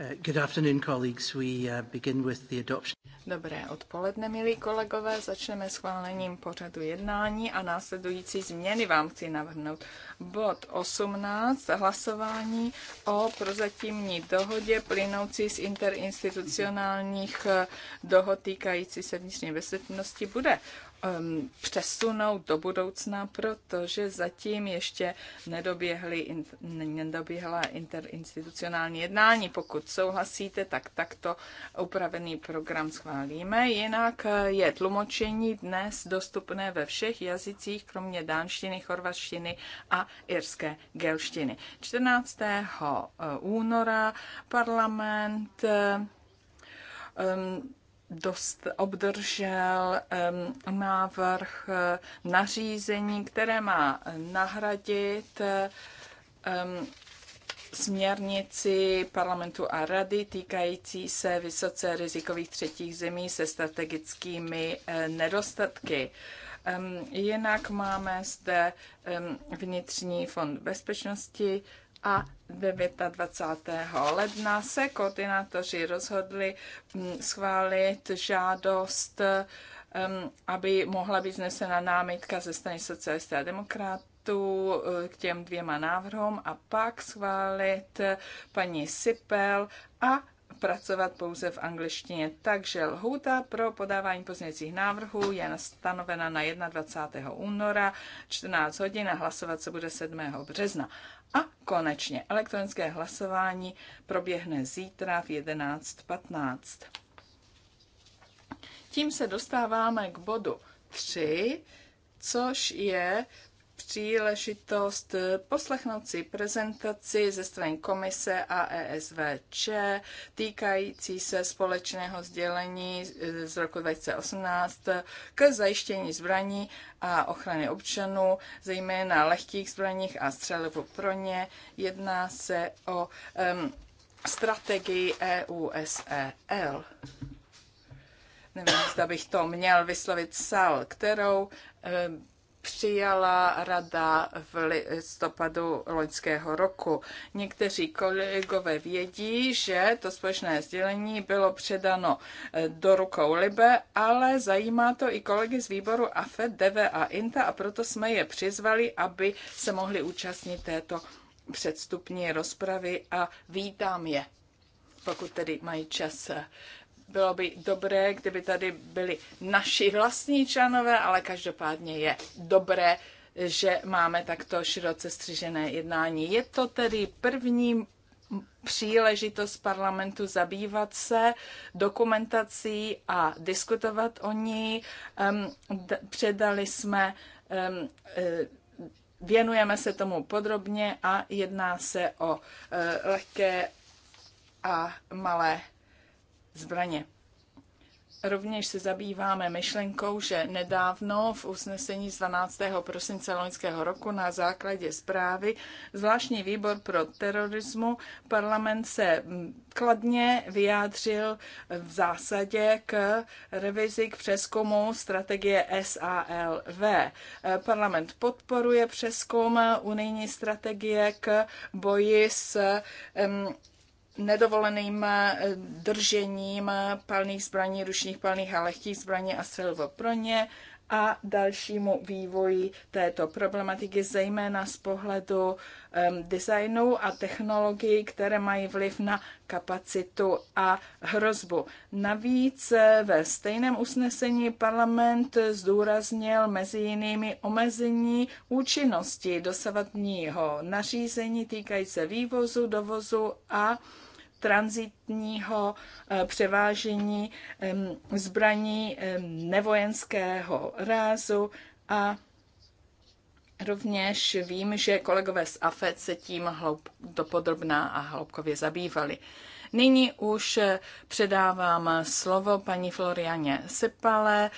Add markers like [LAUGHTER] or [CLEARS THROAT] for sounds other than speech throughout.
Uh, good afternoon, colleagues. We uh, begin with the adoption. Dobré odpoledne, milí kolegové. Začneme schválením pořadu jednání a následující změny vám chci navrhnout. Bod 18. Hlasování o prozatímní dohodě plynoucí z interinstitucionálních eh, dohod týkající se vnitřní bezpečnosti bude um, přesunout do budoucna, protože zatím ještě nedoběhly, in, nedoběhla interinstitucionální jednání. Pokud souhlasíte, tak takto upravený program schválíme. Jinak eh, je tlumočení dnes dostupné ve všech jazycích, kromě dánštiny, chorvaštiny a irské gelštiny. 14. Eh, února parlament eh, um, dost obdržel um, návrh eh, nařízení, které má nahradit um, směrnici parlamentu a rady týkající se vysoce rizikových třetích zemí se strategickými eh, nedostatky. Jinak máme zde vnitřní fond bezpečnosti, a 29. ledna se koordinátoři rozhodli mm, schválit žádost, mm, aby mohla být znesena námitka ze strany socialisté a demokratů eh, k těm dvěma návrhům a pak schválit paní Sipel a pracovat pouze v angličtině. Takže lhůta pro podávání pozměňovacích návrhů je stanovena na 21. února 14 hodin a hlasovat se bude 7. března. A konečně elektronické hlasování proběhne zítra v 11.15. Tím se dostáváme k bodu 3, což je příležitost poslechnout si prezentaci ze strany komise a ESVČ týkající se společného sdělení z roku 2018 k zajištění zbraní a ochrany občanů, zejména lehkých zbraních a střelivu pro ně. Jedná se o um, strategii EUSEL nevím, zda bych to měl vyslovit sal, kterou přijala rada v listopadu loňského roku. Někteří kolegové vědí, že to společné sdělení bylo předano eh, do rukou Libe, ale zajímá to i kolegy z výboru AFE, DV a INTA a proto jsme je přizvali, aby se mohli účastnit této předstupní rozpravy a vítám je, pokud tedy mají čas. Bylo by dobré, kdyby tady byli naši vlastní členové, ale každopádně je dobré, že máme takto široce střižené jednání. Je to tedy první příležitost parlamentu zabývat se dokumentací a diskutovat o ní. Předali jsme, e, věnujeme se tomu podrobně a jedná se o e, lehké a malé zbraně. Rovněž se zabýváme myšlenkou, že nedávno v usnesení z 12. prosince loňského roku na základě zprávy zvláštní výbor pro terorismu parlament se kladně vyjádřil v zásadě k revizi k přeskumu strategie SALV. Parlament podporuje přeskum unijní strategie k boji s nedovoleným eh, držením eh, palných zbraní, ručních palných a lehkých zbraní a silvo pro ně a dalšímu vývoji této problematiky, zejména z pohledu designu a technologií, které mají vliv na kapacitu a hrozbu. Navíc eh, ve stejném usnesení parlament zdůraznil mezi jinými omezení účinnosti dosavadního nařízení týkající vývozu, dovozu a transitního eh, převážení zbraní nevojenského rázu a Rovněž vím, že kolegové z AFED se tím hloub, dopodrobná a hloubkově zabývali. Nyní už eh, předávám slovo paní Florianě Sepale,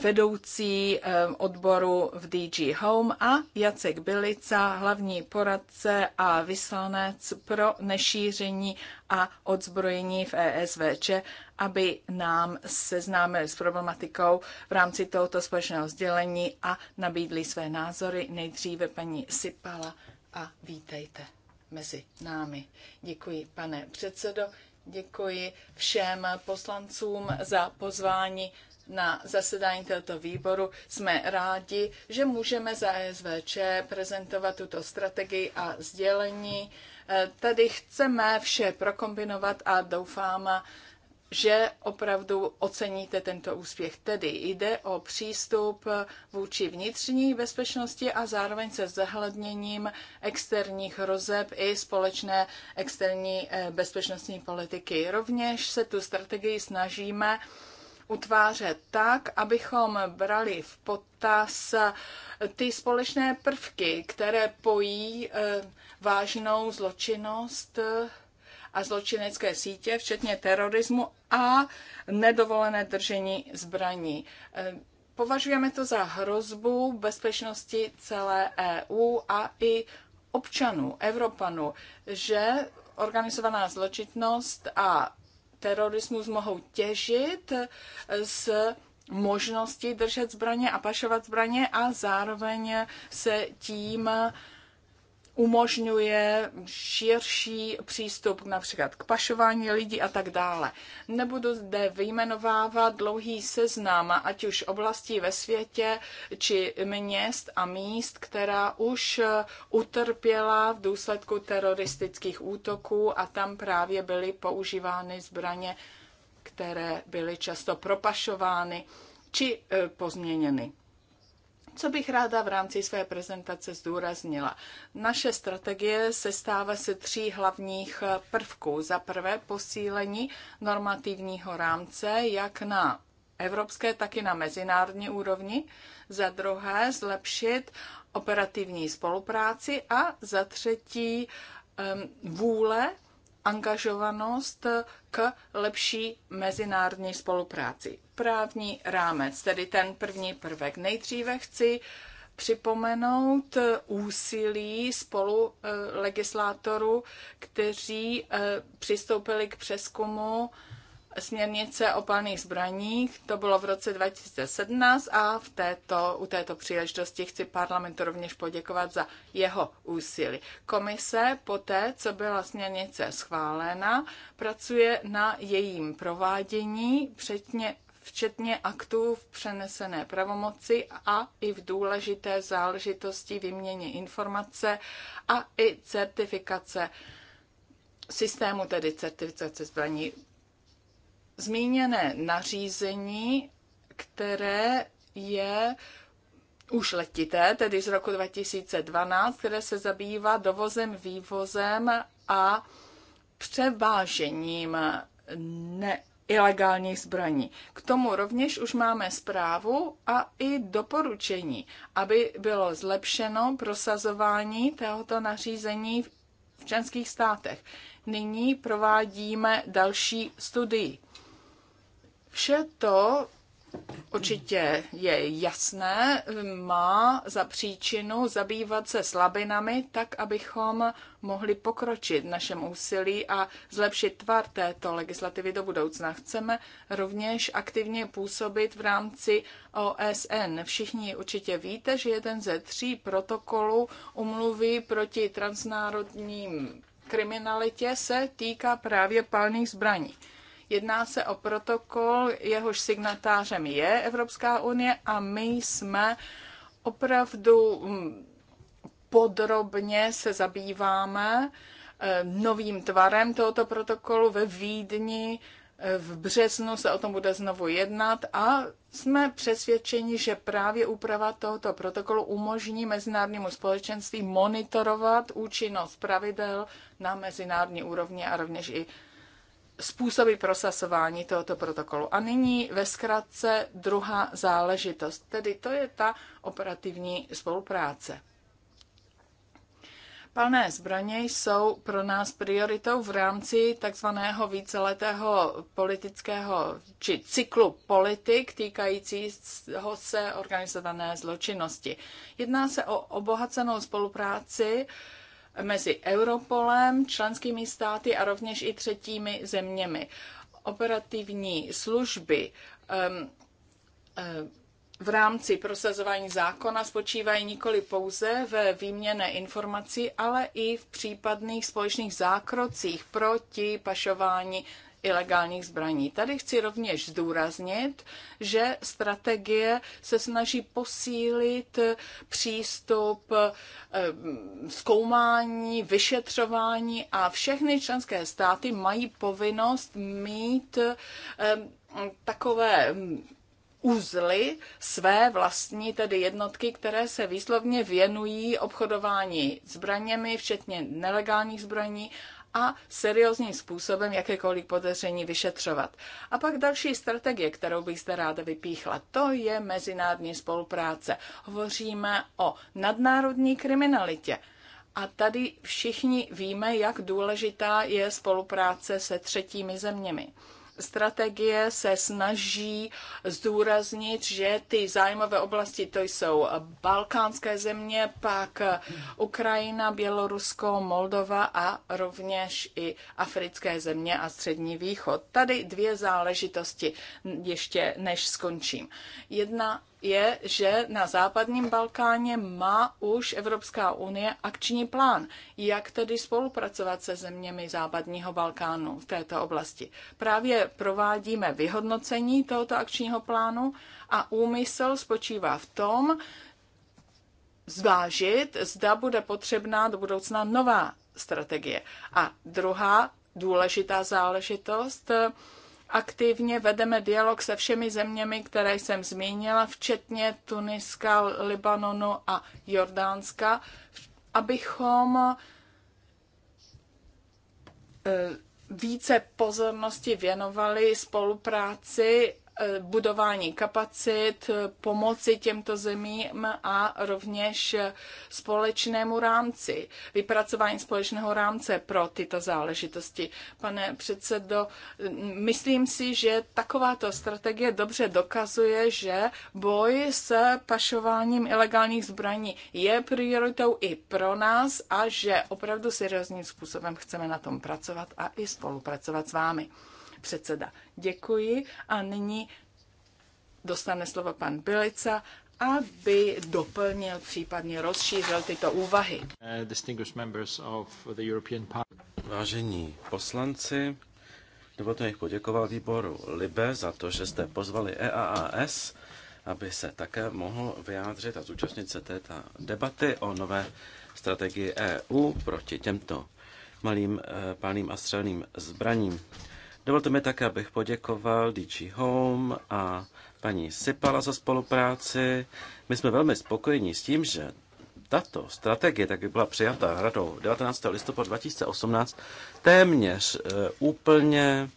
vedoucí odboru v DG Home a Jacek Bilica, hlavní poradce a vyslanec pro nešíření a odzbrojení v ESVČ, aby nám seznámili s problematikou v rámci tohoto společného sdělení a nabídli své názory. Nejdříve paní Sipala a vítejte mezi námi. Děkuji, pane předsedo, děkuji všem poslancům za pozvání na zasedání tohoto výboru. Jsme rádi, že můžeme za ESVČ prezentovat tuto strategii a sdělení. Tady chceme vše prokombinovat a doufám, že opravdu oceníte tento úspěch. Tedy jde o přístup vůči vnitřní bezpečnosti a zároveň se zahledněním externích rozeb i společné externí eh, bezpečnostní politiky. Rovněž se tu strategii snažíme utvářet tak, abychom brali v potaz eh, ty společné prvky, které pojí eh, vážnou zločinnost a zločinecké sítě, včetně terorismu a nedovolené držení zbraní. E, považujeme to za hrozbu bezpečnosti celé EU a i občanů, Evropanů, že organizovaná zločinnost a terorismus mohou těžit z možnosti držet zbraně a pašovat zbraně a zároveň se tím umožňuje širší přístup například k pašování lidí a tak dále. Nebudu zde vyjmenovávat dlouhý seznam, ať už oblastí ve světě, či měst a míst, která už utrpěla v důsledku teroristických útoků a tam právě byly používány zbraně, které byly často propašovány či eh, pozměněny. Co bych ráda v rámci své prezentace zdůraznila? Naše strategie se stává se tří hlavních prvků. Za prvé posílení normativního rámce, jak na evropské, tak i na mezinárodní úrovni. Za druhé zlepšit operativní spolupráci a za třetí vůle angažovanost k lepší mezinárodní spolupráci. Právní rámec, tedy ten první prvek. Nejdříve chci připomenout úsilí spolu eh, legislátorů, kteří eh, přistoupili k přeskumu směrnice o palných zbraních, to bylo v roce 2017 a v této, u této příležitosti chci parlamentu rovněž poděkovat za jeho úsilí. Komise poté, co byla směrnice schválena, pracuje na jejím provádění, předně včetně aktů v přenesené pravomoci a i v důležité záležitosti vyměně informace a i certifikace systému, tedy certifikace zbraní zmíněné nařízení, které je už letité, tedy z roku 2012, které se zabývá dovozem, vývozem a převážením ne, ilegálních zbraní. K tomu rovněž už máme zprávu a i doporučení, aby bylo zlepšeno prosazování tohoto nařízení v členských státech. Nyní provádíme další studii Vše to určitě je jasné, má za příčinu zabývat se slabinami tak, abychom mohli pokročit v našem úsilí a zlepšit tvar této legislativy do budoucna. Chceme rovněž aktivně působit v rámci OSN. Všichni určitě víte, že jeden ze tří protokolů umluvy proti transnárodním kriminalitě se týká právě palných zbraní. Jedná se o protokol, jehož signatářem je Evropská unie a my jsme opravdu mm, podrobně se zabýváme eh, novým tvarem tohoto protokolu ve Vídni. Eh, v březnu se o tom bude znovu jednat a jsme přesvědčeni, že právě úprava tohoto protokolu umožní mezinárodnímu společenství monitorovat účinnost pravidel na mezinárodní úrovni a rovněž i způsoby prosazování tohoto protokolu. A nyní ve zkratce druhá záležitost, tedy to je ta operativní spolupráce. Palné zbraně jsou pro nás prioritou v rámci takzvaného víceletého politického či cyklu politik týkajícího se organizované zločinnosti. Jedná se o obohacenou spolupráci uh, mezi Europolem, členskými státy a rovněž i třetími zeměmi. Operativní služby um, v rámci prosazování zákona spočívají nikoli pouze ve výměně informací, ale i v případných společných zákrocích proti pašování ilegálních zbraní. Tady chci rovněž zdůraznit, že strategie se snaží posílit přístup eh, zkoumání, vyšetřování a všechny členské státy mají povinnost mít eh, takové mm, uzly své vlastní tedy jednotky, které se výslovně věnují obchodování zbraněmi, včetně nelegálních zbraní a seriózním způsobem jakékoliv podezření vyšetřovat. A pak další strategie, kterou bych zde ráda vypíchla, to je mezinárodní spolupráce. Hovoříme o nadnárodní kriminalitě. A tady všichni víme, jak důležitá je spolupráce se třetími zeměmi strategie se snaží zdůraznit, že ty zájmové oblasti to jsou balkánské země, pak Ukrajina, Bělorusko, Moldova a rovněž i africké země a střední východ. Tady dvě záležitosti ještě než skončím. Jedna je, že na západním Balkáně má už Evropská unie akční plán, jak tedy spolupracovat se zeměmi západního Balkánu v této oblasti. Právě provádíme vyhodnocení tohoto akčního plánu a úmysl spočívá v tom, zvážit, zda bude potřebná do budoucna nová strategie. A druhá důležitá záležitost, aktivně vedeme dialog se všemi zeměmi, které jsem zmínila, včetně Tuniska, Libanonu a Jordánska, abychom eh, více pozornosti věnovali spolupráci Eh, budování kapacit, pomoci těmto zemím a rovněž společnému rámci, vypracování společného rámce pro tyto záležitosti. Pane předsedo, myslím si, že takováto strategie dobře dokazuje, že boj s pašováním ilegálních zbraní je prioritou i pro nás a že opravdu seriózním způsobem chceme na tom pracovat a i spolupracovat s vámi předseda. Děkuji a nyní dostane slovo pan Bilica, aby doplnil, případně rozšířil tyto úvahy. Uh, Vážení poslanci, dovolte mi poděkovat výboru Libe za to, že jste pozvali EAAS, aby se také mohl vyjádřit a zúčastnit se této debaty o nové strategii EU proti těmto malým eh, páným a střelným zbraním. Dovolte mi také, abych poděkoval DG Home a paní Sipala za spolupráci. My jsme velmi spokojeni s tím, že tato strategie, tak byla přijata radou 19. listopadu 2018, téměř eh, úplně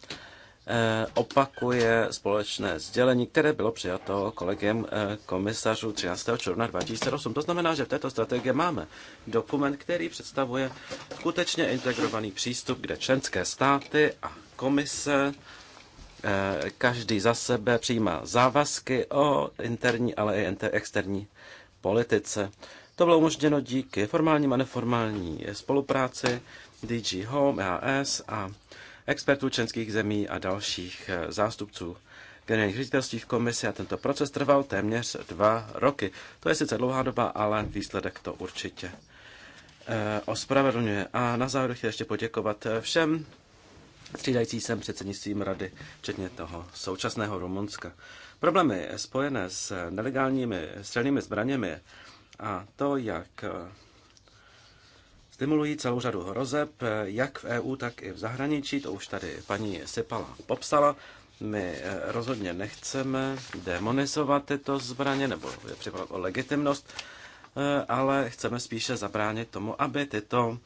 eh, opakuje společné sdělení, které bylo přijato kolegem eh, komisařů 13. června 2008. To znamená, že v této strategii máme dokument, který představuje skutečně integrovaný přístup, kde členské státy a komise. Eh, každý za sebe přijímá závazky o interní, ale i externí politice. To bylo umožněno díky formálním a neformální spolupráci DG Home, EAS a expertů členských zemí a dalších eh, zástupců generálních ředitelství v komisi a tento proces trval téměř dva roky. To je sice dlouhá doba, ale výsledek to určitě eh, ospravedlňuje. A na závěr chci ještě poděkovat všem střídající sem předsednictvím rady, včetně toho současného Rumunska. Problémy spojené s nelegálními střelnými zbraněmi a to, jak eh, stimulují celou řadu hrozeb, eh, jak v EU, tak i v zahraničí, to už tady paní Sipala popsala. My eh, rozhodně nechceme demonizovat tyto zbraně nebo je připravovat o legitimnost, ale chceme spíše zabránit tomu, aby tyto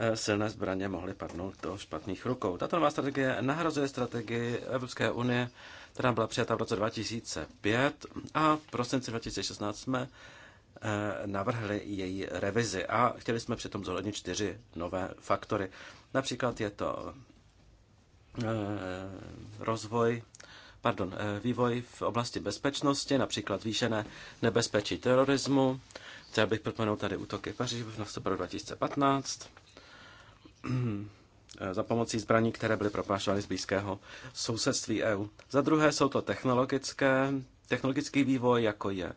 Eh, silné zbraně mohly padnout do špatných rukou. Tato nová strategie nahrazuje strategii Evropské unie, která byla přijata v roce 2005 a v prosinci 2016 jsme eh, navrhli její revizi a chtěli jsme přitom zohlednit čtyři nové faktory. Například je to eh, rozvoj, pardon, vývoj v oblasti bezpečnosti, například zvýšené nebezpečí terorismu. Chtěl bych připomenul tady útoky v Paříži v listopadu 2015 [CLEARS THROAT] za pomocí zbraní, které byly propášovány z blízkého sousedství EU. Za druhé jsou to technologické, technologický vývoj, jako je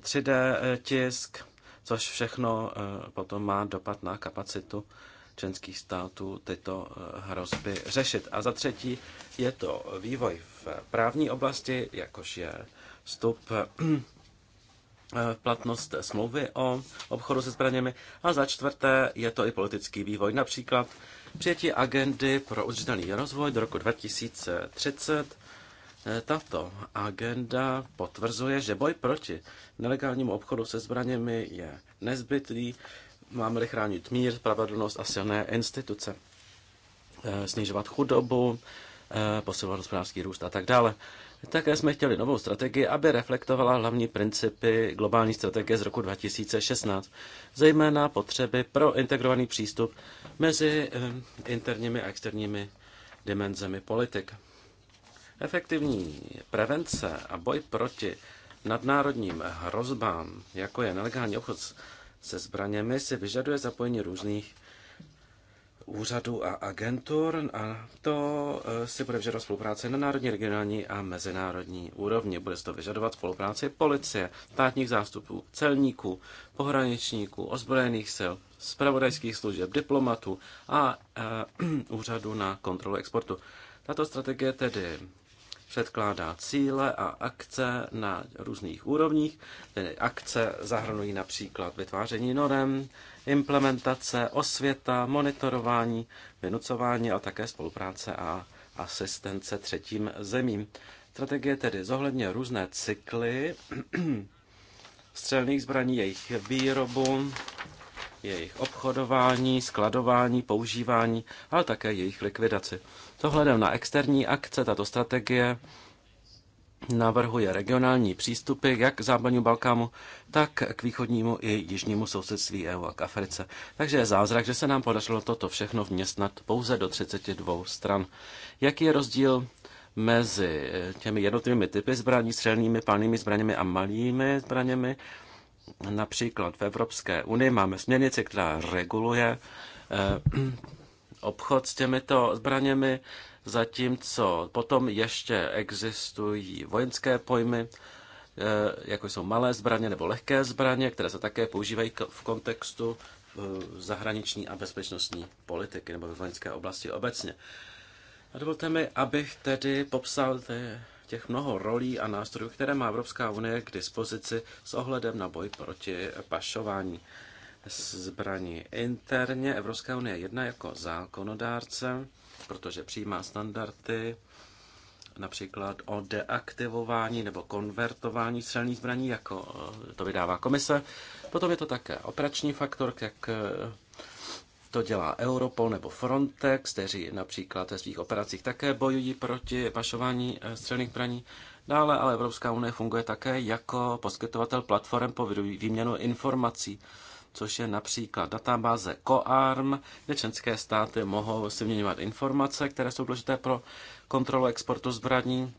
3D eh, eh, tisk, což všechno eh, potom má dopad na kapacitu členských států tyto hrozby řešit. A za třetí je to vývoj v právní oblasti, jakož je vstup Eh, platnost smlouvy o obchodu se zbraněmi a za čtvrté je to i politický vývoj, například přijetí agendy pro udržitelný rozvoj do roku 2030. Eh, tato agenda potvrzuje, že boj proti nelegálnímu obchodu se zbraněmi je nezbytný, máme-li chránit mír, spravedlnost a silné instituce, eh, snižovat chudobu, posilovat hospodářský růst a tak dále. Také jsme chtěli novou strategii, aby reflektovala hlavní principy globální strategie z roku 2016, zejména potřeby pro integrovaný přístup mezi eh, interními a externími dimenzemi politik. Efektivní prevence a boj proti nadnárodním hrozbám, jako je nelegální obchod se zbraněmi, si vyžaduje zapojení různých úřadů a agentur a to eh, si bude vyžadovat spolupráce na národní, regionální a mezinárodní úrovni. Bude se to vyžadovat spolupráci policie, státních zástupů, celníků, pohraničníků, ozbrojených sil, spravodajských služeb, diplomatů a uh, eh, [CLEARS THROAT] úřadů na kontrolu exportu. Tato strategie tedy předkládá cíle a akce na různých úrovních. Tedy akce zahrnují například vytváření norem, implementace, osvěta, monitorování, vynucování a také spolupráce a asistence třetím zemím. Strategie tedy zohledně různé cykly [CLEARS THROAT] střelných zbraní, jejich výrobu, jejich obchodování, skladování, používání, ale také jejich likvidaci. Tohledem na externí akce tato strategie navrhuje regionální přístupy jak k západnímu Balkánu, tak k východnímu i jižnímu sousedství EU a k Africe. Takže je zázrak, že se nám podařilo toto všechno vměstnat pouze do 32 stran. Jaký je rozdíl mezi eh, těmi jednotlivými typy zbraní, střelnými, palnými zbraněmi a malými zbraněmi? Například v Evropské unii máme směrnici, která reguluje eh, [CLEARS THROAT] obchod s těmito zbraněmi zatímco potom ještě existují vojenské pojmy, eh, jako jsou malé zbraně nebo lehké zbraně, které se také používají v kontextu eh, zahraniční a bezpečnostní politiky nebo ve vojenské oblasti obecně. A dovolte mi, abych tedy popsal těch mnoho rolí a nástrojů, které má Evropská unie k dispozici s ohledem na boj proti pašování zbraní. Interně Evropská unie jedna jako zákonodárce protože přijímá standardy například o deaktivování nebo konvertování střelných zbraní, jako eh, to vydává komise. Potom je to také operační faktor, jak eh, to dělá Europol nebo Frontex, kteří například ve svých operacích také bojují proti pašování eh, střelných zbraní. Dále ale Evropská unie funguje také jako poskytovatel platform pro výměnu informací což je například databáze COARM, kde členské státy mohou si vyměňovat informace, které jsou důležité pro kontrolu exportu zbraní.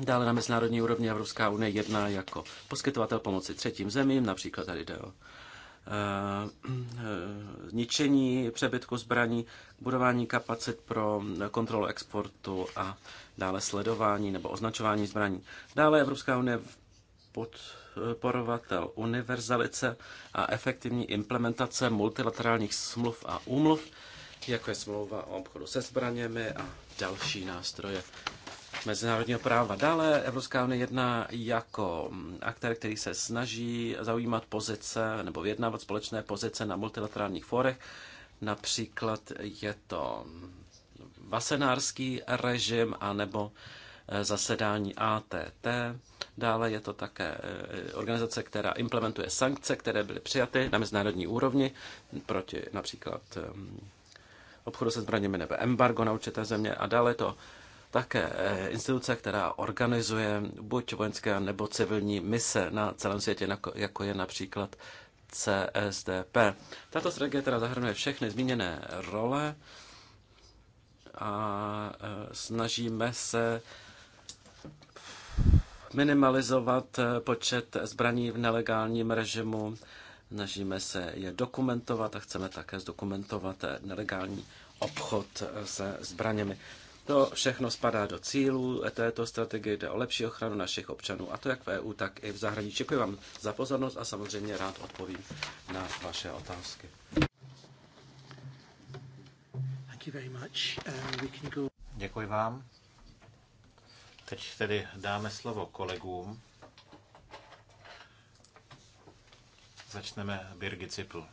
Dále na mezinárodní úrovni Evropská unie jedná jako poskytovatel pomoci třetím zemím, například tady jde o eh, eh, ničení přebytku zbraní, budování kapacit pro kontrolu exportu a dále sledování nebo označování zbraní. Dále Evropská unie pod podporovatel univerzalice a efektivní implementace multilaterálních smluv a úmluv, jako je smlouva o obchodu se zbraněmi a další nástroje mezinárodního práva. Dále Evropská unie jedná jako aktér, který se snaží zaujímat pozice nebo vyjednávat společné pozice na multilaterálních fórech. Například je to vasenářský režim anebo zasedání ATT Dále je to také eh, organizace, která implementuje sankce, které byly přijaty na mezinárodní úrovni proti například ehm, obchodu se zbraněmi nebo embargo na určité země. A dále je to také eh, instituce, která organizuje buď vojenské nebo civilní mise na celém světě, jako je například CSDP. Tato strategie teda zahrnuje všechny zmíněné role a eh, snažíme se minimalizovat eh, počet zbraní v nelegálním režimu, snažíme se je dokumentovat a chceme také zdokumentovat eh, nelegální obchod eh, se zbraněmi. To všechno spadá do cílů této strategie, jde o lepší ochranu našich občanů, a to jak v EU, tak i v zahraničí. Děkuji vám za pozornost a samozřejmě rád odpovím na vaše otázky. Um, Děkuji vám. Teď tedy dáme slovo kolegům. Začneme Birgit Cipl.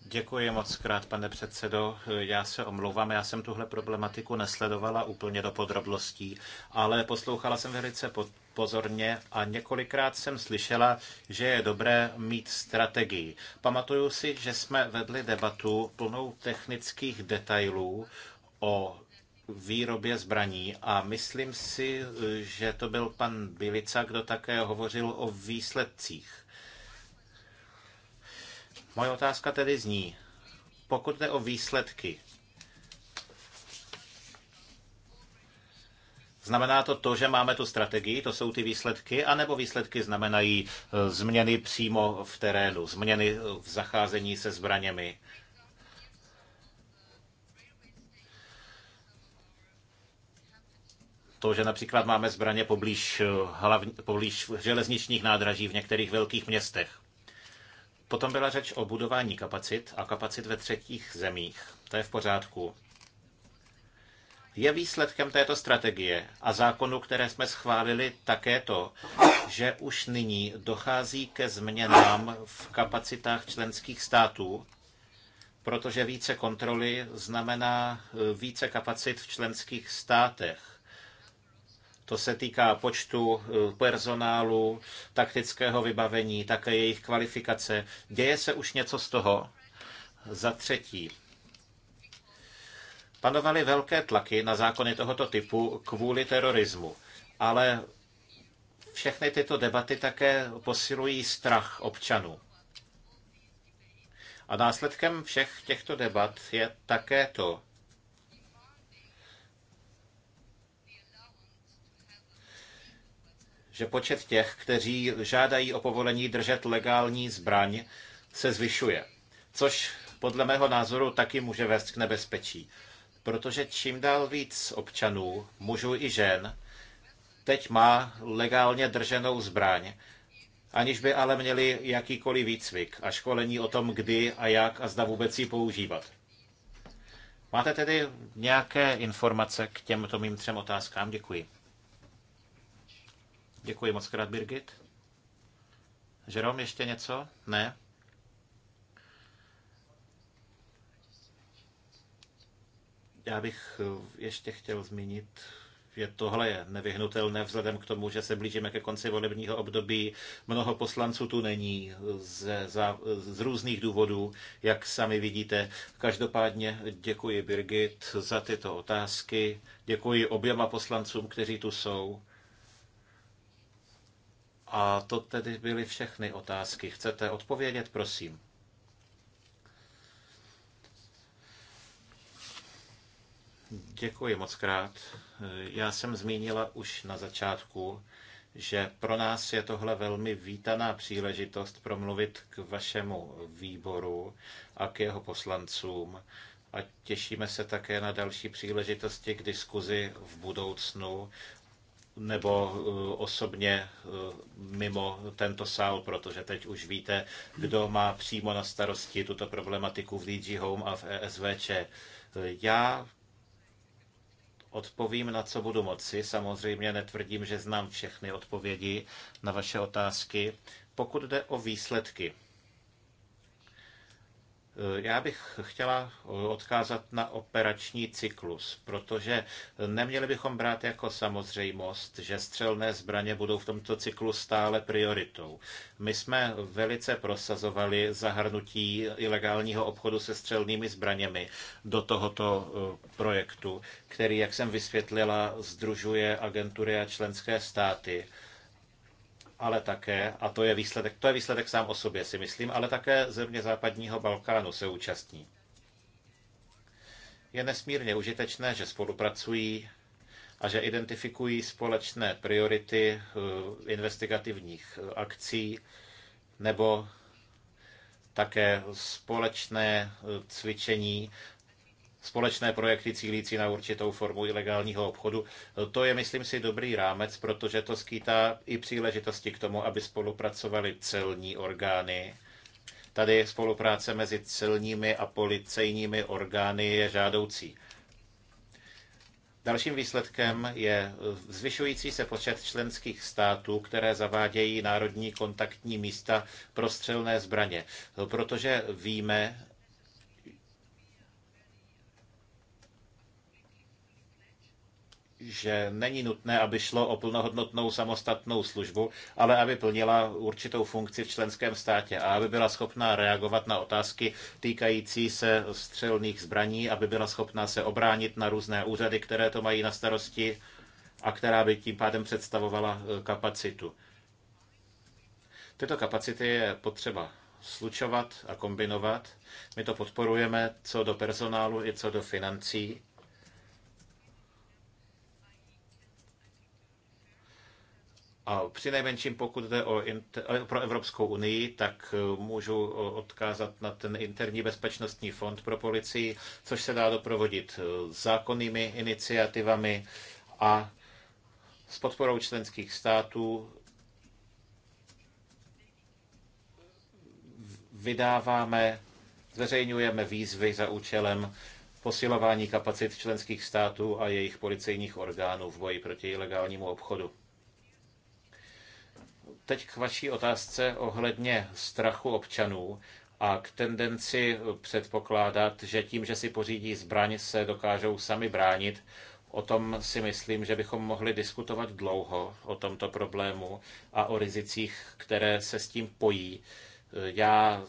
Děkuji moc krát, pane předsedo. Já se omlouvám, já jsem tuhle problematiku nesledovala úplně do podrobností, ale poslouchala jsem velice pozorně a několikrát jsem slyšela, že je dobré mít strategii. Pamatuju si, že jsme vedli debatu plnou technických detailů o výrobě zbraní a myslím si, že to byl pan Bilica, kdo také hovořil o výsledcích. Moje otázka tedy zní, pokud jde o výsledky, Znamená to to, že máme tu strategii, to jsou ty výsledky, anebo výsledky znamenají eh, změny přímo v terénu, změny v zacházení se zbraněmi? to, že například máme zbraně poblíž, eh, hlavní, poblíž železničních nádraží v některých velkých městech. Potom byla řeč o budování kapacit a kapacit ve třetích zemích. To je v pořádku. Je výsledkem této strategie a zákonu, které jsme schválili, také to, že už nyní dochází ke změnám v kapacitách členských států, protože více kontroly znamená eh, více kapacit v členských státech. To se týká počtu eh, personálu, taktického vybavení, také jejich kvalifikace. Děje se už něco z toho? Za třetí, panovaly velké tlaky na zákony tohoto typu kvůli terorismu, ale všechny tyto debaty také posilují strach občanů. A následkem všech těchto debat je také to, že počet těch, kteří žádají o povolení držet legální zbraň, se zvyšuje. Což podle mého názoru taky může vést k nebezpečí. Protože čím dál víc občanů, mužů i žen, teď má legálně drženou zbraň, aniž by ale měli jakýkoliv výcvik a školení o tom, kdy a jak a zda vůbec ji používat. Máte tedy nějaké informace k těmto mým třem otázkám? Děkuji. Děkuji moc krát, Birgit. Žerom, ještě něco? Ne? Já bych eh, ještě chtěl zmínit, že tohle je nevyhnutelné vzhledem k tomu, že se blížíme ke konci volebního období. Mnoho poslanců tu není z, za, z různých důvodů, jak sami vidíte. Každopádně děkuji Birgit za tyto otázky. Děkuji oběma poslancům, kteří tu jsou. A to tedy byly všechny otázky. Chcete odpovědět, prosím? Děkuji moc krát. Já jsem zmínila už na začátku, že pro nás je tohle velmi vítaná příležitost promluvit k vašemu výboru a k jeho poslancům. A těšíme se také na další příležitosti k diskuzi v budoucnu nebo eh, osobně eh, mimo tento sál, protože teď už víte, kdo má přímo na starosti tuto problematiku v DG Home a v ESVČ. Já odpovím, na co budu moci. Samozřejmě netvrdím, že znám všechny odpovědi na vaše otázky. Pokud jde o výsledky, Eh, já bych chtěla eh, odkázat na operační cyklus, protože eh, neměli bychom brát jako samozřejmost, že střelné zbraně budou v tomto cyklu stále prioritou. My jsme velice prosazovali zahrnutí ilegálního obchodu se střelnými zbraněmi do tohoto projektu, který, jak jsem vysvětlila, združuje agentury a členské státy ale také, a to je výsledek, to je výsledek sám o sobě, si myslím, ale také země západního Balkánu se účastní. Je nesmírně užitečné, že spolupracují a že identifikují společné priority eh, investigativních eh, akcí nebo také společné eh, cvičení společné projekty cílící na určitou formu ilegálního obchodu. To je, myslím si, dobrý rámec, protože to skýtá i příležitosti k tomu, aby spolupracovali celní orgány. Tady spolupráce mezi celními a policejními orgány je žádoucí. Dalším výsledkem je zvyšující se počet členských států, které zavádějí národní kontaktní místa pro střelné zbraně, protože víme, že není nutné, aby šlo o plnohodnotnou samostatnou službu, ale aby plnila určitou funkci v členském státě a aby byla schopná reagovat na otázky týkající se střelných zbraní, aby byla schopná se obránit na různé úřady, které to mají na starosti a která by tím pádem představovala eh, kapacitu. Tyto kapacity je potřeba slučovat a kombinovat. My to podporujeme co do personálu i co do financí A nejmenším pokud jde o eh, pro Evropskou unii, tak eh, můžu eh, odkázat na ten interní bezpečnostní fond pro policii, což se dá doprovodit zákonnými iniciativami a s podporou členských států vydáváme, zveřejňujeme výzvy za účelem posilování kapacit členských států a jejich policejních orgánů v boji proti ilegálnímu obchodu. Teď k vaší otázce ohledně strachu občanů a k tendenci předpokládat, že tím, že si pořídí zbraň, se dokážou sami bránit. O tom si myslím, že bychom mohli diskutovat dlouho, o tomto problému a o rizicích, které se s tím pojí. Já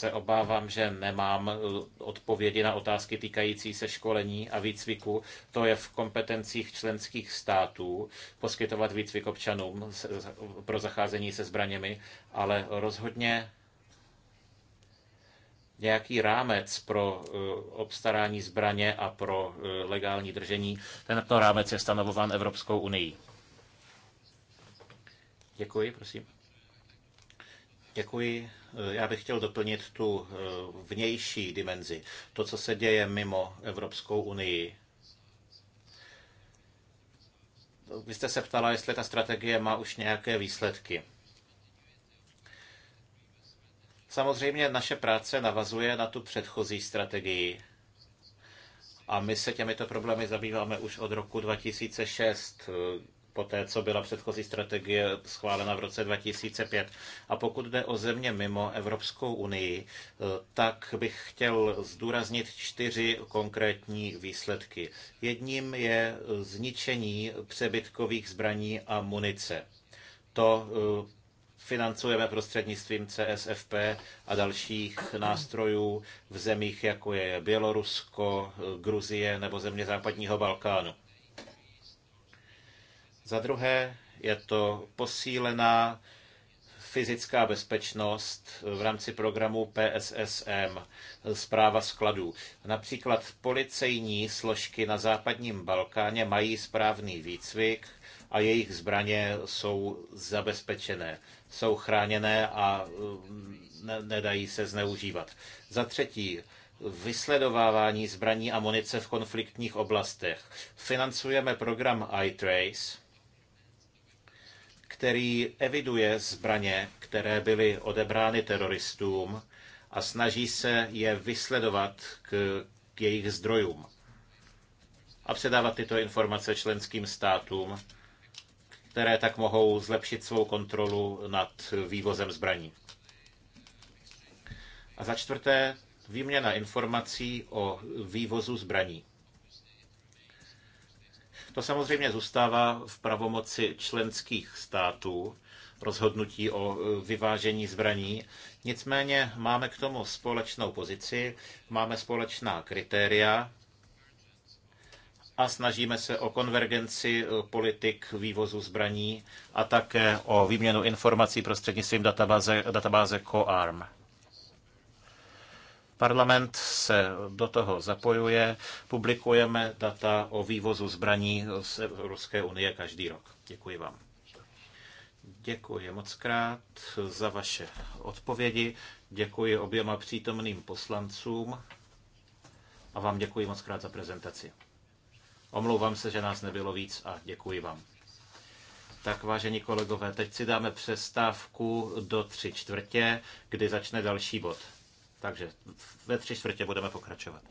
se obávám, že nemám eh, odpovědi na otázky týkající se školení a výcviku. To je v kompetencích členských států poskytovat výcvik občanům pro zacházení se zbraněmi, ale rozhodně nějaký rámec pro eh, obstarání zbraně a pro eh, legální držení. Tento rámec je stanovován Evropskou unii. Děkuji, prosím. Děkuji. Eh, já bych chtěl doplnit tu eh, vnější dimenzi, to, co se děje mimo Evropskou unii. Vy jste se ptala, jestli ta strategie má už nějaké výsledky. Samozřejmě naše práce navazuje na tu předchozí strategii. A my se těmito problémy zabýváme už od roku 2006, té, co byla předchozí strategie schválena v roce 2005. A pokud jde o země mimo Evropskou unii, eh, tak bych chtěl zdůraznit čtyři konkrétní výsledky. Jedním je eh, zničení přebytkových zbraní a munice. To eh, financujeme prostřednictvím CSFP a dalších nástrojů v zemích, jako je Bělorusko, Gruzie nebo země západního Balkánu. Za druhé je to posílená fyzická bezpečnost v rámci programu PSSM, zpráva skladů. Například policejní složky na západním Balkáně mají správný výcvik a jejich zbraně jsou zabezpečené, jsou chráněné a um, ne- nedají se zneužívat. Za třetí, vysledovávání zbraní a munice v konfliktních oblastech. Financujeme program iTrace, který eviduje zbraně, které byly odebrány teroristům a snaží se je vysledovat k, k jejich zdrojům a předávat tyto informace členským státům, které tak mohou zlepšit svou kontrolu nad vývozem zbraní. A za čtvrté, výměna informací o vývozu zbraní. To samozřejmě zůstává v pravomoci členských států rozhodnutí o e, vyvážení zbraní. Nicméně máme k tomu společnou pozici, máme společná kritéria a snažíme se o konvergenci e, politik vývozu zbraní a také o výměnu informací prostřednictvím databáze, databáze COARM. Parlament se do toho zapojuje, publikujeme data o vývozu zbraní z ruské unie každý rok. Děkuji vám. Děkuji moc krát za vaše odpovědi. Děkuji oběma přítomným poslancům a vám děkuji moc krát za prezentaci. Omlouvám se, že nás nebylo víc a děkuji vám. Tak vážení kolegové, teď si dáme přestávku do tři čtvrtě, kdy začne další bod. Takže ve tři čtvrtě budeme pokračovat.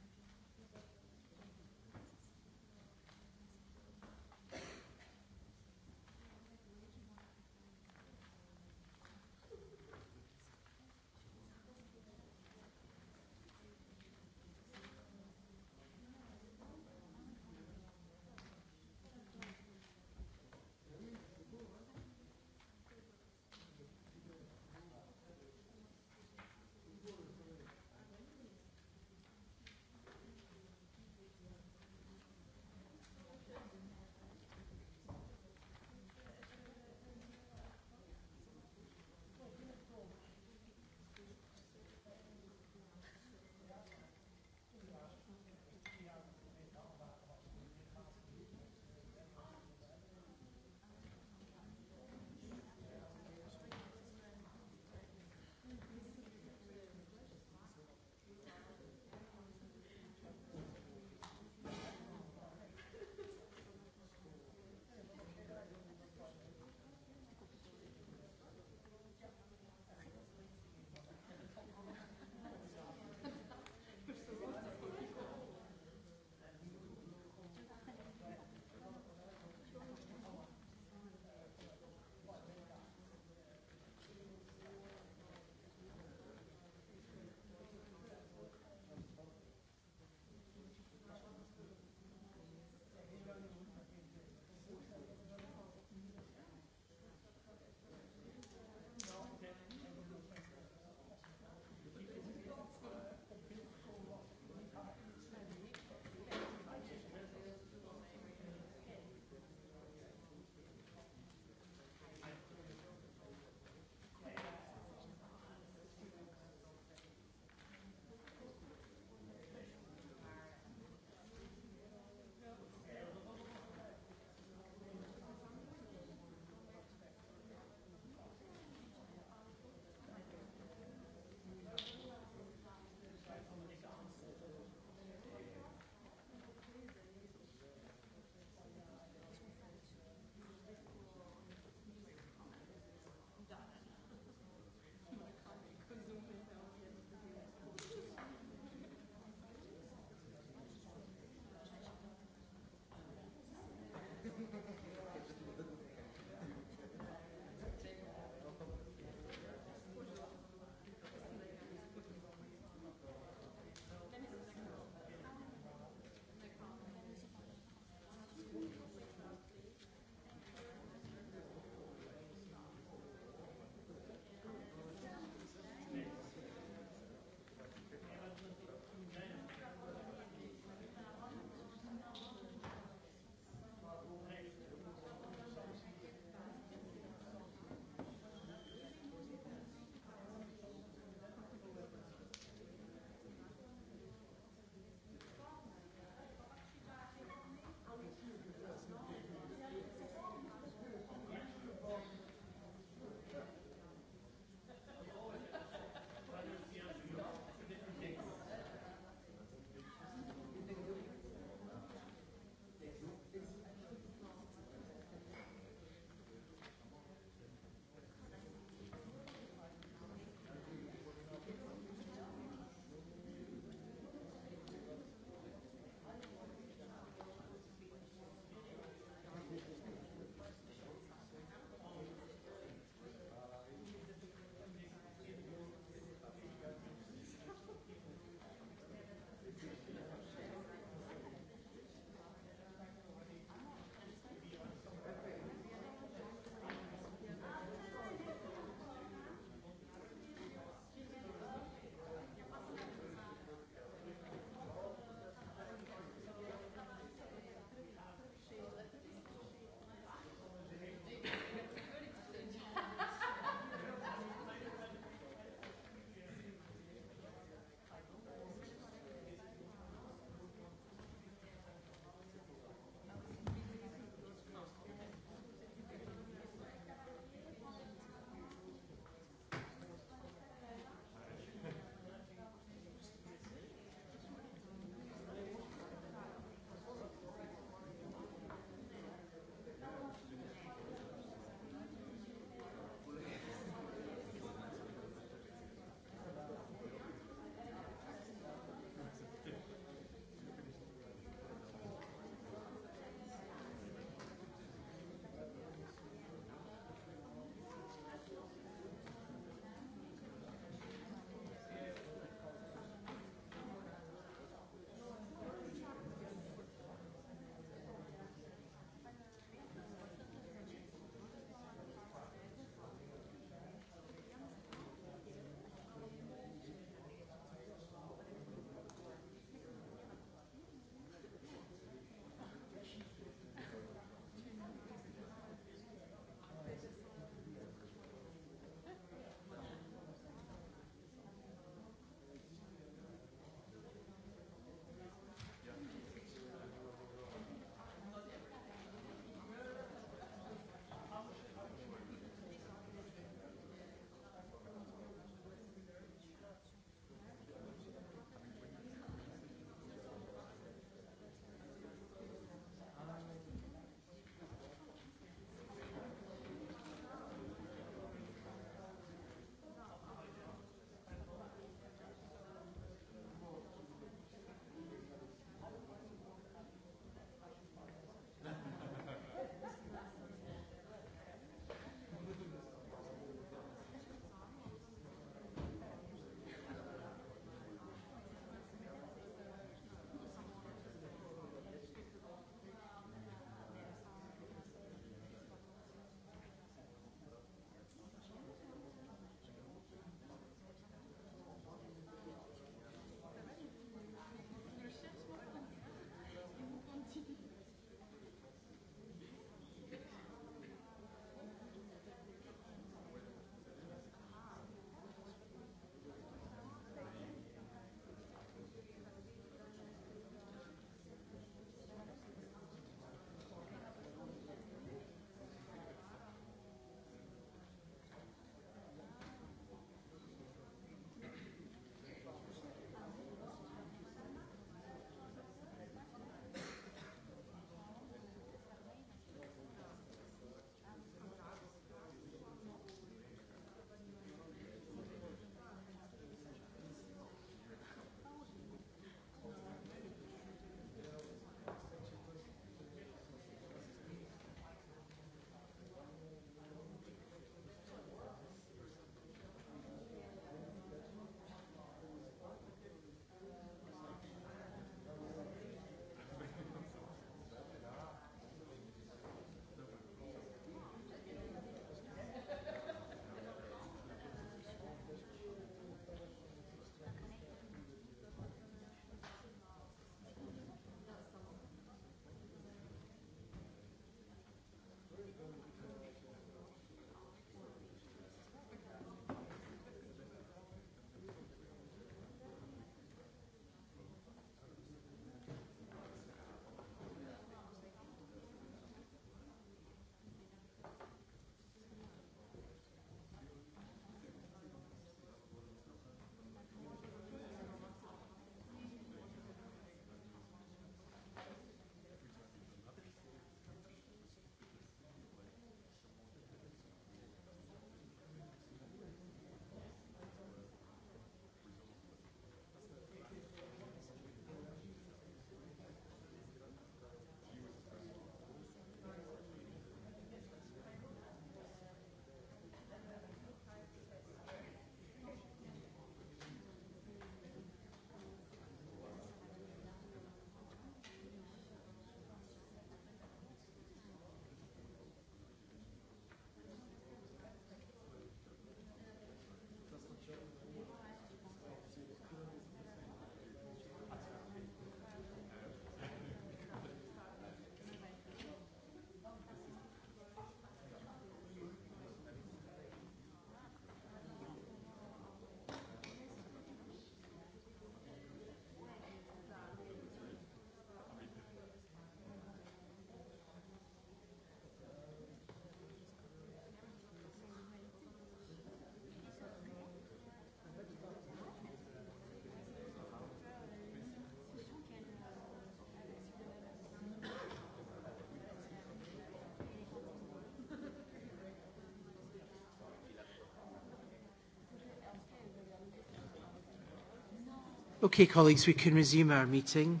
Okay, colleagues, we can resume our meeting.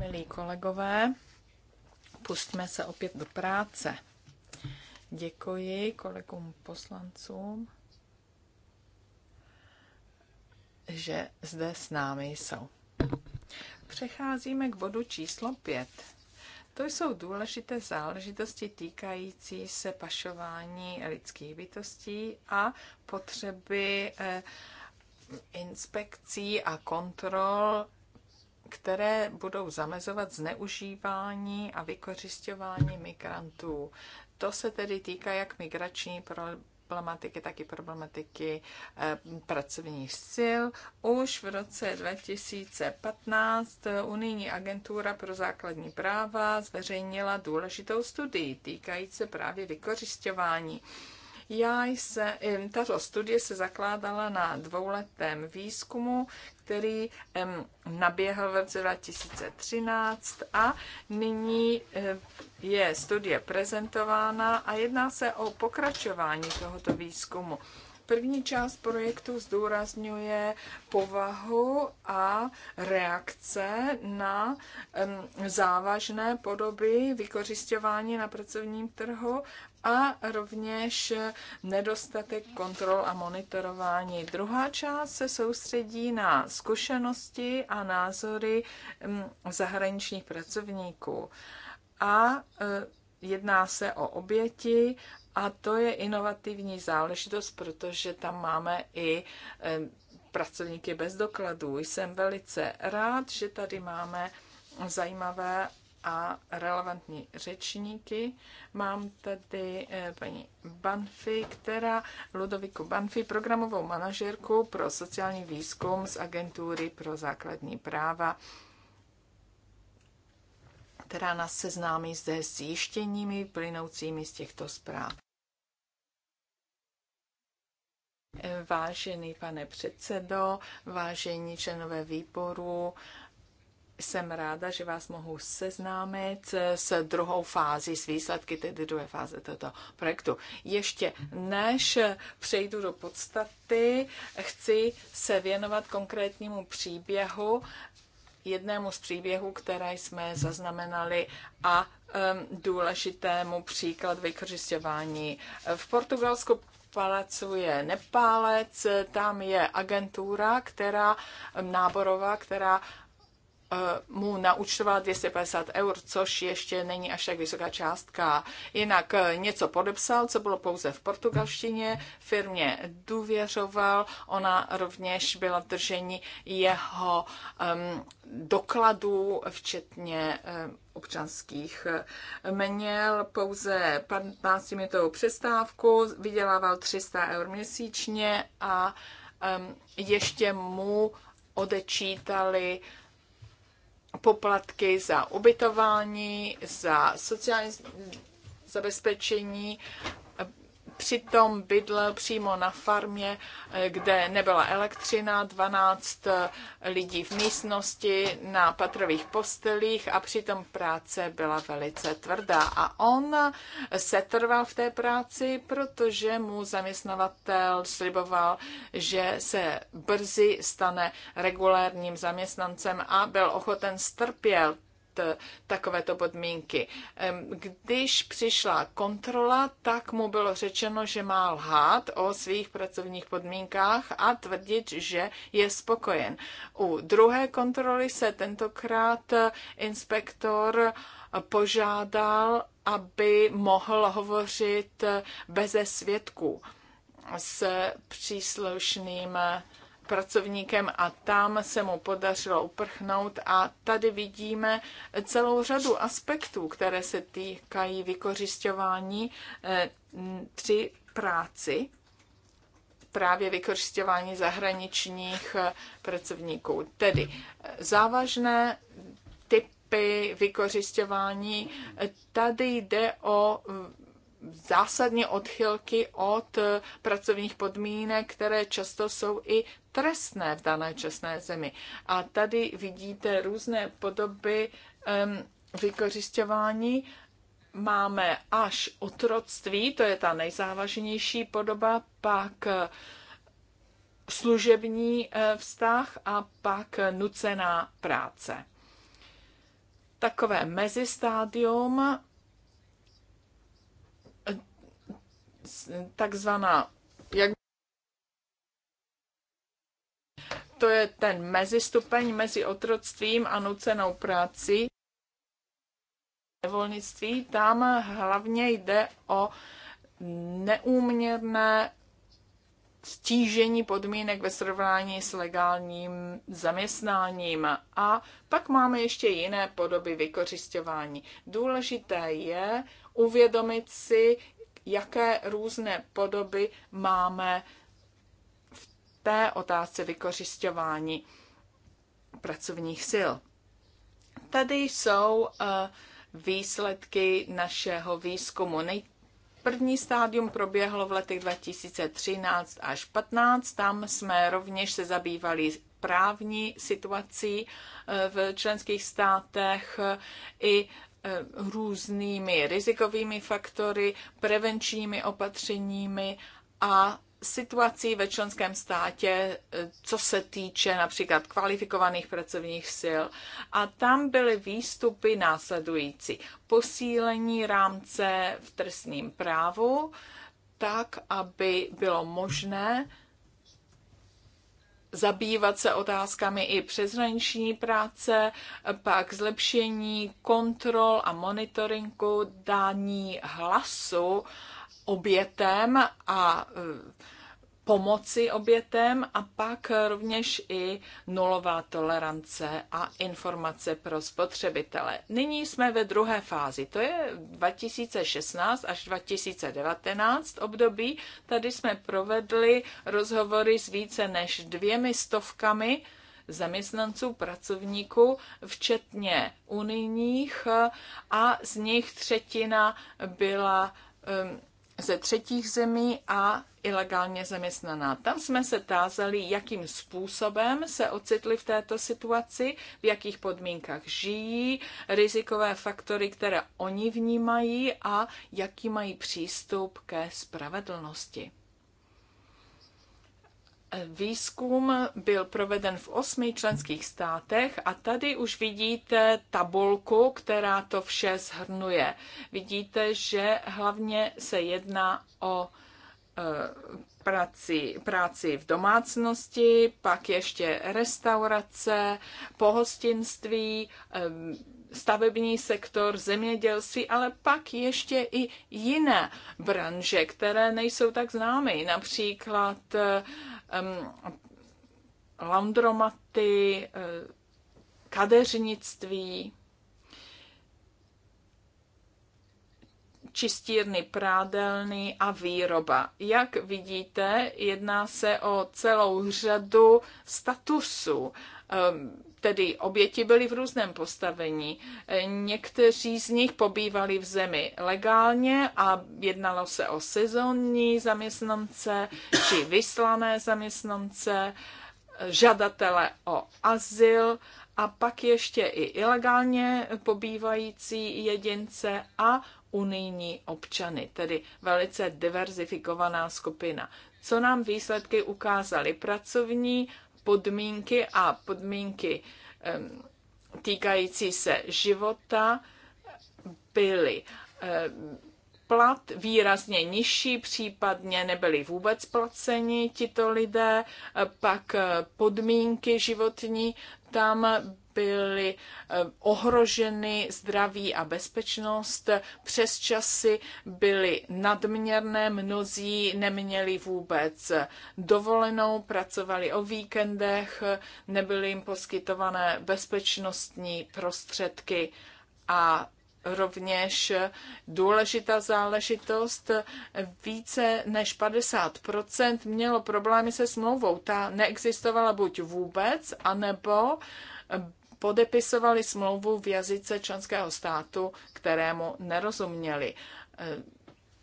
Milí kolegové, pustíme se opět do práce. Děkuji kolegům poslancům, že zde s námi jsou. Přecházíme k bodu číslo 5. To jsou důležité záležitosti týkající se pašování lidských bytostí a potřeby eh, inspekcí a kontrol, které budou zamezovat zneužívání a vykořišťování migrantů. To se tedy týká jak migrační problematiky, tak i problematiky eh, pracovních sil. Už v roce 2015 Unijní agentura pro základní práva zveřejnila důležitou studii týkající se právě vykořišťování já se, tato studie se zakládala na dvouletém výzkumu, který naběhl v roce 2013 a nyní je studie prezentována a jedná se o pokračování tohoto výzkumu. První část projektu zdůrazňuje povahu a reakce na závažné podoby vykořišťování na pracovním trhu a rovněž nedostatek kontrol a monitorování. Druhá část se soustředí na zkušenosti a názory zahraničních pracovníků. A e, jedná se o oběti a to je inovativní záležitost, protože tam máme i pracovníky bez dokladů. Jsem velice rád, že tady máme zajímavé a relevantní řečníky. Mám tady eh, paní Banfi, která, Ludoviku Banfi, programovou manažerku pro sociální výzkum z agentury pro základní práva, která nás seznámí zde s zjištěními plynoucími z těchto zpráv. Vážený pane předsedo, vážení členové výboru, jsem ráda, že vás mohu seznámit s druhou fází, s výsledky té druhé fáze tohoto projektu. Ještě než přejdu do podstaty, chci se věnovat konkrétnímu příběhu, jednému z příběhů, které jsme zaznamenali a důležitému příklad vykořišťování. V Portugalsku palácu je Nepálec, tam je agentura, která náborová, která eh, mu naučtovala 250 eur, což ještě není až tak vysoká částka. Jinak eh, něco podepsal, co bylo pouze v portugalštině, firmě důvěřoval, ona rovněž byla držení jeho um, dokladů, včetně um, občanských. Měl pouze 15-minutovou přestávku, vydělával 300 eur měsíčně a ještě mu odečítali poplatky za ubytování, za sociální zabezpečení přitom bydlel přímo na farmě, eh, kde nebyla elektřina, 12 eh, lidí v místnosti na patrových postelích a přitom práce byla velice tvrdá. A on se trval v té práci, protože mu zaměstnavatel sliboval, že se brzy stane regulérním zaměstnancem a byl ochoten strpět Eh, takovéto podmínky. Když přišla kontrola, tak mu bylo řečeno, že má lhát o svých pracovních podmínkách a tvrdit, že je spokojen. U druhé kontroly se tentokrát eh, inspektor eh, požádal, aby mohl hovořit beze svědků s příslušným pracovníkem a tam se mu podařilo uprchnout a tady vidíme celou řadu aspektů, které se týkají vykořišťování při eh, práci, právě vykořišťování zahraničních eh, pracovníků. Tedy eh, závažné typy vykořišťování, tady jde o zásadně odchylky od eh, pracovních podmínek, které často jsou i trestné v dané česné zemi. A tady vidíte různé podoby um, vykořišťování. Máme až otroctví, to je ta nejzávažnější podoba, pak eh, služební eh, vztah a pak nucená práce. Takové mezistádium takzvaná, jak to je ten mezistupeň mezi otroctvím a nucenou práci nevolnictví, Tam hlavně jde o neúměrné stížení podmínek ve srovnání s legálním zaměstnáním. A pak máme ještě jiné podoby vykořišťování. Důležité je uvědomit si, jaké různé podoby máme v té otázce vykořišťování pracovních sil. Tady jsou eh, výsledky našeho výzkumu. První stádium proběhlo v letech 2013 až 15. Tam jsme rovněž se zabývali právní situací eh, v členských státech eh, i Eh, různými rizikovými faktory, prevenčními opatřeními a situací ve členském státě, eh, co se týče například kvalifikovaných pracovních sil. A tam byly výstupy následující. Posílení rámce v trestním právu, tak, aby bylo možné zabývat se otázkami i přeshraniční práce, pak zlepšení kontrol a monitoringu dání hlasu obětem a pomoci obětem a pak rovněž i nulová tolerance a informace pro spotřebitele. Nyní jsme ve druhé fázi, to je 2016 až 2019 období. Tady jsme provedli rozhovory s více než dvěmi stovkami zaměstnanců, pracovníků, včetně unijních a z nich třetina byla um, ze třetích zemí a ilegálně zaměstnaná. Tam jsme se tázali, jakým způsobem se ocitli v této situaci, v jakých podmínkách žijí, rizikové faktory, které oni vnímají a jaký mají přístup ke spravedlnosti. Výzkum byl proveden v osmi členských státech a tady už vidíte tabulku, která to vše shrnuje. Vidíte, že hlavně se jedná o e, práci, práci v domácnosti, pak ještě restaurace, pohostinství, e, stavební sektor, zemědělství, ale pak ještě i jiné branže, které nejsou tak známy, například e, um, laundromaty, eh, kadeřnictví, čistírny, prádelny a výroba. Jak vidíte, jedná se o celou řadu statusů. Um, tedy oběti byly v různém postavení. Někteří z nich pobývali v zemi legálně a jednalo se o sezónní zaměstnance či vyslané zaměstnance, žadatele o azyl a pak ještě i ilegálně pobývající jedince a unijní občany, tedy velice diverzifikovaná skupina. Co nám výsledky ukázaly? Pracovní podmínky a podmínky týkající se života byly plat výrazně nižší, případně nebyli vůbec placeni tito lidé, pak eh, podmínky životní tam byly eh, ohroženy zdraví a bezpečnost, přes časy byly nadměrné, mnozí neměli vůbec dovolenou, pracovali o víkendech, nebyly jim poskytované bezpečnostní prostředky a rovněž důležitá záležitost. Více než 50 mělo problémy se smlouvou. Ta neexistovala buď vůbec, anebo podepisovali smlouvu v jazyce členského státu, kterému nerozuměli.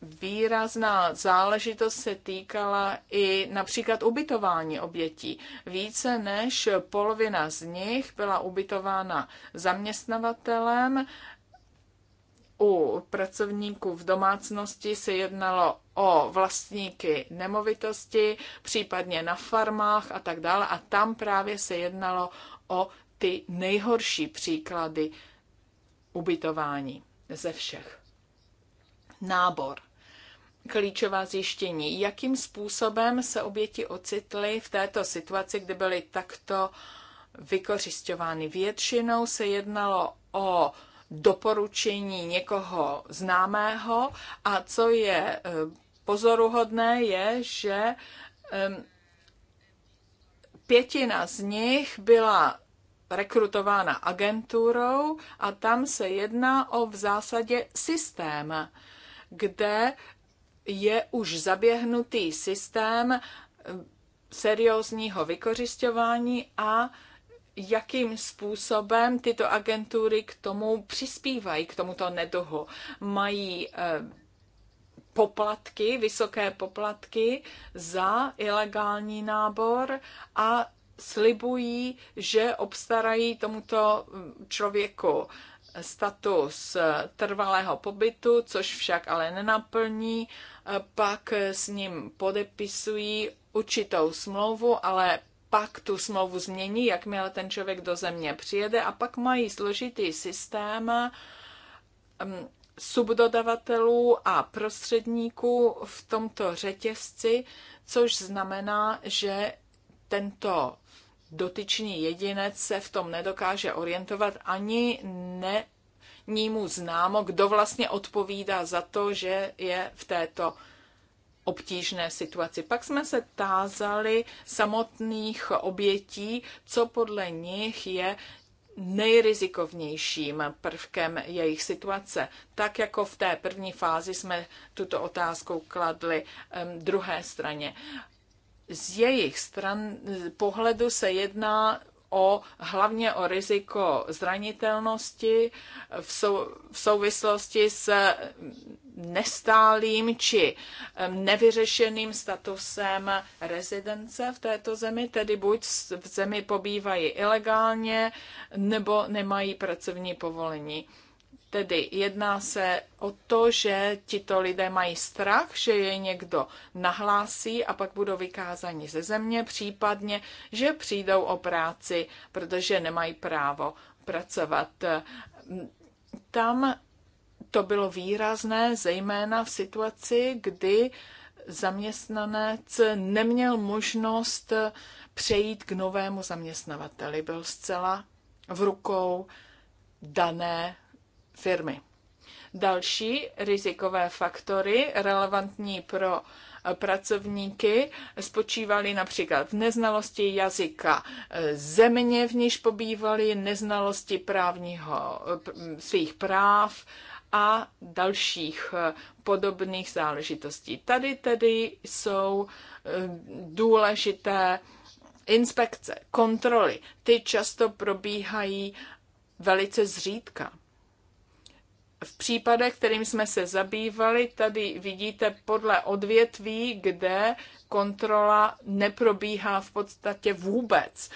Výrazná záležitost se týkala i například ubytování obětí. Více než polovina z nich byla ubytována zaměstnavatelem. U pracovníků v domácnosti se jednalo o vlastníky nemovitosti, případně na farmách a tak dále. A tam právě se jednalo o ty nejhorší příklady ubytování ze všech. Nábor. Klíčová zjištění. Jakým způsobem se oběti ocitly v této situaci, kdy byly takto vykořišťovány? Většinou se jednalo o doporučení někoho známého a co je eh, pozoruhodné je, že ehm, pětina z nich byla rekrutována agenturou a tam se jedná o v zásadě systém, kde je už zaběhnutý systém eh, seriózního vykořišťování a jakým způsobem tyto agentury k tomu přispívají, k tomuto nedohu. Mají eh, poplatky, vysoké poplatky za ilegální nábor a slibují, že obstarají tomuto člověku status eh, trvalého pobytu, což však ale nenaplní, eh, pak s ním podepisují určitou smlouvu, ale pak tu smlouvu změní, jakmile ten člověk do země přijede a pak mají složitý systém mm, subdodavatelů a prostředníků v tomto řetězci, což znamená, že tento dotyčný jedinec se v tom nedokáže orientovat, ani ne, nímu mu známo, kdo vlastně odpovídá za to, že je v této obtížné situaci. Pak jsme se tázali samotných obětí, co podle nich je nejrizikovnějším prvkem jejich situace. Tak jako v té první fázi jsme tuto otázku kladli druhé straně z jejich stran pohledu se jedná o, hlavně o riziko zranitelnosti v, sou, v souvislosti s nestálým či nevyřešeným statusem rezidence v této zemi, tedy buď v zemi pobývají ilegálně nebo nemají pracovní povolení. Tedy jedná se o to, že tito lidé mají strach, že je někdo nahlásí a pak budou vykázáni ze země, případně, že přijdou o práci, protože nemají právo pracovat. Tam to bylo výrazné, zejména v situaci, kdy zaměstnanec neměl možnost přejít k novému zaměstnavateli. Byl zcela v rukou dané firmy. Další rizikové faktory relevantní pro eh, pracovníky spočívaly například v neznalosti jazyka eh, země, v níž pobývali, neznalosti právního, eh, svých práv a dalších podobných záležitostí. Tady tedy jsou důležité inspekce, kontroly. Ty často probíhají velice zřídka v případech, kterým jsme se zabývali, tady vidíte podle odvětví, kde kontrola neprobíhá v podstatě vůbec.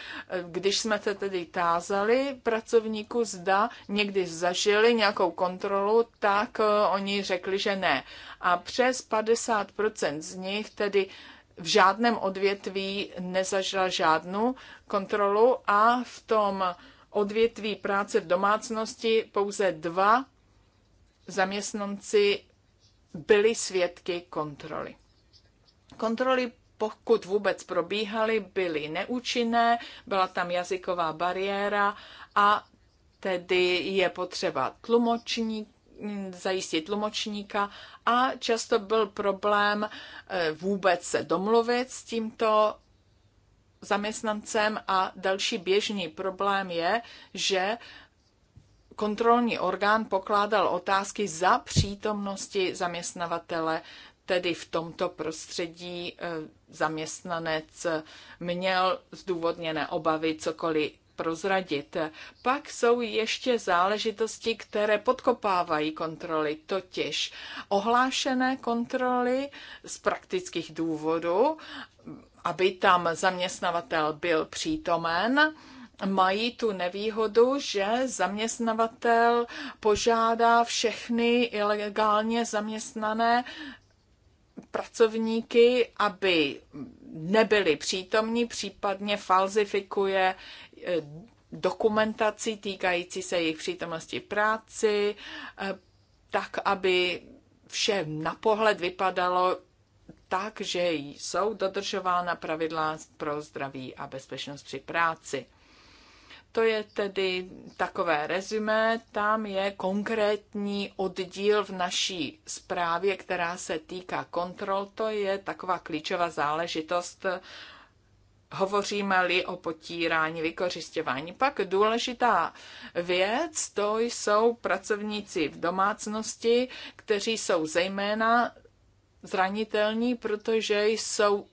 Když jsme se tedy tázali pracovníku, zda někdy zažili nějakou kontrolu, tak eh, oni řekli, že ne. A přes 50% z nich tedy v žádném odvětví nezažila žádnou kontrolu a v tom odvětví práce v domácnosti pouze dva zaměstnanci byli svědky kontroly. Kontroly, pokud vůbec probíhaly, byly neúčinné, byla tam jazyková bariéra a tedy je potřeba tlumočník, zajistit tlumočníka a často byl problém eh, vůbec se domluvit s tímto zaměstnancem a další běžný problém je, že kontrolní orgán pokládal otázky za přítomnosti zaměstnavatele, tedy v tomto prostředí e, zaměstnanec měl zdůvodněné obavy cokoliv prozradit. Pak jsou ještě záležitosti, které podkopávají kontroly, totiž ohlášené kontroly z praktických důvodů, aby tam zaměstnavatel byl přítomen, mají tu nevýhodu, že zaměstnavatel požádá všechny ilegálně zaměstnané pracovníky, aby nebyli přítomní, případně falzifikuje eh, dokumentaci týkající se jejich přítomnosti v práci, eh, tak, aby vše na pohled vypadalo tak, že jsou dodržována pravidla pro zdraví a bezpečnost při práci. To je tedy takové rezumé, tam je konkrétní oddíl v naší zprávě, která se týká kontrol, to je taková klíčová záležitost, hovoříme-li o potírání, vykořišťování. Pak důležitá věc, to jsou pracovníci v domácnosti, kteří jsou zejména zranitelní, protože jsou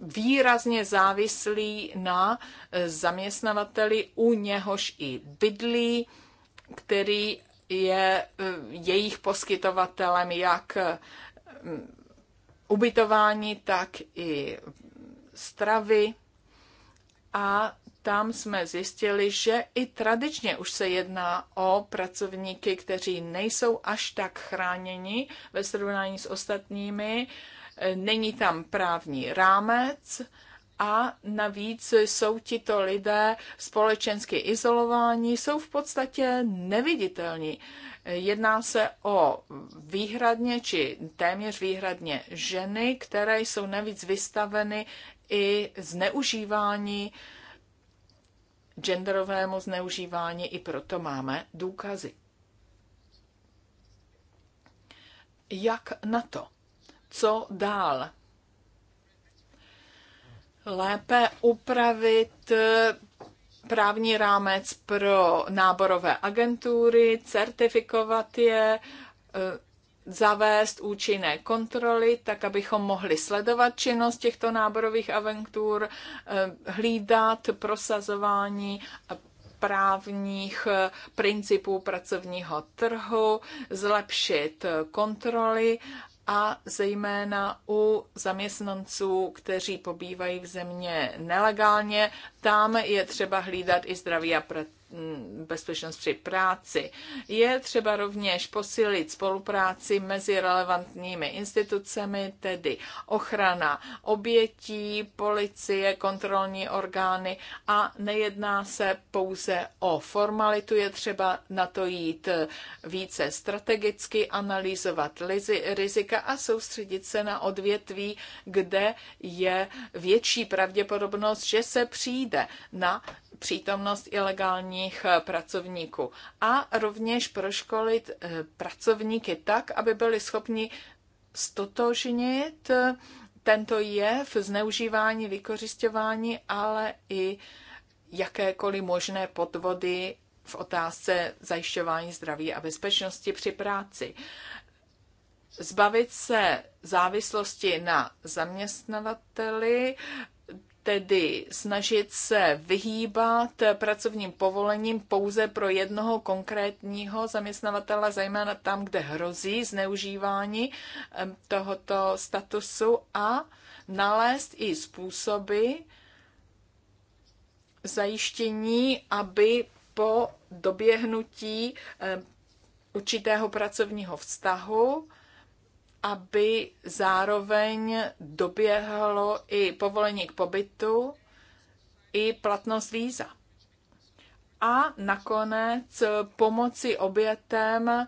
výrazně závislý na eh, zaměstnavateli, u něhož i bydlí, který je eh, jejich poskytovatelem jak eh, ubytování, tak i stravy. A tam jsme zjistili, že i tradičně už se jedná o pracovníky, kteří nejsou až tak chráněni ve srovnání s ostatními není tam právní rámec a navíc jsou tito lidé společensky izolováni, jsou v podstatě neviditelní. Jedná se o výhradně či téměř výhradně ženy, které jsou navíc vystaveny i zneužívání, genderovému zneužívání, i proto máme důkazy. Jak na to? co dál. Lépe upravit eh, právní rámec pro náborové agentury, certifikovat je, eh, zavést účinné kontroly, tak abychom mohli sledovat činnost těchto náborových agentur, eh, hlídat prosazování právních principů pracovního trhu, zlepšit kontroly a zejména u zaměstnanců, kteří pobývají v země nelegálně, tam je třeba hlídat i zdraví a Mm, bezpečnost při práci. Je třeba rovněž posílit spolupráci mezi relevantními institucemi, tedy ochrana obětí, policie, kontrolní orgány a nejedná se pouze o formalitu, je třeba na to jít více strategicky, analyzovat rizika a soustředit se na odvětví, kde je větší pravděpodobnost, že se přijde na přítomnost ilegálních eh, pracovníků a rovněž proškolit eh, pracovníky tak, aby byli schopni stotožnit eh, tento jev zneužívání, vykořišťování, ale i jakékoliv možné podvody v otázce zajišťování zdraví a bezpečnosti při práci. Zbavit se závislosti na zaměstnavateli, tedy snažit se vyhýbat pracovním povolením pouze pro jednoho konkrétního zaměstnavatele, zejména tam, kde hrozí zneužívání tohoto statusu a nalézt i způsoby zajištění, aby po doběhnutí určitého pracovního vztahu aby zároveň doběhlo i povolení k pobytu, i platnost víza. A nakonec pomoci obětem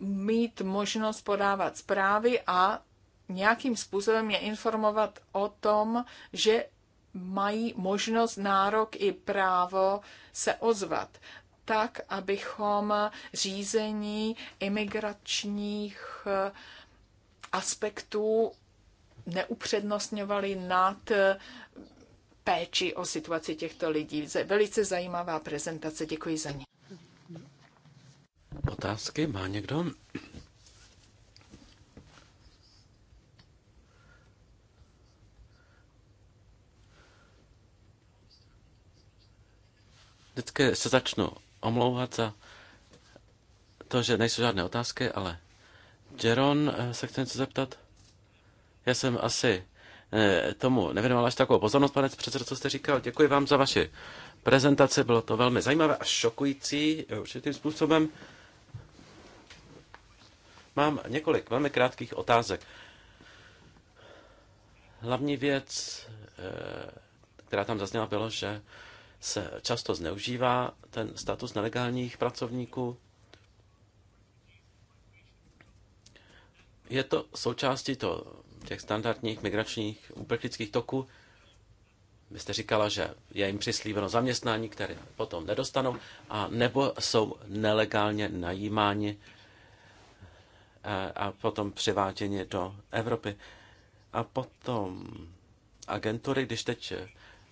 mít možnost podávat zprávy a nějakým způsobem je informovat o tom, že mají možnost, nárok i právo se ozvat tak, abychom řízení imigračních eh, aspektů neupřednostňovali nad eh, péči o situaci těchto lidí. Velice zajímavá prezentace, děkuji za ní. Otázky má někdo? Vždycky se začnu omlouvat za to, že nejsou žádné otázky, ale Jeron eh, se chce něco zeptat? Já jsem asi eh, tomu nevěnoval až takovou pozornost, pane předsedo, co jste říkal. Děkuji vám za vaši prezentaci, bylo to velmi zajímavé a šokující eh, určitým způsobem. Mám několik velmi krátkých otázek. Hlavní věc, která tam zazněla, bylo, že se často zneužívá ten status nelegálních pracovníků. Je to součástí to, těch standardních migračních uprchlických toků. Vy jste říkala, že je jim přislíbeno zaměstnání, které potom nedostanou, a nebo jsou nelegálně najímáni eh, a potom přiváděni do Evropy. A potom agentury, když teď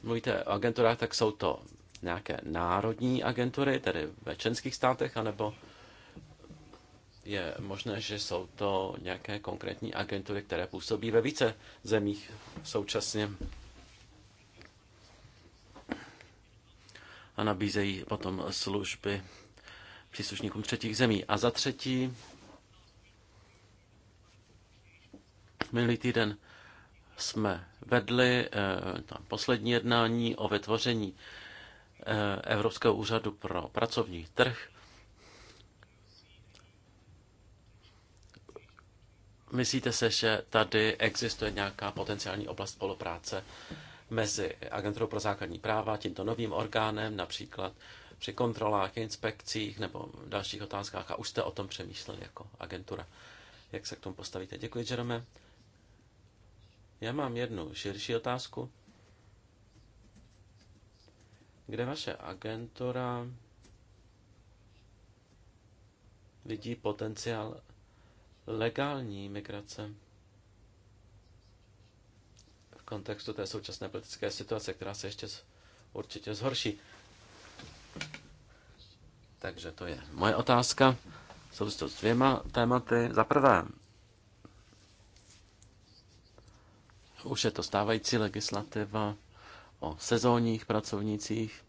mluvíte o agenturách, tak jsou to nějaké národní agentury, tedy ve členských státech, anebo je možné, že jsou to nějaké konkrétní agentury, které působí ve více zemích současně a nabízejí potom služby příslušníkům třetích zemí. A za třetí, minulý týden jsme vedli na eh, poslední jednání o vytvoření eh, Evropského úřadu pro pracovní trh. Myslíte se, že tady existuje nějaká potenciální oblast spolupráce mezi Agenturou pro základní práva, tímto novým orgánem, například při kontrolách, inspekcích nebo dalších otázkách a už jste o tom přemýšleli jako agentura. Jak se k tomu postavíte? Děkuji, Jerome. Já mám jednu širší otázku. Kde vaše agentura vidí potenciál legální migrace v kontextu té současné politické situace, která se ještě určitě zhorší. Takže to je moje otázka. Jsou to dvěma tématy. Za prvé, Už je to stávající legislativa o sezónních pracovnicích,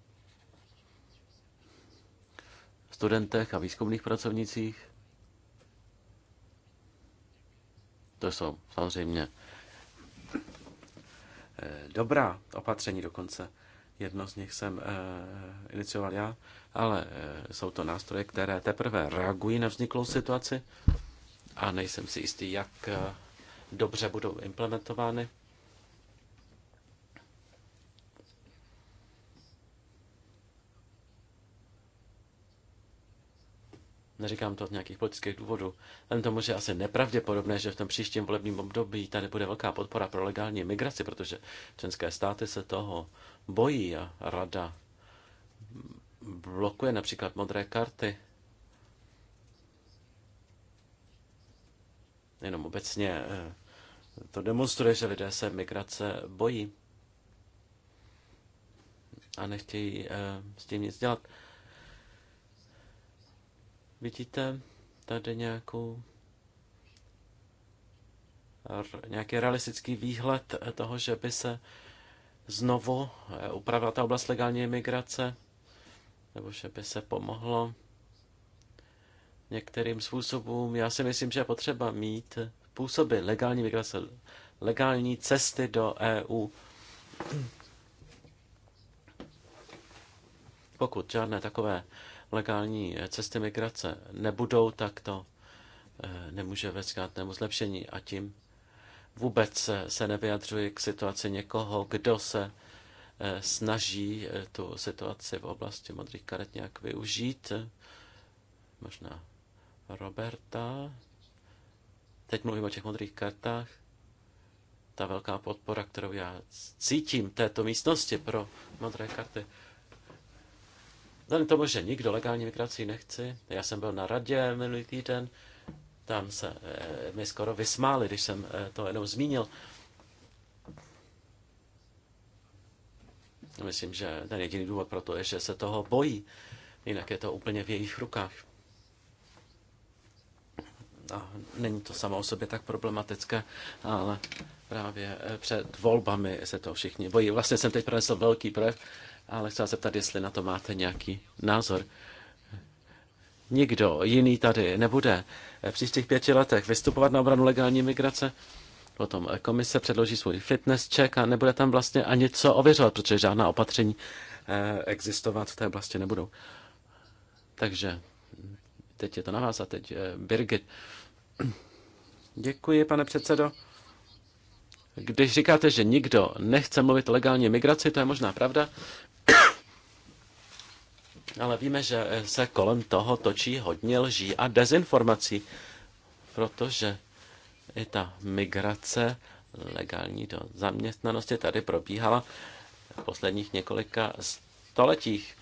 studentech a výzkumných pracovnicích. To jsou samozřejmě eh, dobrá opatření dokonce. Jedno z nich jsem eh, inicioval já, ale eh, jsou to nástroje, které teprve reagují na vzniklou situaci a nejsem si jistý, jak dobře budou implementovány. Neříkám to z nějakých politických důvodů. Jen tomu, že asi nepravděpodobné, že v tom příštím volebním období tady bude velká podpora pro legální migraci, protože členské státy se toho bojí a rada blokuje například modré karty. Jenom obecně eh, to demonstruje, že lidé se migrace bojí a nechtějí eh, s tím nic dělat. Vidíte tady nějakou nějaký realistický výhled toho, že by se znovu eh, upravila ta oblast legální imigrace, nebo že by se pomohlo některým způsobům. Já si myslím, že je potřeba mít působy legální migrace, legální cesty do EU. Pokud žádné takové legální cesty migrace nebudou, tak to eh, nemůže vést k žádnému zlepšení. A tím vůbec se nevyjadřuji k situaci někoho, kdo se eh, snaží eh, tu situaci v oblasti modrých karet nějak využít. Možná Roberta. Teď mluvím o těch modrých kartách. Ta velká podpora, kterou já cítím této místnosti pro modré karty. Vzhledem k tomu, že nikdo legální migraci nechci, já jsem byl na radě minulý týden, tam se e, mi skoro vysmáli, když jsem e, to jenom zmínil. Myslím, že ten jediný důvod pro to je, že se toho bojí. Jinak je to úplně v jejich rukách. A není to samo o sobě tak problematické, ale právě eh, před volbami se to všichni bojí. Vlastně jsem teď pronesl velký projev ale chci se zeptat, jestli na to máte nějaký názor. Nikdo jiný tady nebude v příštích pěti letech vystupovat na obranu legální migrace. Potom komise předloží svůj fitness check a nebude tam vlastně ani co ověřovat, protože žádná opatření eh, existovat v té oblasti nebudou. Takže teď je to na vás a teď eh, Birgit. Děkuji, pane předsedo. Když říkáte, že nikdo nechce mluvit o legální migraci, to je možná pravda, ale víme, že se kolem toho točí hodně lží a dezinformací, protože i ta migrace legální do zaměstnanosti tady probíhala v posledních několika stoletích.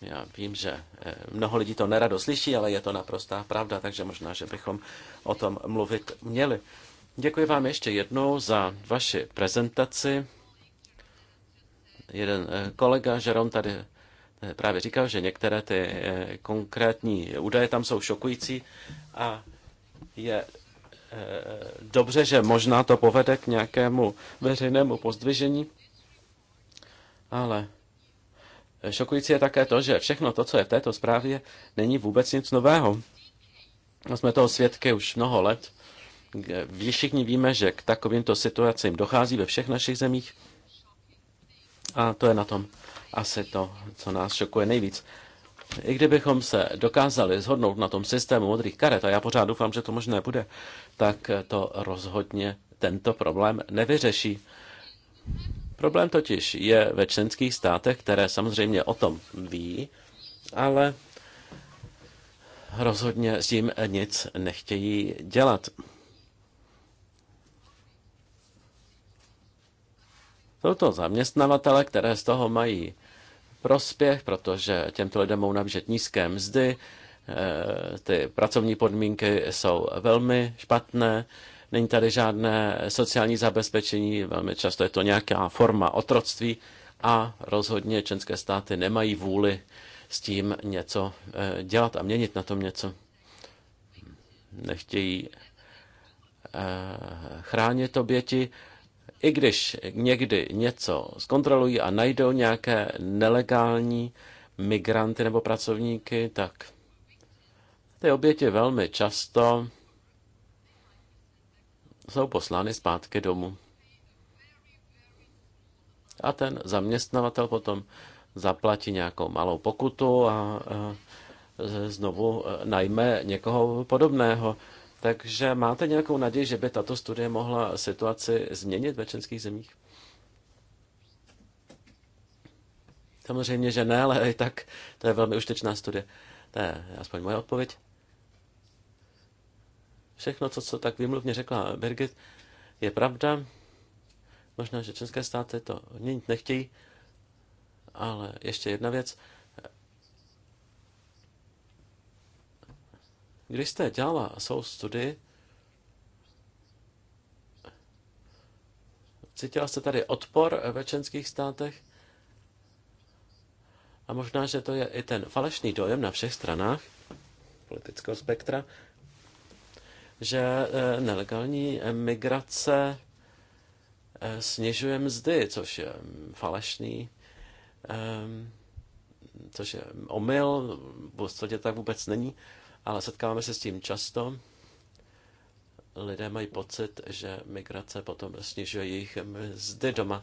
Já vím, že eh, mnoho lidí to nerado slyší, ale je to naprostá pravda, takže možná, že bychom o tom mluvit měli. Děkuji vám ještě jednou za vaši prezentaci jeden eh, kolega, Žerom, tady eh, právě říkal, že některé ty eh, konkrétní údaje tam jsou šokující a je dobře, že možná to povede k nějakému veřejnému pozdvižení, ale šokující je také to, že všechno to, co je v této zprávě, není vůbec nic nového. Jsme toho svědky už mnoho let. Všichni víme, že k takovýmto situacím dochází ve všech našich zemích a to je na tom asi to, co nás šokuje nejvíc. I kdybychom se dokázali zhodnout na tom systému modrých karet, a já pořád doufám, že to možné bude, tak to rozhodně tento problém nevyřeší. Problém totiž je ve členských státech, které samozřejmě o tom ví, ale rozhodně s tím nic nechtějí dělat. Jsou to zaměstnavatele, které z toho mají prospěch, protože těmto lidem mohou nabížet nízké mzdy, e, ty pracovní podmínky jsou velmi špatné, není tady žádné sociální zabezpečení, velmi často je to nějaká forma otroctví a rozhodně české státy nemají vůli s tím něco e, dělat a měnit na tom něco. Nechtějí e, chránit oběti i když někdy něco zkontrolují a najdou nějaké nelegální migranty nebo pracovníky, tak ty oběti velmi často jsou poslány zpátky domů. A ten zaměstnavatel potom zaplatí nějakou malou pokutu a znovu najme někoho podobného. Takže máte nějakou naději, že by tato studie mohla situaci změnit ve členských zemích? Samozřejmě, že ne, ale i tak to je velmi užtečná studie. To je aspoň moje odpověď. Všechno, co, co tak výmluvně řekla Birgit, je pravda. Možná, že české státy to měnit nechtějí, ale ještě jedna věc. Když jste dělala svou studii, cítila jste tady odpor ve členských státech? A možná, že to je i ten falešný dojem na všech stranách politického spektra, že eh, nelegální migrace eh, snižuje mzdy, což je mm, falešný, ehm, což je omyl, v podstatě tak vůbec není ale setkáváme se s tím často. Lidé mají pocit, že migrace potom snižuje jejich mzdy doma.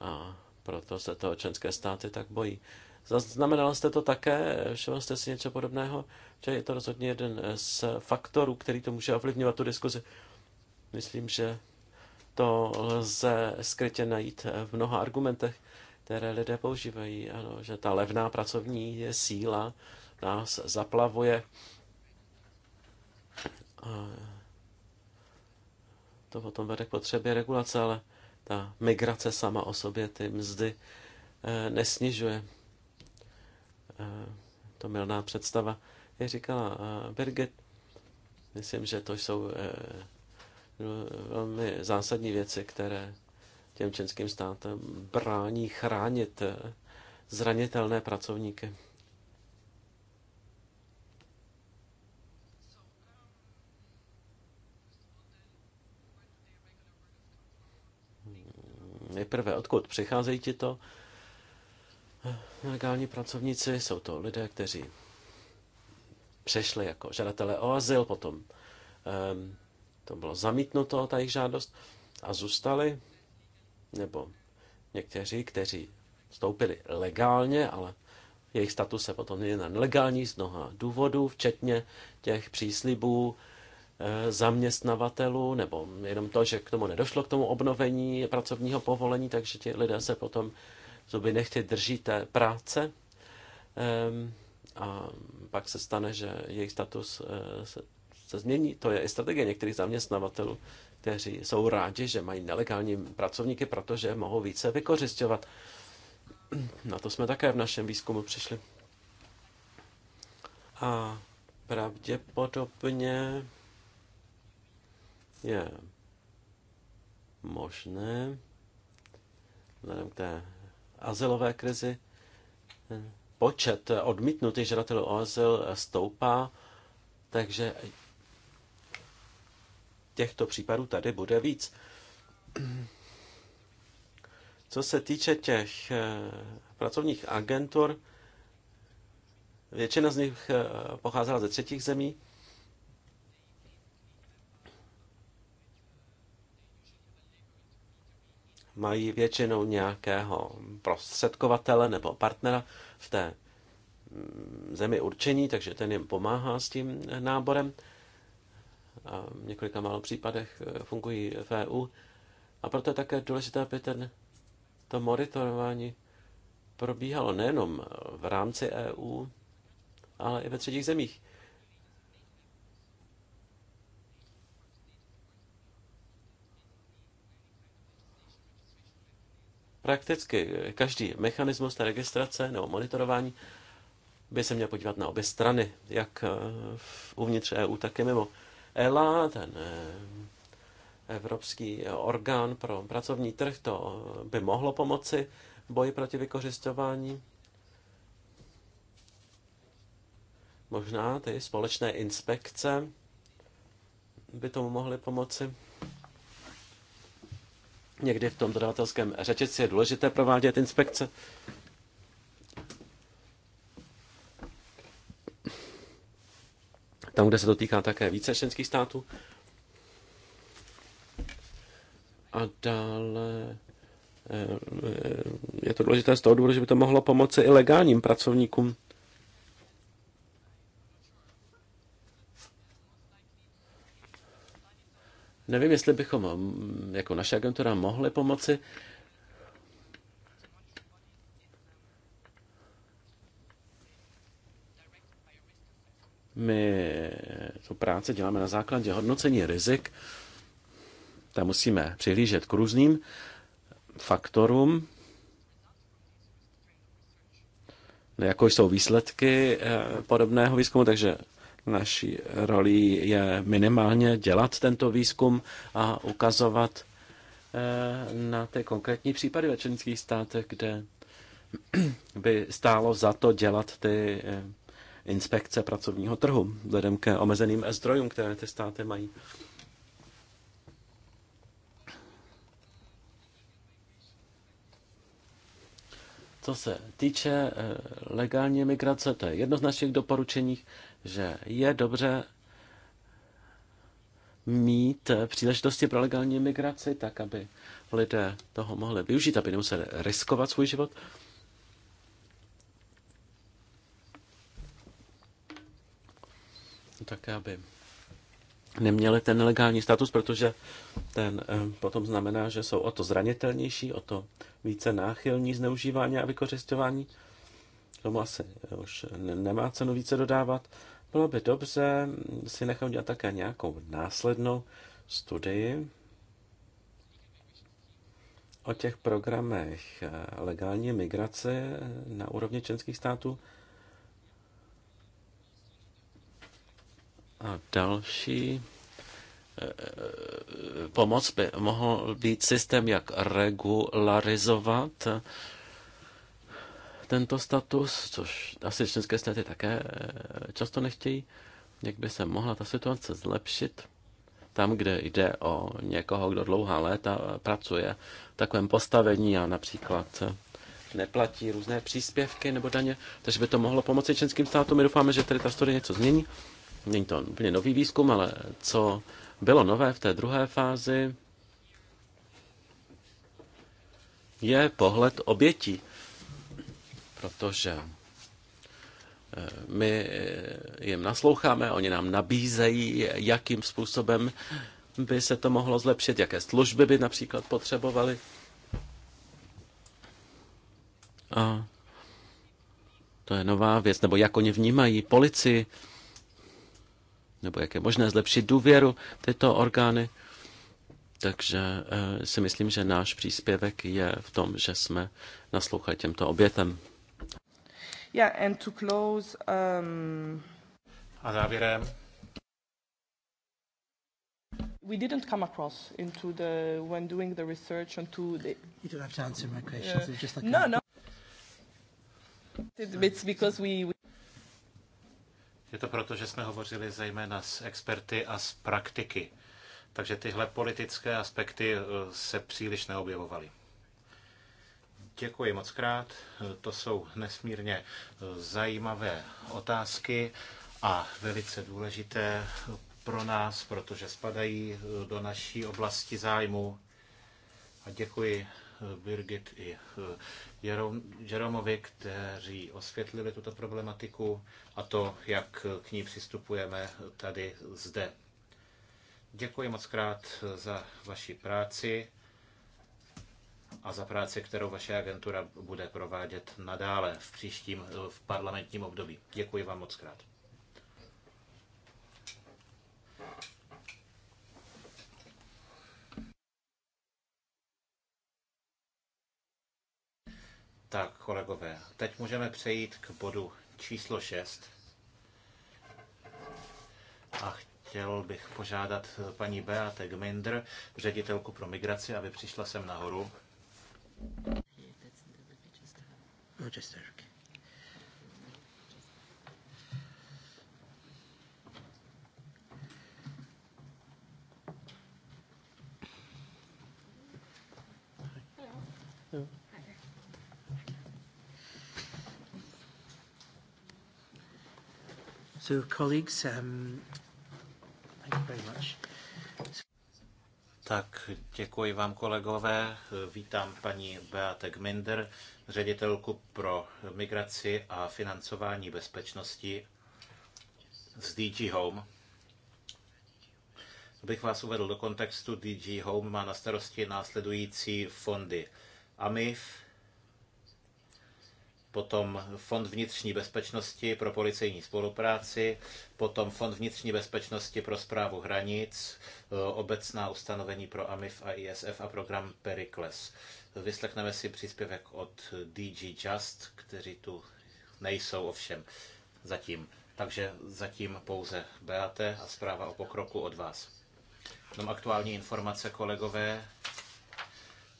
A proto se to členské státy tak bojí. Zaznamenala jste to také? Všiml jste si něco podobného? Že je to rozhodně jeden z faktorů, který to může ovlivňovat tu diskuzi. Myslím, že to lze skrytě najít v mnoha argumentech které lidé používají. Ano, že ta levná pracovní síla nás zaplavuje. A to potom vede k potřebě regulace, ale ta migrace sama o sobě ty mzdy eh, nesnižuje. Eh, to milná představa, jak říkala eh, Birgit. Myslím, že to jsou velmi zásadní věci, které těm českým státem brání chránit eh, zranitelné pracovníky. Nejprve, odkud přicházejí to? Eh, legální pracovníci? Jsou to lidé, kteří přešli jako žadatelé o azyl, potom um, to bylo zamítnuto, ta jejich žádost, a zůstali nebo někteří, kteří vstoupili legálně, ale jejich status se potom je na nelegální z mnoha důvodů, včetně těch příslibů eh, zaměstnavatelů, nebo jenom to, že k tomu nedošlo, k tomu obnovení pracovního povolení, takže ti lidé se potom zuby nechtějí drží té práce. Ehm, a pak se stane, že jejich status eh, se, se změní. To je i strategie některých zaměstnavatelů kteří jsou rádi, že mají nelegální pracovníky, protože mohou více vykořišťovat. Na to jsme také v našem výzkumu přišli. A pravděpodobně je možné, vzhledem k té azylové krizi, počet odmítnutých žadatelů o azyl stoupá, takže těchto případů tady bude víc. Co se týče těch eh, pracovních agentur, většina z nich eh, pocházela ze třetích zemí. Mají většinou nějakého prostředkovatele nebo partnera v té mm, zemi určení, takže ten jim pomáhá s tím náborem a v několika málo případech eh, fungují v EU. A proto je také důležité, aby ten, to monitorování probíhalo nejenom v rámci EU, ale i ve třetích zemích. Prakticky každý mechanismus té registrace nebo monitorování by se měl podívat na obě strany, jak eh, uvnitř EU, tak i mimo. ELA, ten eh, Evropský orgán pro pracovní trh, to by mohlo pomoci v boji proti vykořišťování. Možná ty společné inspekce by tomu mohly pomoci. Někdy v tom dodavatelském řetězci je důležité provádět inspekce. tam, kde se to týká také více členských států. A dále eh, je to důležité z toho důvodu, že by to mohlo pomoci i legálním pracovníkům. Nevím, jestli bychom hm, jako naše agentura mohli pomoci My tu práci děláme na základě hodnocení rizik. Tam musíme přihlížet k různým faktorům, jako jsou výsledky eh, podobného výzkumu, takže naší roli je minimálně dělat tento výzkum a ukazovat eh, na ty konkrétní případy ve členských státech, kde [CLEARS THROAT] by stálo za to dělat ty eh, inspekce pracovního trhu, vzhledem ke omezeným zdrojům, které ty státy mají. Co se týče eh, legální migrace, to je jedno z našich doporučení, že je dobře mít eh, příležitosti pro legální migraci, tak aby lidé toho mohli využít, aby nemuseli riskovat svůj život. také aby neměli ten nelegální status, protože ten eh, potom znamená, že jsou o to zranitelnější, o to více náchylní zneužívání a vykořišťování. Tomu asi eh, už nemá cenu více dodávat. Bylo by dobře hm, si nechat udělat také nějakou následnou studii o těch programech eh, legální migrace na úrovni členských států, A další e, e, pomoc by mohl být systém, jak regularizovat tento status, což asi členské státy také e, často nechtějí. Jak by se mohla ta situace zlepšit? Tam, kde jde o někoho, kdo dlouhá léta pracuje v takovém postavení a například neplatí různé příspěvky nebo daně, takže by to mohlo pomoci členským státům. My doufáme, že tady ta studie něco změní není to úplně nový výzkum, ale co bylo nové v té druhé fázi, je pohled obětí, protože eh, my eh, jim nasloucháme, oni nám nabízejí, jakým způsobem by se to mohlo zlepšit, jaké služby by například potřebovali. A to je nová věc, nebo jak oni vnímají policii nebo jak je možné zlepšit důvěru tyto orgány. Takže eh, si myslím, že náš příspěvek je v tom, že jsme naslouchali těmto obětem. Yeah, and to close, um... A závěrem. We didn't come across into the when doing the research onto the. You don't have to answer my questions. Uh, it's just like no, a... no. It's because we. we je to proto, že jsme hovořili zejména s experty a s praktiky. Takže tyhle politické aspekty eh, se příliš neobjevovaly. Děkuji moc krát. To jsou nesmírně eh, zajímavé otázky a velice důležité pro nás, protože spadají eh, do naší oblasti zájmu. A děkuji Birgit i Jeromovi, kteří osvětlili tuto problematiku a to, jak k ní přistupujeme tady zde. Děkuji moc krát za vaši práci a za práci, kterou vaše agentura bude provádět nadále v příštím v parlamentním období. Děkuji vám moc krát. Tak, kolegové, teď můžeme přejít k bodu číslo 6. A chtěl bych požádat paní Beate Gminder, ředitelku pro migraci, aby přišla sem nahoru. Rochester. to colleagues, um, thank you very much. Tak děkuji vám, kolegové. Vítám paní Beate Gminder, ředitelku pro migraci a financování bezpečnosti z DG Home. Abych vás uvedl do kontextu, DG Home má na starosti následující fondy. AMIF, potom Fond vnitřní bezpečnosti pro policejní spolupráci, potom Fond vnitřní bezpečnosti pro zprávu hranic, eh, obecná ustanovení pro AMIF a ISF a program Pericles. Vyslechneme si příspěvek od DG Just, kteří tu nejsou ovšem zatím. Takže zatím pouze Beate a zpráva o pokroku od vás. Jenom aktuální informace, kolegové.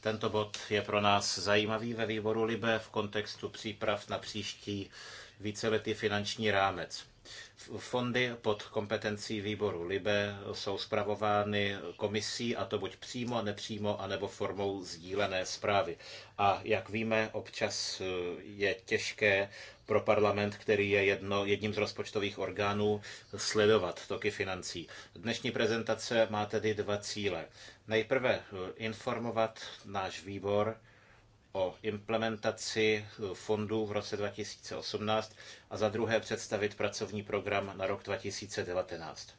Tento bod je pro nás zajímavý ve výboru Libe v kontextu příprav na příští víceletý finanční rámec. Fondy pod kompetencí výboru LIBE jsou spravovány komisí, a to buď přímo, nepřímo, anebo formou sdílené zprávy. A jak víme, občas eh, je těžké pro parlament, který je jedno, jedním z rozpočtových orgánů, sledovat toky financí. Dnešní prezentace má tedy dva cíle. Nejprve eh, informovat náš výbor o implementaci eh, fondů v roce 2018 a za druhé představit pracovní program na rok 2019.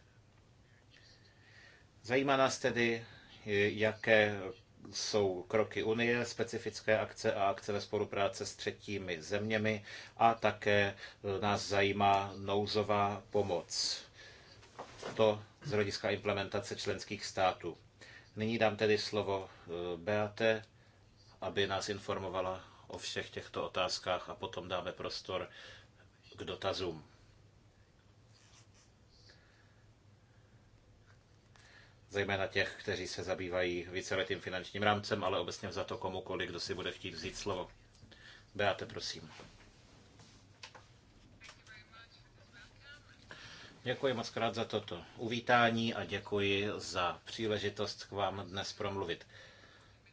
Zajímá nás tedy, eh, jaké jsou kroky Unie, specifické akce a akce ve spolupráce s třetími zeměmi a také nás zajímá nouzová pomoc. To z hlediska implementace členských států. Nyní dám tedy slovo eh, Beate, aby nás informovala o všech těchto otázkách a potom dáme prostor k dotazům. zejména těch, kteří se zabývají víceletým finančním rámcem, ale obecně za to komukoliv, kdo si bude chtít vzít slovo. Beate, prosím. Děkuji moc krát za toto uvítání a děkuji za příležitost k vám dnes promluvit.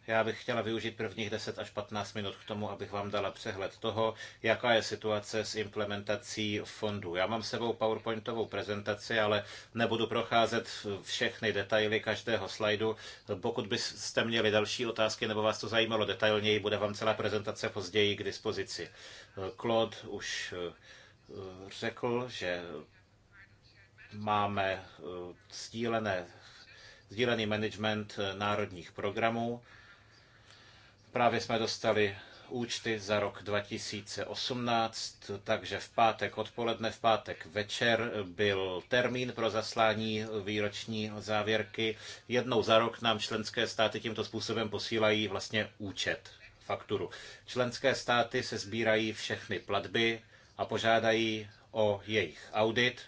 Já bych chtěla využít prvních 10 až 15 minut k tomu, abych vám dala přehled toho, jaká je situace s implementací fondu. Já mám sebou PowerPointovou prezentaci, ale nebudu procházet všechny detaily každého slajdu. Pokud byste měli další otázky nebo vás to zajímalo detailněji, bude vám celá prezentace později k dispozici. Claude už eh, řekl, že máme eh, sdílené, sdílený management eh, národních programů. Právě jsme dostali účty za rok 2018, takže v pátek odpoledne, v pátek večer byl termín pro zaslání eh, výroční závěrky. Jednou za rok nám členské státy tímto způsobem posílají vlastně účet, fakturu. Členské státy se sbírají všechny platby a požádají o jejich audit,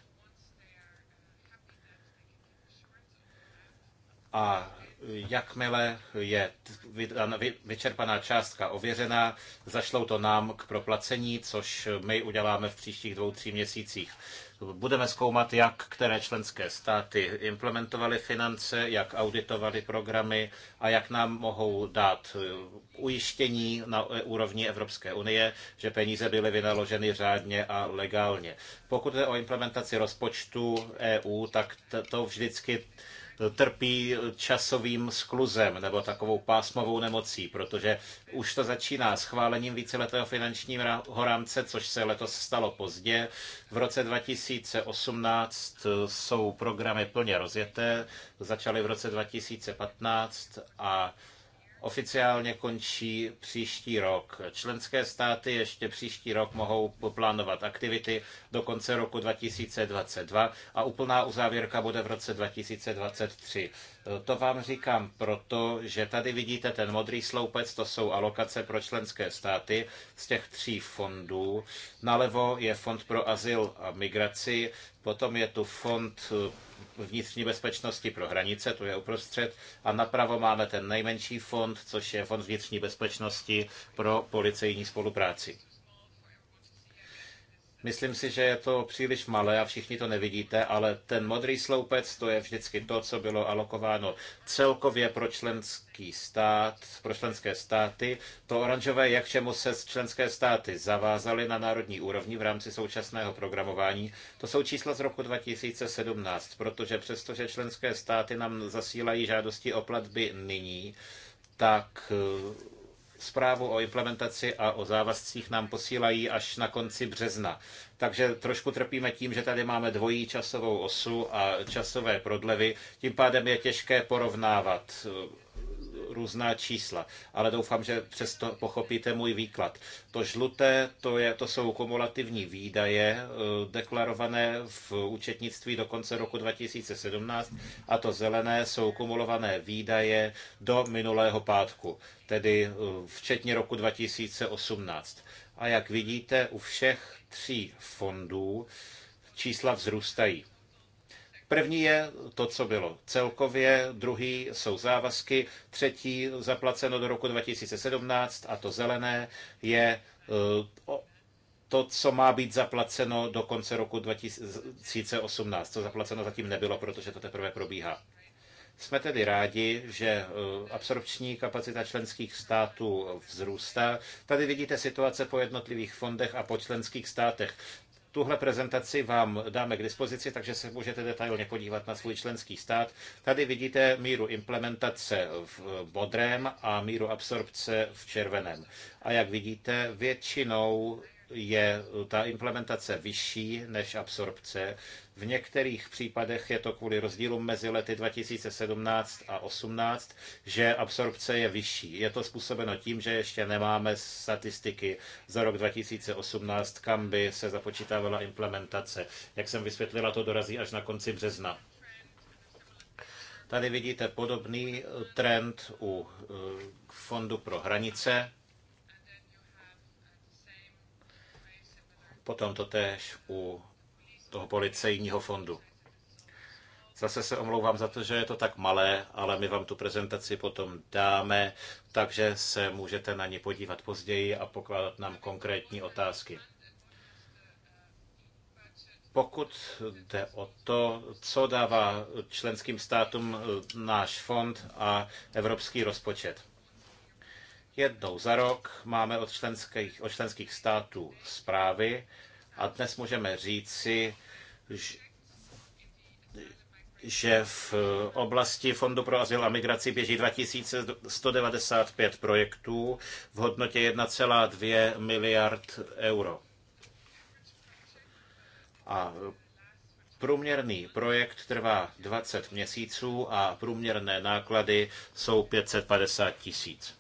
a jakmile je vyčerpaná částka ověřená, zašlou to nám k proplacení, což my uděláme v příštích dvou, tří měsících. Budeme zkoumat, jak které členské státy implementovaly finance, jak auditovaly programy a jak nám mohou dát eh, ujištění na eh, úrovni Evropské unie, že peníze byly vynaloženy řádně a legálně. Pokud jde o implementaci rozpočtu EU, tak to vždycky trpí časovým skluzem nebo takovou pásmovou nemocí, protože už to začíná schválením víceletého finančního rámce, což se letos stalo pozdě. V roce 2018 jsou programy plně rozjeté, začaly v roce 2015 a oficiálně končí příští rok. Členské státy ještě příští rok mohou plánovat aktivity do konce roku 2022 a úplná uzávěrka bude v roce 2023. To vám říkám proto, že tady vidíte ten modrý sloupec, to jsou alokace pro členské státy z těch tří fondů. Nalevo je Fond pro azyl a migraci, potom je tu Fond vnitřní bezpečnosti pro hranice, to je uprostřed, a napravo máme ten nejmenší fond, což je fond vnitřní bezpečnosti pro policejní spolupráci. Myslím si, že je to příliš malé a všichni to nevidíte, ale ten modrý sloupec to je vždycky to, co bylo alokováno celkově pro členský stát, pro členské státy. To oranžové, jak čemu se členské státy zavázaly na národní úrovni v rámci současného programování, to jsou čísla z roku 2017, protože přestože členské státy nám zasílají žádosti o platby nyní, tak Zprávu o implementaci a o závazcích nám posílají až na konci března. Takže trošku trpíme tím, že tady máme dvojí časovou osu a časové prodlevy. Tím pádem je těžké porovnávat různá čísla, ale doufám, že přesto pochopíte můj výklad. To žluté, to, je, to jsou kumulativní výdaje eh, deklarované v účetnictví do konce roku 2017 a to zelené jsou kumulované výdaje do minulého pátku, tedy eh, včetně roku 2018. A jak vidíte, u všech tří fondů čísla vzrůstají. První je to, co bylo celkově, druhý jsou závazky, třetí zaplaceno do roku 2017 a to zelené je eh, to, co má být zaplaceno do konce roku 2018. To zaplaceno zatím nebylo, protože to teprve probíhá. Jsme tedy rádi, že eh, absorpční kapacita členských států vzrůstá. Tady vidíte situace po jednotlivých fondech a po členských státech. Tuhle prezentaci vám dáme k dispozici, takže se můžete detailně podívat na svůj členský stát. Tady vidíte míru implementace v modrém a míru absorpce v červeném. A jak vidíte, většinou je ta implementace vyšší než absorpce. V některých případech je to kvůli rozdílu mezi lety 2017 a 2018, že absorpce je vyšší. Je to způsobeno tím, že ještě nemáme statistiky za rok 2018, kam by se započítávala implementace. Jak jsem vysvětlila, to dorazí až na konci března. Tady vidíte podobný trend u eh, Fondu pro hranice. Potom to též u toho policejního fondu. Zase se omlouvám za to, že je to tak malé, ale my vám tu prezentaci potom dáme, takže se můžete na ní podívat později a pokládat nám konkrétní otázky. Pokud jde o to, co dává členským státům náš fond a evropský rozpočet. Jednou za rok máme od členských, od členských států zprávy a dnes můžeme říci, že v oblasti Fondu pro azyl a migraci běží 2195 projektů v hodnotě 1,2 miliard euro. A průměrný projekt trvá 20 měsíců a průměrné náklady jsou 550 tisíc.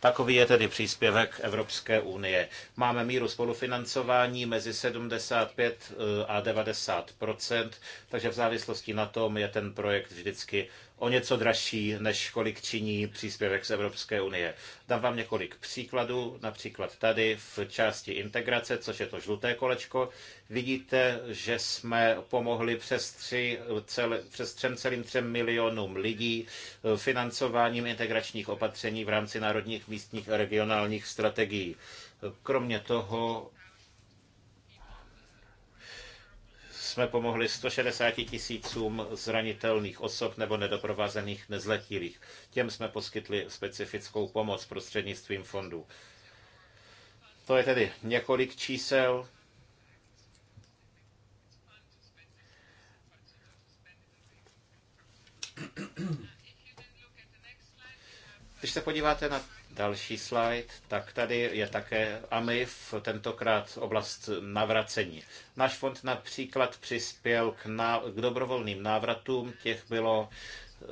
Takový je tedy příspěvek Evropské unie. Máme míru spolufinancování mezi 75 eh, a 90 takže v závislosti na tom je ten projekt vždycky o něco dražší, než kolik činí příspěvek z Evropské unie. Dám vám několik příkladů, například tady v části integrace, což je to žluté kolečko, vidíte, že jsme pomohli přes, tři, cel, přes 3,3 milionům lidí eh, financováním integračních opatření v rámci národních místních a regionálních strategií. Kromě toho jsme pomohli 160 tisícům zranitelných osob nebo nedoprovázených nezletilých. Těm jsme poskytli specifickou pomoc prostřednictvím fondů. To je tedy několik čísel. Když se podíváte na Další slide. Tak tady je také AMIF, tentokrát oblast navracení. Náš fond například přispěl k, na, k dobrovolným návratům, těch bylo eh,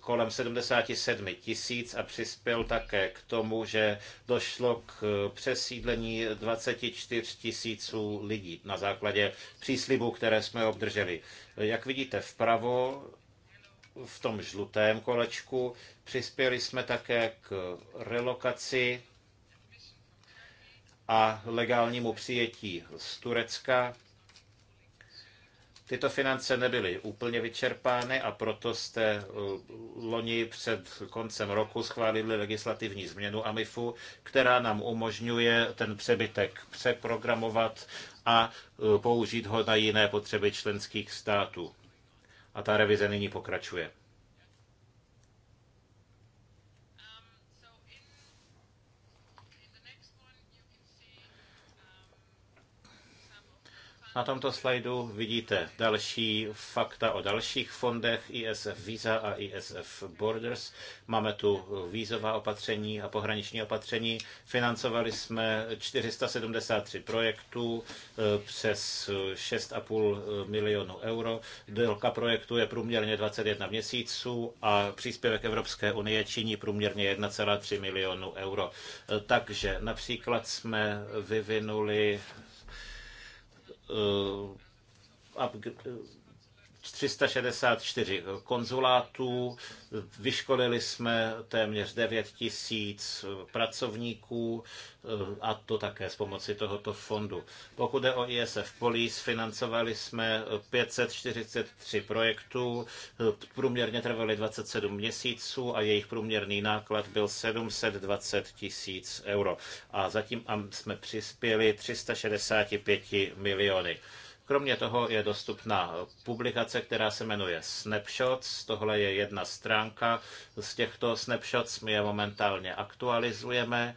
kolem 77 tisíc a přispěl také k tomu, že došlo k eh, přesídlení 24 tisíců lidí na základě příslibů, které jsme obdrželi. Jak vidíte vpravo, v tom žlutém kolečku. Přispěli jsme také k relokaci a legálnímu přijetí z Turecka. Tyto finance nebyly úplně vyčerpány a proto jste eh, loni před koncem roku schválili legislativní změnu AMIFu, která nám umožňuje ten přebytek přeprogramovat a eh, použít ho na jiné potřeby členských států a ta revize nyní pokračuje. Na tomto slajdu vidíte další fakta o dalších fondech ISF Visa a ISF Borders. Máme tu vízová opatření a pohraniční opatření. Financovali jsme 473 projektů eh, přes 6,5 eh, milionu euro. Délka projektu je průměrně 21 měsíců a příspěvek Evropské unie činí průměrně 1,3 milionu euro. Eh, takže například jsme vyvinuli uh, 364 konzulátů, vyškolili jsme téměř 9 tisíc pracovníků a to také s pomocí tohoto fondu. Pokud je o ISF Police, financovali jsme 543 projektů, průměrně trvaly 27 měsíců a jejich průměrný náklad byl 720 tisíc euro. A zatím jsme přispěli 365 miliony. Kromě toho je dostupná publikace, která se jmenuje Snapshots. Tohle je jedna stránka z těchto snapshots. My je momentálně aktualizujeme.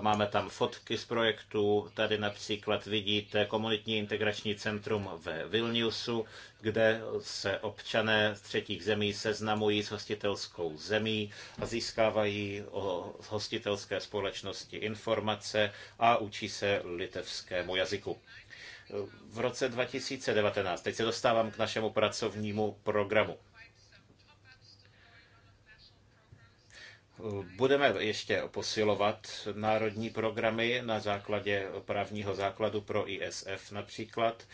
Máme tam fotky z projektů. Tady například vidíte komunitní integrační centrum ve Vilniusu, kde se občané z třetích zemí seznamují s hostitelskou zemí a získávají o hostitelské společnosti informace a učí se litevskému jazyku v roce 2019. Teď se dostávám k našemu pracovnímu programu. Budeme ještě posilovat národní programy na základě právního základu pro ISF například,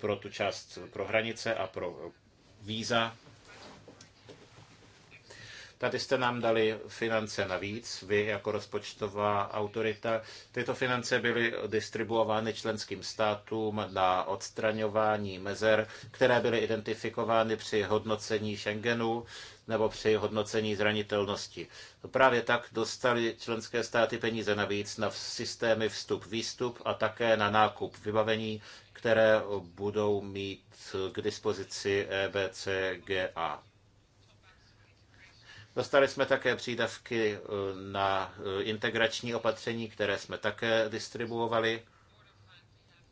pro tu část pro hranice a pro víza Tady jste nám dali finance navíc, vy jako rozpočtová autorita. Tyto finance byly distribuovány členským státům na odstraňování mezer, které byly identifikovány při hodnocení Schengenu nebo při hodnocení zranitelnosti. Právě tak dostali členské státy peníze navíc na systémy vstup-výstup a také na nákup vybavení, které budou mít k dispozici EBCGA. Dostali jsme také přídavky eh, na eh, integrační opatření, které jsme také distribuovali.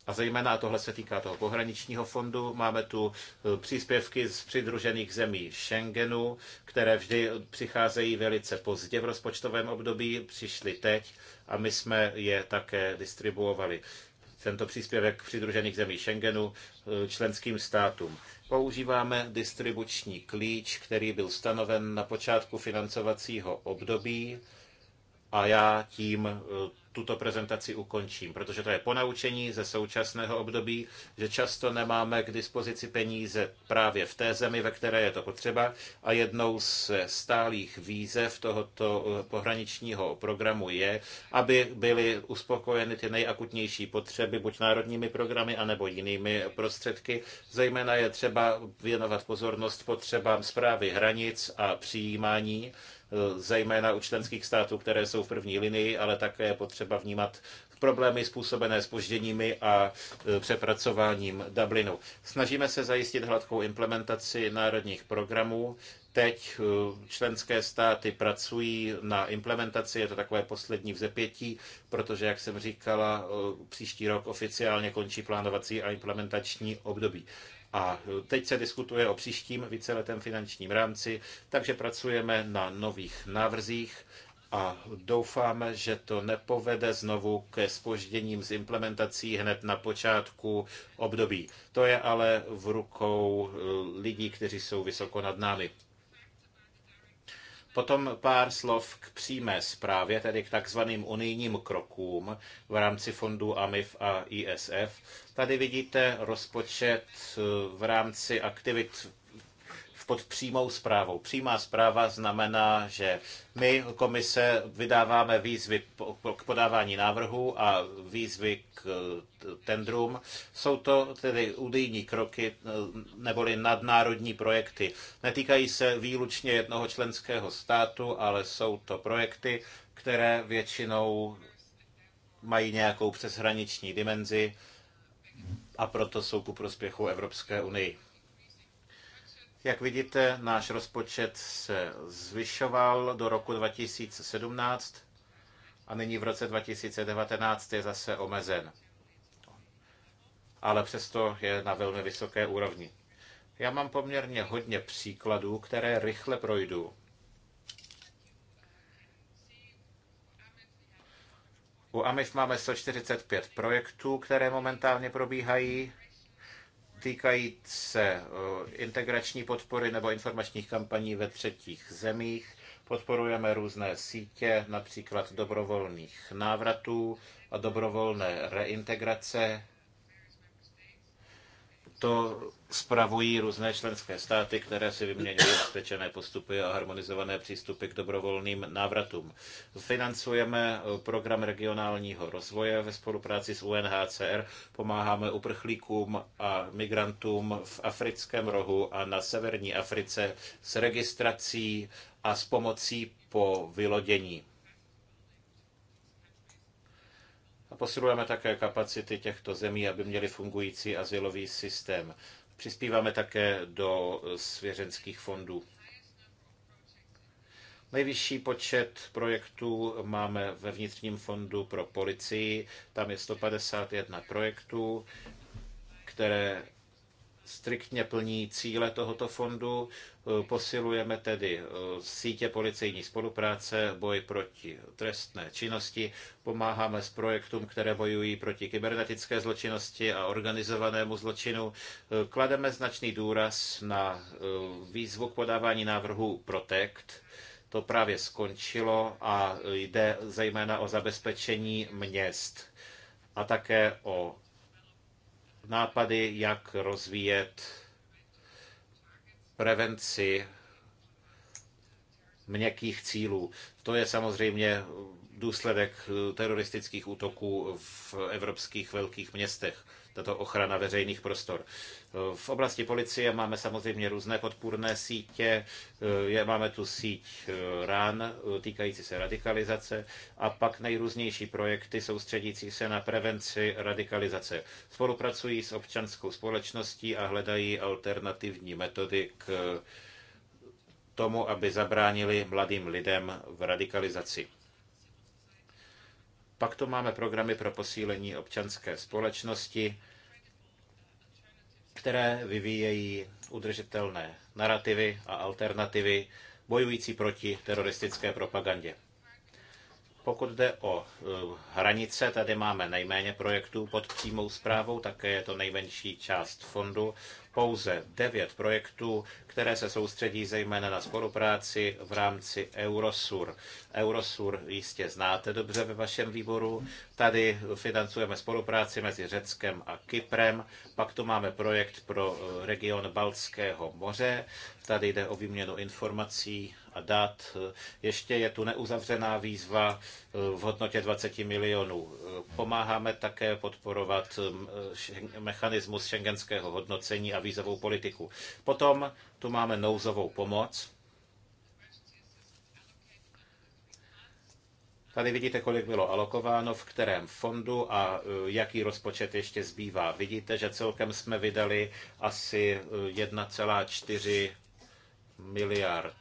A zejména, a tohle se týká toho pohraničního fondu, máme tu eh, příspěvky z přidružených zemí Schengenu, které vždy přicházejí velice pozdě v rozpočtovém období, přišly teď a my jsme je také distribuovali. Tento příspěvek přidružených zemí Schengenu členským státům. Používáme distribuční klíč, který byl stanoven na počátku financovacího období a já tím e, tuto prezentaci ukončím, protože to je ponaučení ze současného období, že často nemáme k dispozici peníze právě v té zemi, ve které je to potřeba. A jednou z stálých výzev tohoto e, pohraničního programu je, aby byly uspokojeny ty nejakutnější potřeby, buď národními programy, anebo jinými prostředky. Zejména je třeba věnovat pozornost potřebám zprávy hranic a přijímání Eh, zejména u členských států, které jsou v první linii, ale také je potřeba vnímat problémy způsobené spožděními a eh, přepracováním Dublinu. Snažíme se zajistit hladkou implementaci národních programů. Teď eh, členské státy pracují na implementaci, je to takové poslední vzepětí, protože, jak jsem říkala, příští rok oficiálně končí plánovací a implementační období. A teď se diskutuje o příštím víceletém finančním rámci, takže pracujeme na nových návrzích a doufáme, že to nepovede znovu ke spožděním s implementací hned na počátku období. To je ale v rukou eh, lidí, kteří jsou vysoko nad námi. Potom pár slov k přímé zprávě, tedy k takzvaným unijním krokům v rámci fondů AMIF a ISF. Tady vidíte rozpočet eh, v rámci aktivit pod přímou zprávou. Přímá zpráva znamená, že my, komise, vydáváme výzvy k podávání návrhů a výzvy k tendrům. Jsou to tedy údajní kroky eh, neboli nadnárodní projekty. Netýkají se výlučně jednoho členského státu, ale jsou to projekty, které většinou mají nějakou přeshraniční dimenzi a proto jsou ku prospěchu Evropské unii. Jak vidíte, náš rozpočet se zvyšoval do roku 2017 a nyní v roce 2019 je zase omezen. Ale přesto je na velmi vysoké úrovni. Já mám poměrně hodně příkladů, které rychle projdu. U AMIF máme 145 projektů, které momentálně probíhají týkají se eh, integrační podpory nebo informačních kampaní ve třetích zemích. Podporujeme různé sítě, například dobrovolných návratů a dobrovolné reintegrace to spravují různé členské státy, které si vyměňují spečené postupy a harmonizované přístupy k dobrovolným návratům. Financujeme eh, program regionálního rozvoje ve spolupráci s UNHCR, pomáháme uprchlíkům a migrantům v africkém rohu a na severní Africe s registrací a s pomocí po vylodění. A posilujeme také kapacity těchto zemí, aby měli fungující asilový systém. Přispíváme také do svěřenských fondů. Nejvyšší počet projektů máme ve vnitřním fondu pro policii. Tam je 151 projektů, které striktně plní cíle tohoto fondu. Eh, posilujeme tedy eh, sítě policejní spolupráce, boj proti trestné činnosti, pomáháme s projektům, které bojují proti kybernetické zločinnosti a organizovanému zločinu. Eh, klademe značný důraz na výzvu k podávání návrhu Protect, to právě skončilo a jde zejména o zabezpečení měst a také o nápady, jak rozvíjet prevenci měkkých cílů. To je samozřejmě důsledek eh, teroristických útoků v evropských velkých městech, tato ochrana veřejných prostor. Eh, v oblasti policie máme samozřejmě různé podpůrné sítě, eh, je, máme tu síť RAN týkající se radikalizace a pak nejrůznější projekty soustředící se na prevenci radikalizace. Spolupracují s občanskou společností a hledají alternativní metody k tomu, aby zabránili mladým lidem v radikalizaci. Pak tu máme programy pro posílení občanské společnosti, které vyvíjejí udržitelné narrativy a alternativy bojující proti teroristické propagandě. Pokud jde o e, hranice, tady máme nejméně projektů pod přímou zprávou, také je to nejmenší část fondu pouze devět projektů, které se soustředí zejména na spolupráci v rámci Eurosur. Eurosur jistě znáte dobře ve vašem výboru. Tady financujeme spolupráci mezi Řeckem a Kyprem. Pak tu máme projekt pro region Baltského moře. Tady jde o výměnu informací a dat. Eh, ještě je tu neuzavřená výzva eh, v hodnotě 20 milionů. Eh, pomáháme také podporovat mechanismus šengenského hodnocení a výzovou politiku. Potom tu máme nouzovou pomoc. Tady vidíte, kolik bylo alokováno, v kterém fondu a jaký rozpočet ještě zbývá. Vidíte, že celkem jsme vydali asi 1,4 miliard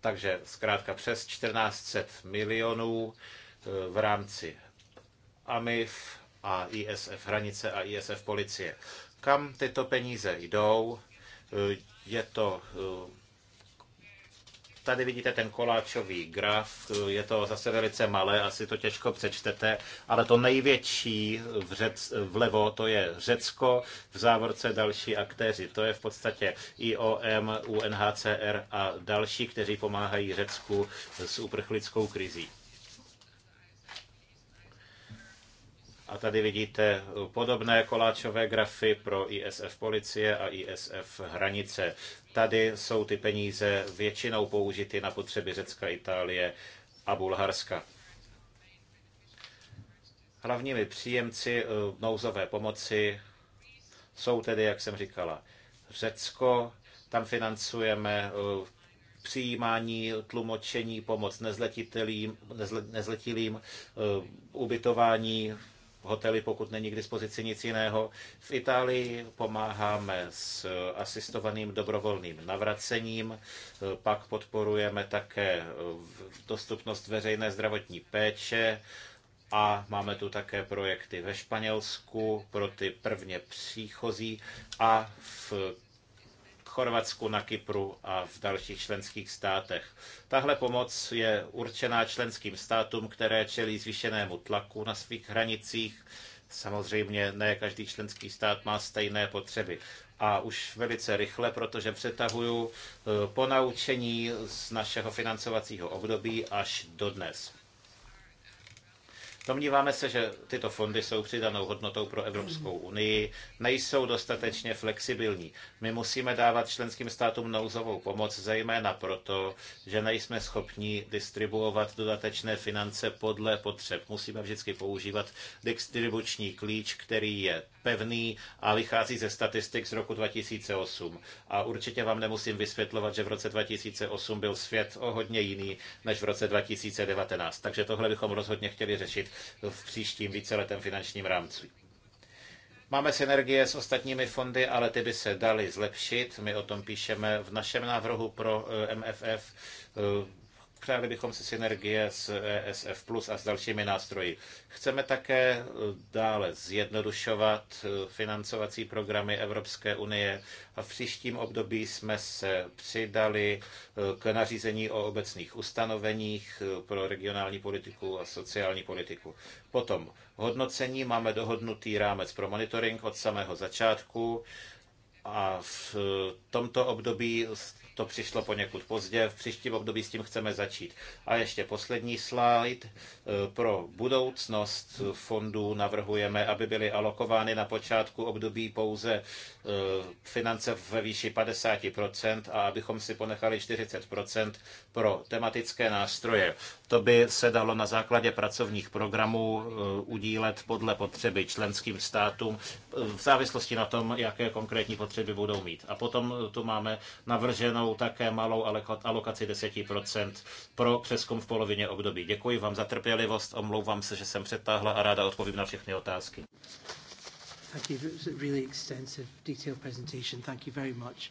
Takže zkrátka přes 1400 milionů e, v rámci AMIF a ISF hranice a ISF policie. Kam tyto peníze jdou? E, je to e, Tady vidíte ten koláčový graf, je to zase velice malé, asi to těžko přečtete, ale to největší v řec, vlevo, to je Řecko, v závorce další aktéři, to je v podstatě IOM, UNHCR a další, kteří pomáhají Řecku s uprchlickou krizí. A tady vidíte podobné koláčové grafy pro ISF policie a ISF hranice. Tady jsou ty peníze většinou použity na potřeby Řecka, Itálie a Bulharska. Hlavními příjemci eh, nouzové pomoci jsou tedy, jak jsem říkala, Řecko, tam financujeme eh, přijímání, tlumočení, pomoc nezletilým, nezle, nezletilým eh, ubytování, hotely, pokud není k dispozici nic jiného. V Itálii pomáháme s asistovaným dobrovolným navracením, pak podporujeme také dostupnost veřejné zdravotní péče, a máme tu také projekty ve Španělsku pro ty prvně příchozí a v Chorvatsku, na Kypru a v dalších členských státech. Tahle pomoc je určená členským státům, které čelí zvýšenému tlaku na svých hranicích. Samozřejmě ne každý členský stát má stejné potřeby. A už velice rychle, protože přetahuju eh, po z našeho financovacího období až do dnes. Domníváme se, že tyto fondy jsou přidanou hodnotou pro Evropskou unii, nejsou dostatečně flexibilní. My musíme dávat členským státům nouzovou pomoc, zejména proto, že nejsme schopni distribuovat dodatečné finance podle potřeb. Musíme vždycky používat distribuční klíč, který je pevný a vychází ze statistik z roku 2008. A určitě vám nemusím vysvětlovat, že v roce 2008 byl svět o hodně jiný než v roce 2019. Takže tohle bychom rozhodně chtěli řešit v příštím víceletém finančním rámci. Máme synergie s ostatními fondy, ale ty by se daly zlepšit. My o tom píšeme v našem návrhu pro eh, MFF. Přáli bychom si synergie s ESF Plus a s dalšími nástroji. Chceme také eh, dále zjednodušovat eh, financovací programy Evropské unie a v příštím období jsme se přidali eh, k nařízení o obecných ustanoveních pro regionální politiku a sociální politiku. Potom hodnocení máme dohodnutý rámec pro monitoring od samého začátku. A v tomto období to přišlo poněkud pozdě, v příštím období s tím chceme začít. A ještě poslední slide. Pro budoucnost fondů navrhujeme, aby byly alokovány na počátku období pouze e, finance ve výši 50% a abychom si ponechali 40% pro tematické nástroje. To by se dalo na základě pracovních programů e, udílet podle potřeby členským státům e, v závislosti na tom, jaké konkrétní potřeby potřeby budou mít. A potom tu máme navrženou také malou alokaci 10% pro přeskum v polovině období. Děkuji vám za trpělivost, omlouvám se, že jsem přetáhla a ráda odpovím na všechny otázky. Thank you. It was a really extensive, detailed presentation. Thank you very much.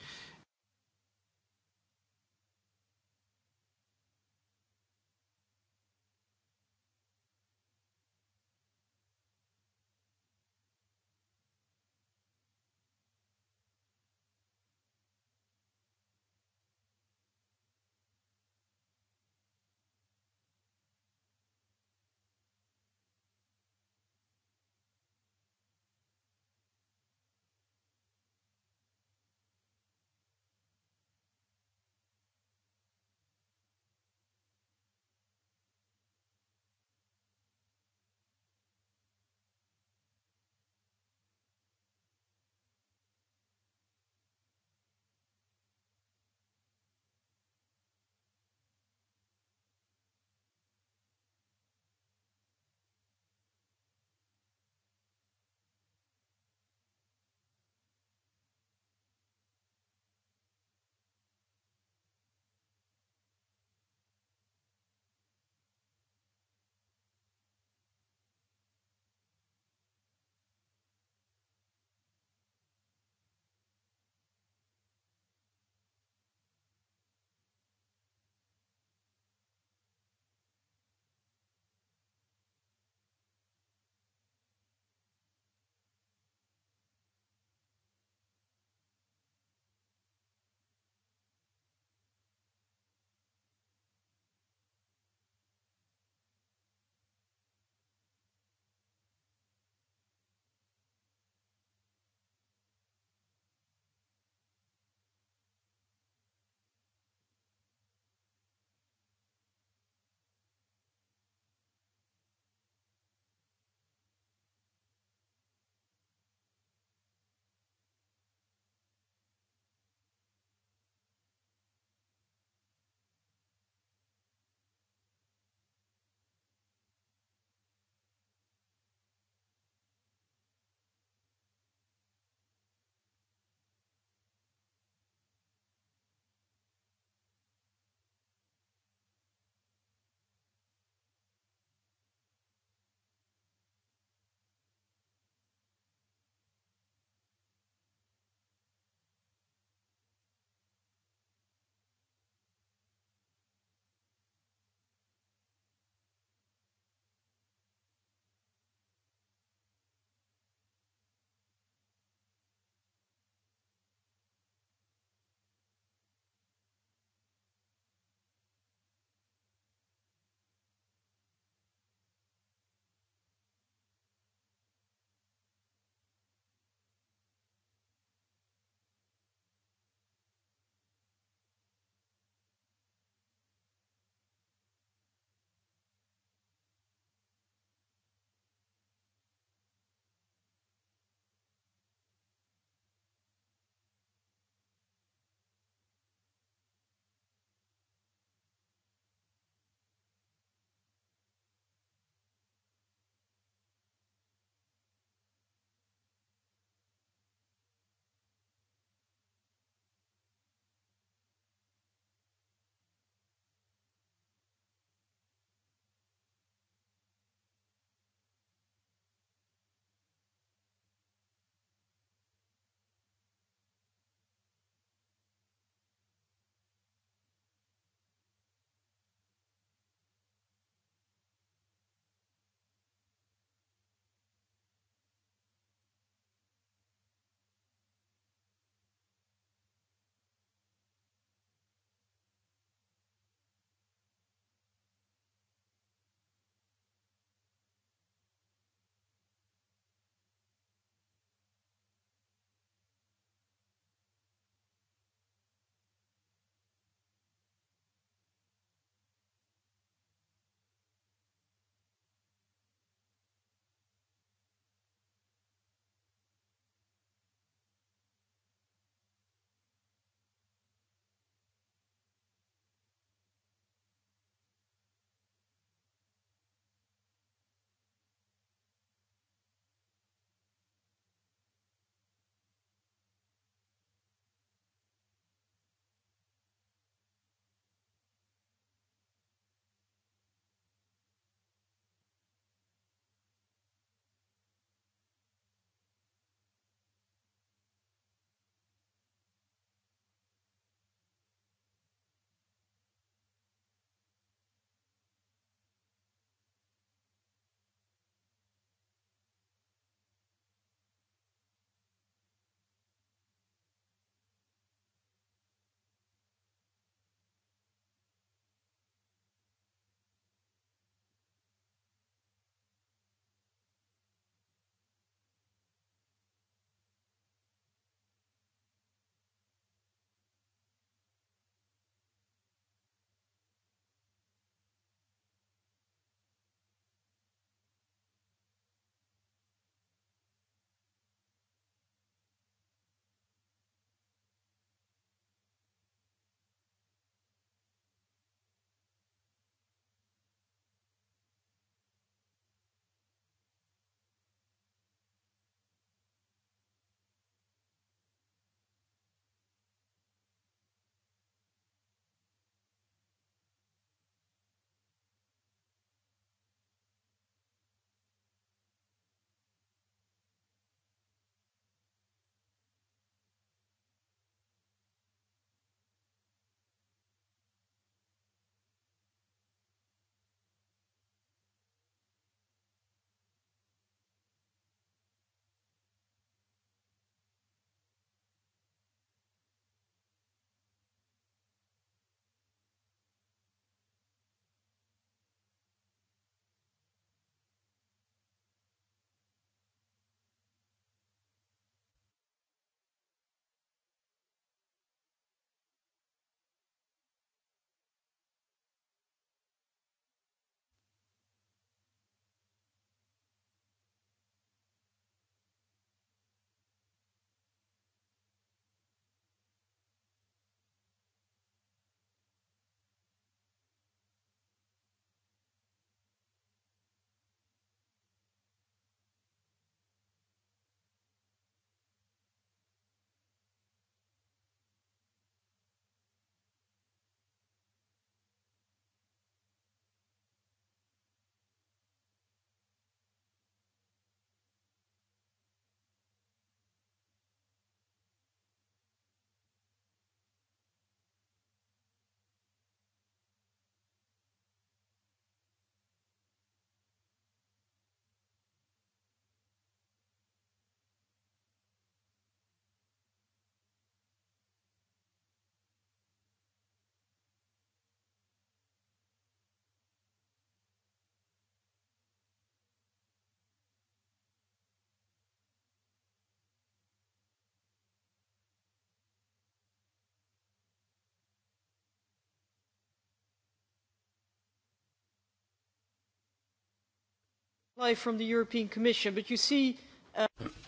Uh,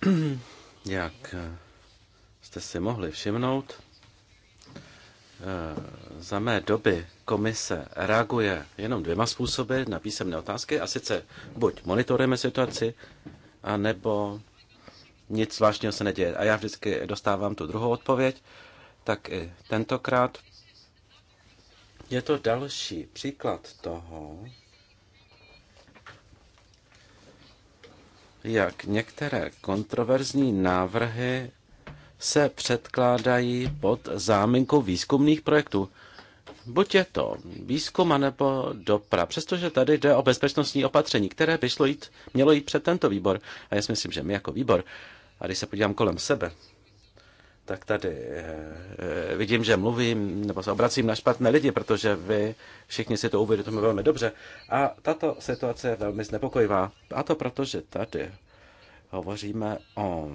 [CLEARS THROAT] Jak uh, jste si mohli všimnout, uh, za mé doby komise reaguje jenom dvěma způsoby na písemné otázky, a sice buď monitorujeme situaci, anebo nic zvláštního se neděje. A já vždycky dostávám tu druhou odpověď, tak i tentokrát je to další příklad toho, jak některé kontroverzní návrhy se předkládají pod záminkou výzkumných projektů. Buď je to výzkum, anebo doprava, přestože tady jde o bezpečnostní opatření, které by šlo jít, mělo jít před tento výbor. A já si myslím, že my jako výbor, a když se podívám kolem sebe, tak tady eh, vidím, že mluvím nebo se obracím na špatné lidi, protože vy všichni si to uvědomujeme velmi dobře. A tato situace je velmi znepokojivá. A to proto, že tady hovoříme o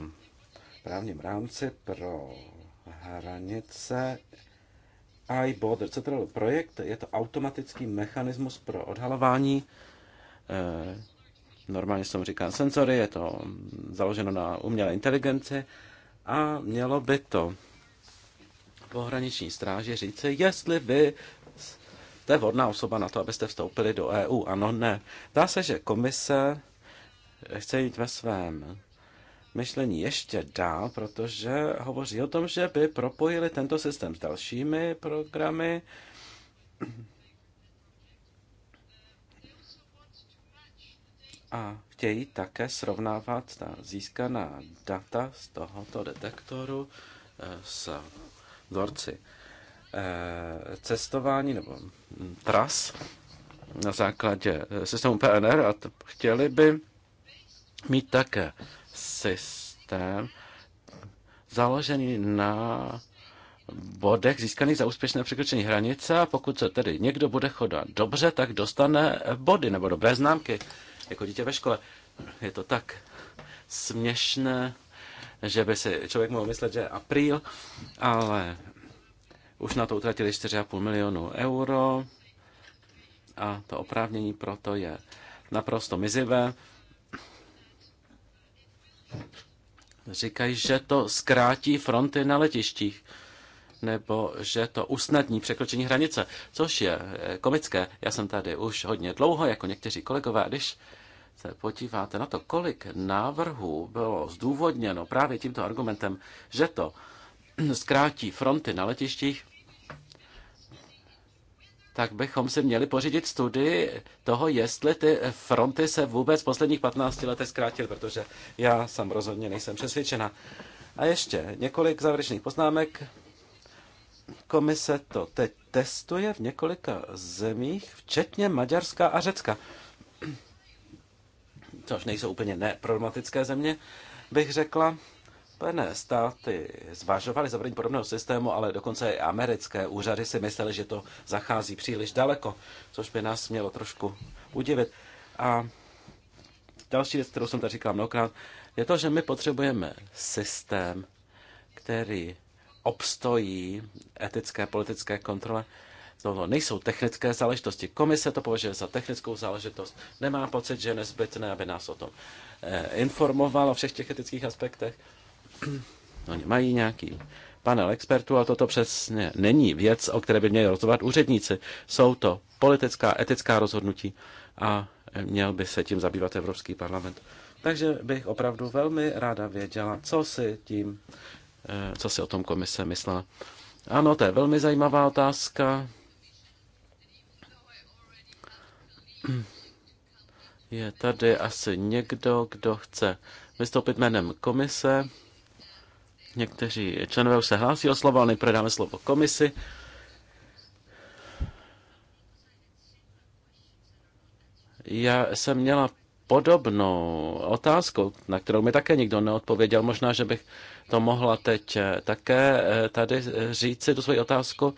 právním rámci pro hranice iBorder. Co to byl projekt? Je to automatický mechanismus pro odhalování. Eh, normálně jsem říkal senzory, je to založeno na umělé inteligenci a mělo by to pohraniční stráži říci, jestli vy jste vhodná osoba na to, abyste vstoupili do EU. Ano, ne. Dá se, že komise chce jít ve svém myšlení ještě dál, protože hovoří o tom, že by propojili tento systém s dalšími programy. A chtějí také srovnávat ta získaná data z tohoto detektoru eh, s vzorci eh, cestování nebo hm, tras na základě eh, systému PNR a chtěli by mít také systém založený na bodech získaných za úspěšné překročení hranice a pokud se tedy někdo bude chodat dobře, tak dostane body nebo dobré známky jako dítě ve škole. Je to tak směšné, že by si člověk mohl myslet, že je apríl, ale už na to utratili 4,5 milionu euro a to oprávnění proto je naprosto mizivé. Říkají, že to zkrátí fronty na letištích nebo že to usnadní překročení hranice, což je eh, komické. Já jsem tady už hodně dlouho, jako někteří kolegové, když se podíváte na to, kolik návrhů bylo zdůvodněno právě tímto argumentem, že to [CLEARS THROAT] zkrátí fronty na letištích, tak bychom si měli pořídit studii toho, jestli ty fronty se vůbec v posledních 15 letech zkrátily, protože já sam rozhodně nejsem přesvědčena. A ještě několik závěrečných poznámek. Komise to teď testuje v několika zemích, včetně Maďarska a Řecka, což nejsou úplně neproblematické země, bych řekla. Spojené státy zvažovaly zavření podobného systému, ale dokonce i americké úřady si myslely, že to zachází příliš daleko, což by nás mělo trošku udivit. A další věc, kterou jsem tady říkal mnohokrát, je to, že my potřebujeme systém, který obstojí etické politické kontrole. Znovu, no, nejsou technické záležitosti. Komise to považuje za technickou záležitost. Nemá pocit, že je nezbytné, aby nás o tom eh, informoval o všech těch etických aspektech. [CLEARS THROAT] Oni mají nějaký panel expertů, ale toto přesně není věc, o které by měli rozhodovat úředníci. Jsou to politická, etická rozhodnutí a měl by se tím zabývat Evropský parlament. Takže bych opravdu velmi ráda věděla, co si tím Eh, co si o tom komise myslela. Ano, to je velmi zajímavá otázka. Je tady asi někdo, kdo chce vystoupit jménem komise. Někteří členové už se hlásí o slovo, ale nejprve dáme slovo komisi. Já jsem měla podobnou otázku, na kterou mi také nikdo neodpověděl. Možná, že bych to mohla teď eh, také eh, tady eh, říci do svoji otázku.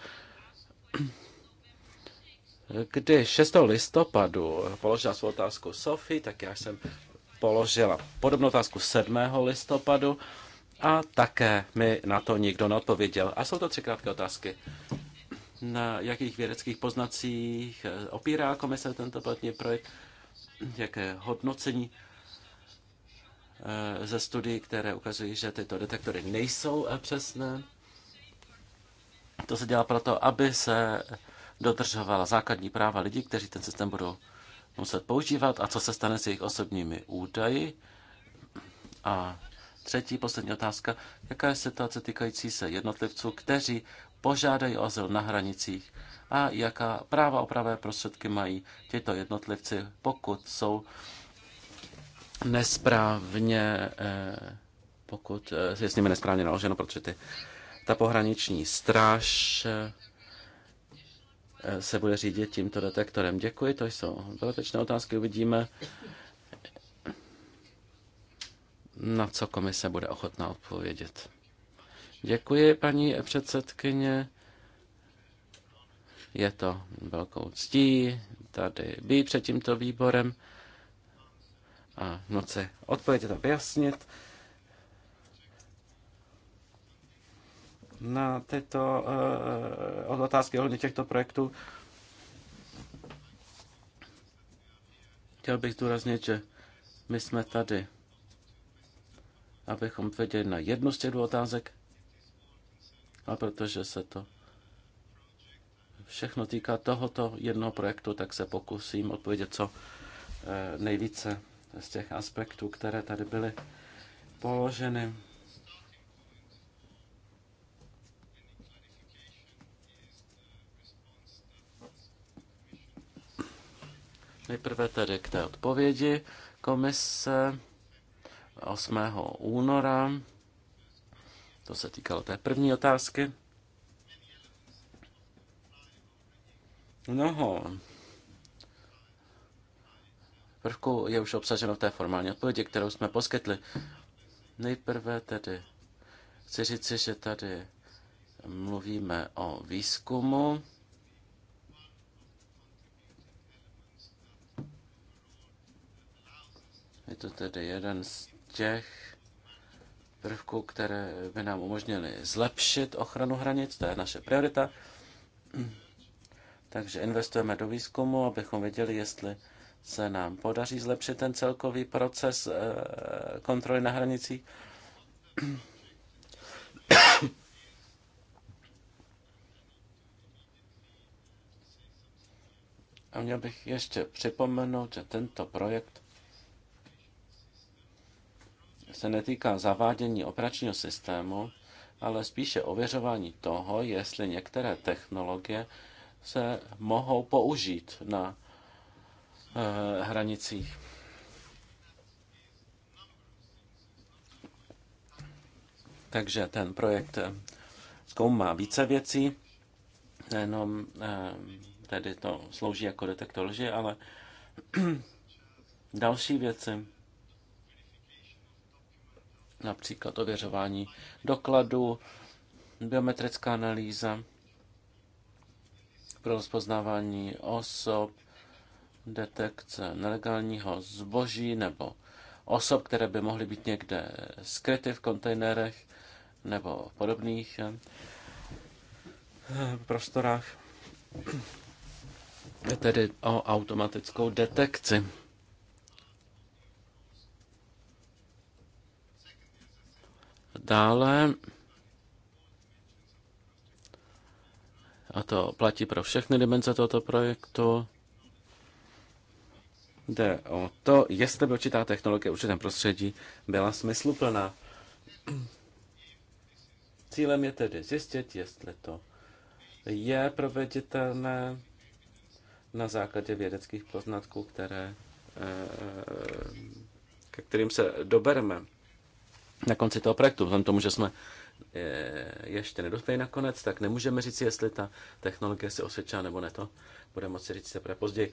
[CLEARS THROAT] Kdy 6. listopadu položila svou otázku Sofi, tak já jsem položila podobnou otázku 7. listopadu a také mi na to nikdo neodpověděl. A jsou to tři krátké otázky. Na jakých vědeckých poznacích opírá komise tento pilotní projekt? Jaké hodnocení Eh, ze studií, které ukazují, že tyto detektory nejsou eh, přesné. To se dělá proto, aby se dodržovala základní práva lidí, kteří ten systém budou muset používat a co se stane s jejich osobními údaji. A třetí, poslední otázka, jaká je situace týkající se jednotlivců, kteří požádají o azyl na hranicích a jaká práva opravé prostředky mají tyto jednotlivci, pokud jsou nesprávně, eh, pokud eh, je s nimi nesprávně naloženo, protože ty, ta pohraniční stráž eh, se bude řídit tímto detektorem. Děkuji, to jsou dodatečné otázky, uvidíme, na co komise bude ochotná odpovědět. Děkuji, paní předsedkyně. Je to velkou ctí tady být před tímto výborem a v noci odpověď to vyjasnit. Na tyto uh, eh, otázky ohledně těchto projektů chtěl bych zdůraznit, že my jsme tady, abychom věděli na jednu z těch dvou otázek, a protože se to všechno týká tohoto jednoho projektu, tak se pokusím odpovědět co eh, nejvíce z těch aspektů, které tady byly položeny. Nejprve tedy k té odpovědi komise 8. února. To se týkalo té první otázky. Mnoho Prvku je už obsaženo v té formální odpovědi, kterou jsme poskytli. Nejprve tedy chci říci, že tady mluvíme o výzkumu. Je to tedy jeden z těch prvků, které by nám umožnily zlepšit ochranu hranic, to je naše priorita. Takže investujeme do výzkumu, abychom věděli, jestli se nám podaří zlepšit ten celkový proces eh, kontroly na hranicích. A měl bych ještě připomenout, že tento projekt se netýká zavádění operačního systému, ale spíše ověřování toho, jestli některé technologie se mohou použít na Eh, hranicích. Takže ten projekt eh, zkoumá více věcí, nejenom eh, tedy to slouží jako detektor lži, ale [CLEARS THROAT] další věci, například ověřování dokladů, biometrická analýza pro rozpoznávání osob, detekce nelegálního zboží nebo osob, které by mohly být někde skryty v kontejnerech nebo podobných eh, prostorách. Je tedy o automatickou detekci. Dále, a to platí pro všechny dimenze tohoto projektu, Jde o to, jestli by určitá technologie v určitém prostředí byla smysluplná. Cílem je tedy zjistit, jestli to je proveditelné na základě vědeckých poznatků, které, eh, ke kterým se dobereme na konci toho projektu. Vzhledem tomu, že jsme eh, ještě nedospěli nakonec, tak nemůžeme říct, jestli ta technologie se osvědčila nebo ne. To budeme moci říct se později.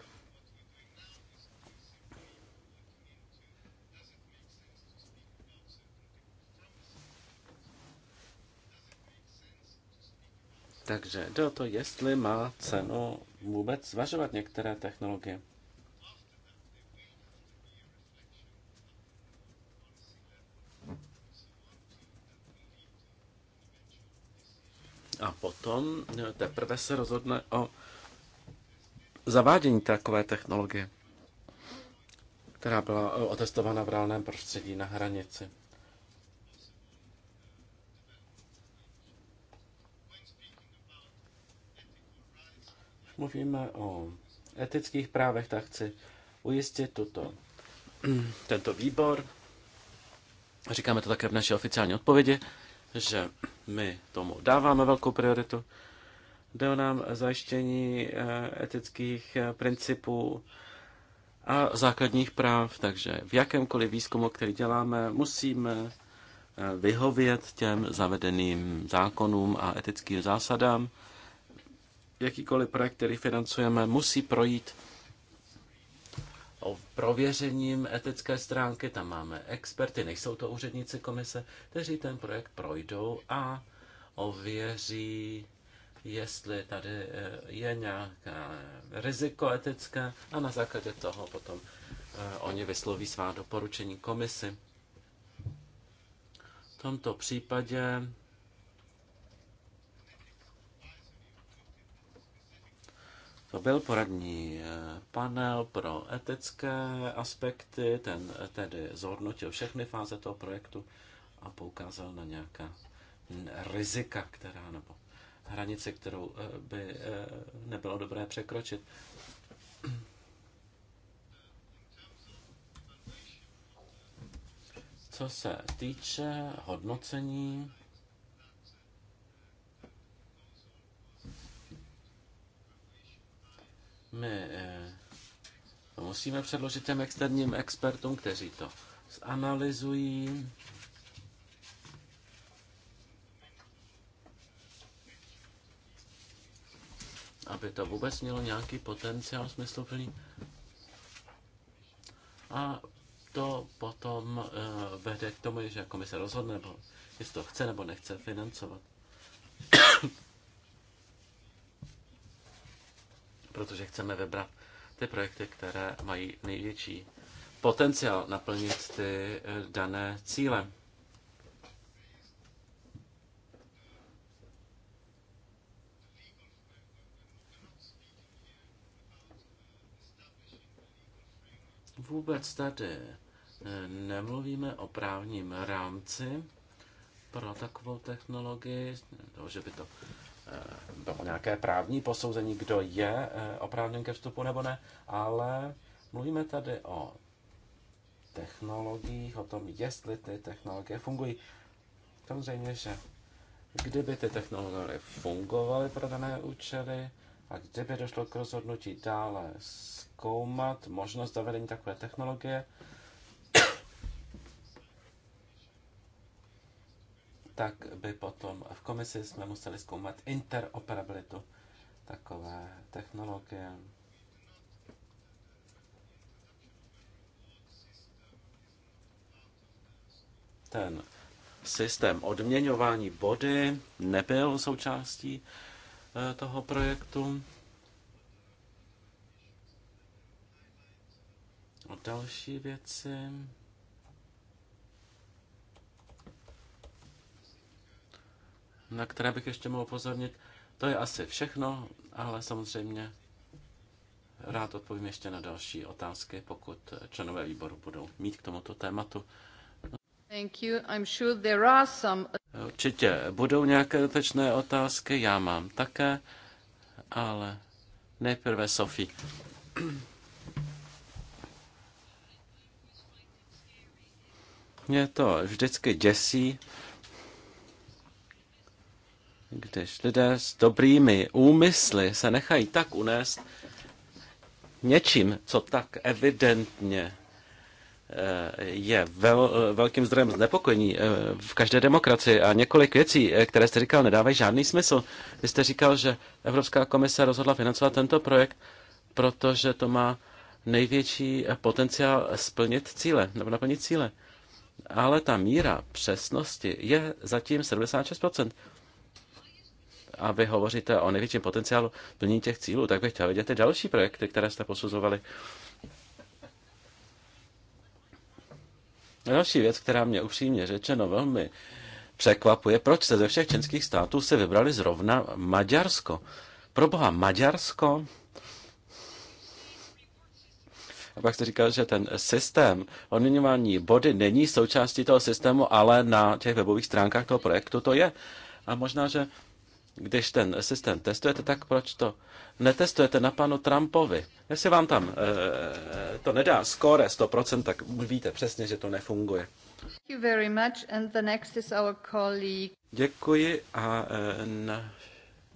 Takže jde o to, jestli má cenu vůbec zvažovat některé technologie. A potom teprve se rozhodne o zavádění takové technologie, která byla otestována v reálném prostředí na hranici. mluvíme o etických právech, tak chci ujistit tuto, [CLEARS THROAT] tento výbor. Říkáme to také v naší oficiální odpovědi, že my tomu dáváme velkou prioritu. Jde o nám zajištění eh, etických eh, principů a základních práv, takže v jakémkoliv výzkumu, který děláme, musíme eh, vyhovět těm zavedeným zákonům a etickým zásadám jakýkoliv projekt, který financujeme, musí projít o prověřením etické stránky. Tam máme experty, nejsou to úředníci komise, kteří ten projekt projdou a ověří, jestli tady eh, je nějaké riziko etické a na základě toho potom eh, oni vysloví svá doporučení komisi. V tomto případě To byl poradní eh, panel pro etické aspekty, ten eh, tedy zhodnotil všechny fáze toho projektu a poukázal na nějaká rizika, která nebo hranice, kterou eh, by nebylo dobré překročit. Co se týče hodnocení My eh, to musíme předložit těm externím expertům, kteří to zanalizují. aby to vůbec mělo nějaký potenciál smysluplný. A to potom eh, vede k tomu, že komise rozhodne, nebo jestli to chce nebo nechce financovat. protože chceme vybrat ty projekty, které mají největší potenciál naplnit ty eh, dané cíle. Vůbec tady eh, nemluvíme o právním rámci pro takovou technologii, to, že by to Eh, bylo nějaké právní posouzení, kdo je eh, oprávněn ke vstupu nebo ne, ale mluvíme tady o technologiích, o tom, jestli ty technologie fungují. Samozřejmě, že kdyby ty technologie fungovaly pro dané účely a kdyby došlo k rozhodnutí dále zkoumat možnost zavedení takové technologie, tak by potom v komisi jsme museli zkoumat interoperabilitu takové technologie. Ten systém odměňování body nebyl součástí eh, toho projektu. další věci. na které bych ještě mohl pozornit. To je asi všechno, ale samozřejmě rád odpovím ještě na další otázky, pokud členové výboru budou mít k tomuto tématu. Thank you. I'm sure there are some... Určitě budou nějaké dotečné otázky, já mám také, ale nejprve Sofie. Mě to vždycky děsí, když lidé s dobrými úmysly se nechají tak unést něčím, co tak evidentně eh, je vel, velkým zdrojem znepokojení eh, v každé demokracii a několik věcí, eh, které jste říkal, nedávají žádný smysl. Vy jste říkal, že Evropská komise rozhodla financovat tento projekt, protože to má největší potenciál splnit cíle, nebo naplnit cíle. Ale ta míra přesnosti je zatím 76% a vy hovoříte o největším potenciálu plnění těch cílů, tak bych chtěl vidět ty další projekty, které jste posuzovali. Další věc, která mě upřímně řečeno velmi překvapuje, proč jste ze všech českých států se vybrali zrovna Maďarsko. Pro boha, Maďarsko? A pak jste říkal, že ten systém odměňování body není součástí toho systému, ale na těch webových stránkách toho projektu to je. A možná, že když ten systém testujete, tak proč to netestujete na panu Trumpovi? Jestli vám tam e, to nedá skóre 100%, tak víte přesně, že to nefunguje. Děkuji a e, na,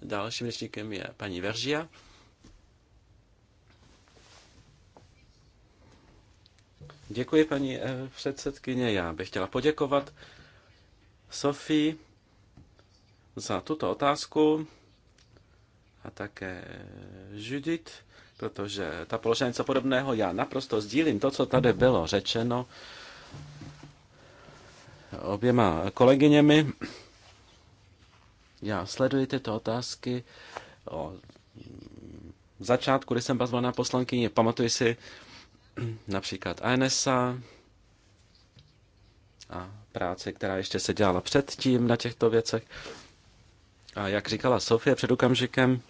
dalším řečníkem je paní Veržia. Děkuji, paní předsedkyně. Já bych chtěla poděkovat Sofii za tuto otázku a také Judith, protože ta položila něco podobného. Já naprosto sdílím to, co tady bylo řečeno oběma kolegyněmi. Já sleduji tyto otázky o začátku, kdy jsem byl na poslankyně. Pamatuji si například ANSA a práce, která ještě se dělala předtím na těchto věcech. A jak říkala Sofie před okamžikem,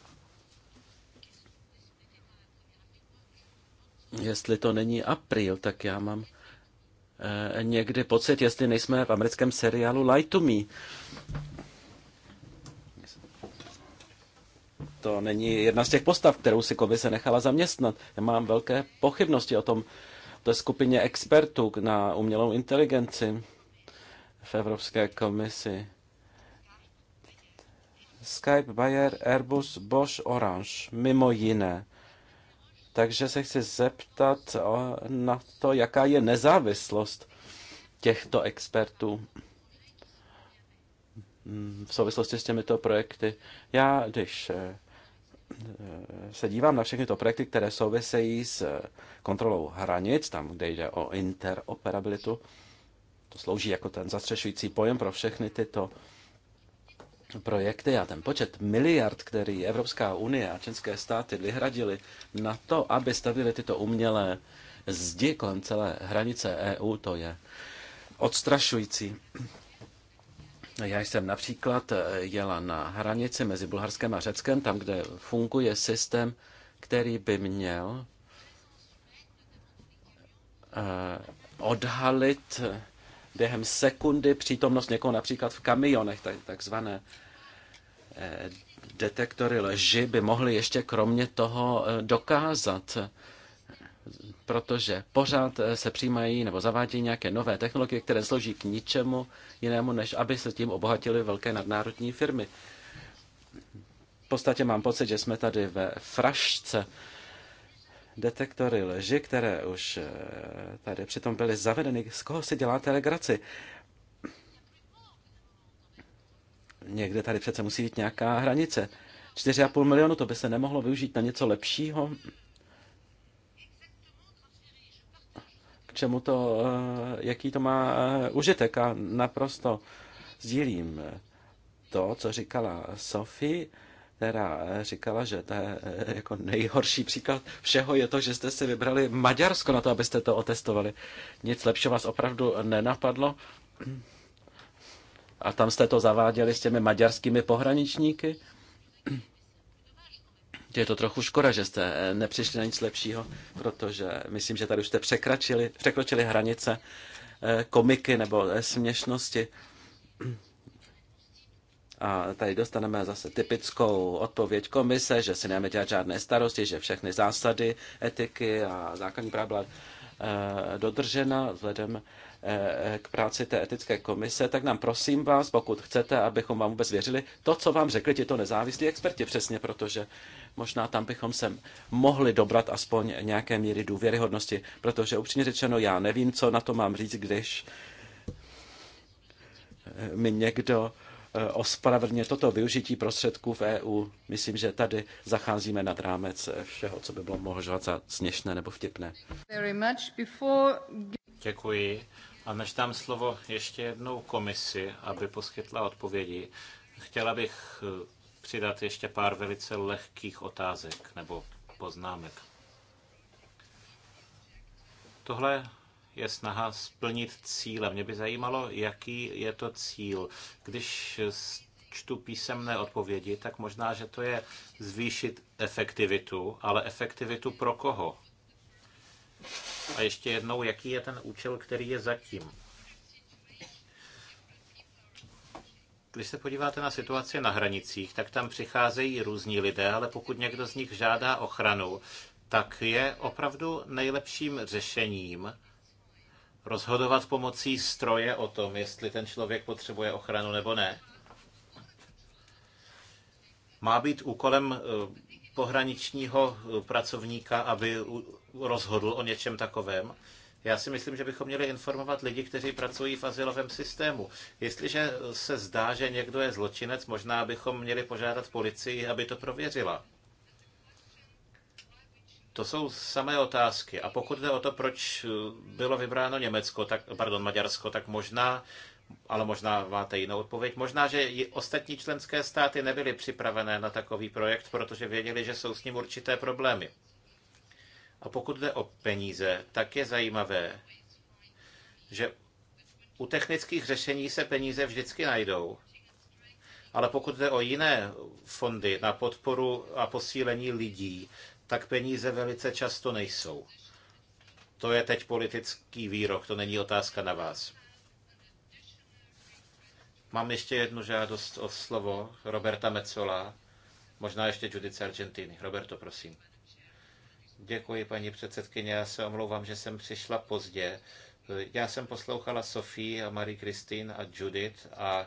jestli to není apríl, tak já mám eh, někdy pocit, jestli nejsme v americkém seriálu Light to Me. To není jedna z těch postav, kterou si komise nechala zaměstnat. Já mám velké pochybnosti o tom, to je skupině expertů na umělou inteligenci v Evropské komisi. Skype, Bayer, Airbus, Bosch, Orange, mimo jiné. Takže se chci zeptat na to, jaká je nezávislost těchto expertů v souvislosti s těmito projekty. Já, když eh, eh, se dívám na všechny to projekty, které souvisejí s eh, kontrolou hranic, tam, kde jde o interoperabilitu, to slouží jako ten zastřešující pojem pro všechny tyto projekty a ten počet miliard, který Evropská unie a české státy vyhradili na to, aby stavili tyto umělé zdi kolem celé hranice EU, to je odstrašující. Já jsem například eh, jela na hranici mezi Bulharskem a Řeckem, tam, kde funguje systém, který by měl eh, odhalit eh, během sekundy přítomnost někoho například v kamionech, tak, takzvané eh, detektory lži by mohly ještě kromě toho eh, dokázat, protože pořád eh, se přijímají nebo zavádějí nějaké nové technologie, které slouží k ničemu jinému, než aby se tím obohatily velké nadnárodní firmy. V podstatě mám pocit, že jsme tady ve frašce detektory lži, které už eh, tady přitom byly zavedeny. Z koho si dělá telegraci? Někde tady přece musí být nějaká hranice. 4,5 milionu, to by se nemohlo využít na něco lepšího? K čemu to, eh, jaký to má eh, užitek? A naprosto sdílím to, co říkala Sophie která eh, říkala, že to je eh, jako nejhorší příklad všeho je to, že jste si vybrali Maďarsko na to, abyste to otestovali. Nic lepšího vás opravdu nenapadlo. A tam jste to zaváděli s těmi maďarskými pohraničníky. Je to trochu škoda, že jste eh, nepřišli na nic lepšího, protože myslím, že tady už jste překročili hranice komiky nebo směšnosti. A tady dostaneme zase typickou odpověď komise, že si nemáme dělat žádné starosti, že všechny zásady etiky a základní práva byla eh, dodržena vzhledem eh, k práci té etické komise, tak nám prosím vás, pokud chcete, abychom vám vůbec věřili, to, co vám řekli tito nezávislí experti přesně, protože možná tam bychom se mohli dobrat aspoň nějaké míry důvěryhodnosti, protože upřímně řečeno, já nevím, co na to mám říct, když mi někdo uh, Eh, ospravedlnit toto využití prostředků v EU. Myslím, že tady zacházíme nad rámec eh, všeho, co by bylo mohlo za směšné nebo vtipné. Děkuji. A než dám slovo ještě jednou komisi, aby poskytla odpovědi, chtěla bych eh, přidat ještě pár velice lehkých otázek nebo poznámek. Tohle je snaha splnit cíle. Mě by zajímalo, jaký je to cíl. Když čtu písemné odpovědi, tak možná, že to je zvýšit efektivitu, ale efektivitu pro koho? A ještě jednou, jaký je ten účel, který je zatím? Když se podíváte na situaci na hranicích, tak tam přicházejí různí lidé, ale pokud někdo z nich žádá ochranu, tak je opravdu nejlepším řešením rozhodovat pomocí stroje o tom, jestli ten člověk potřebuje ochranu nebo ne, má být úkolem eh, pohraničního eh, pracovníka, aby rozhodl o něčem takovém. Já si myslím, že bychom měli informovat lidi, kteří pracují v asilovém systému. Jestliže eh, se zdá, že někdo je zločinec, možná bychom měli požádat policii, aby to prověřila. To jsou samé otázky. A pokud jde o to, proč eh, bylo vybráno Německo, tak, pardon, Maďarsko, tak možná, ale možná máte jinou odpověď, možná, že i ostatní členské státy nebyly připravené na takový projekt, protože věděli, že jsou s ním určité problémy. A pokud jde o peníze, tak je zajímavé, že u technických řešení se peníze vždycky najdou. Ale pokud jde o jiné fondy na podporu a posílení lidí, tak peníze velice často nejsou. To je teď politický výrok, to není otázka na vás. Mám ještě jednu žádost o slovo Roberta Mecola, možná ještě Judice Argentiny. Roberto, prosím. Děkuji, paní předsedkyně. Já se omlouvám, že jsem přišla pozdě. Já jsem poslouchala Sofii a Marie Christine a Judith a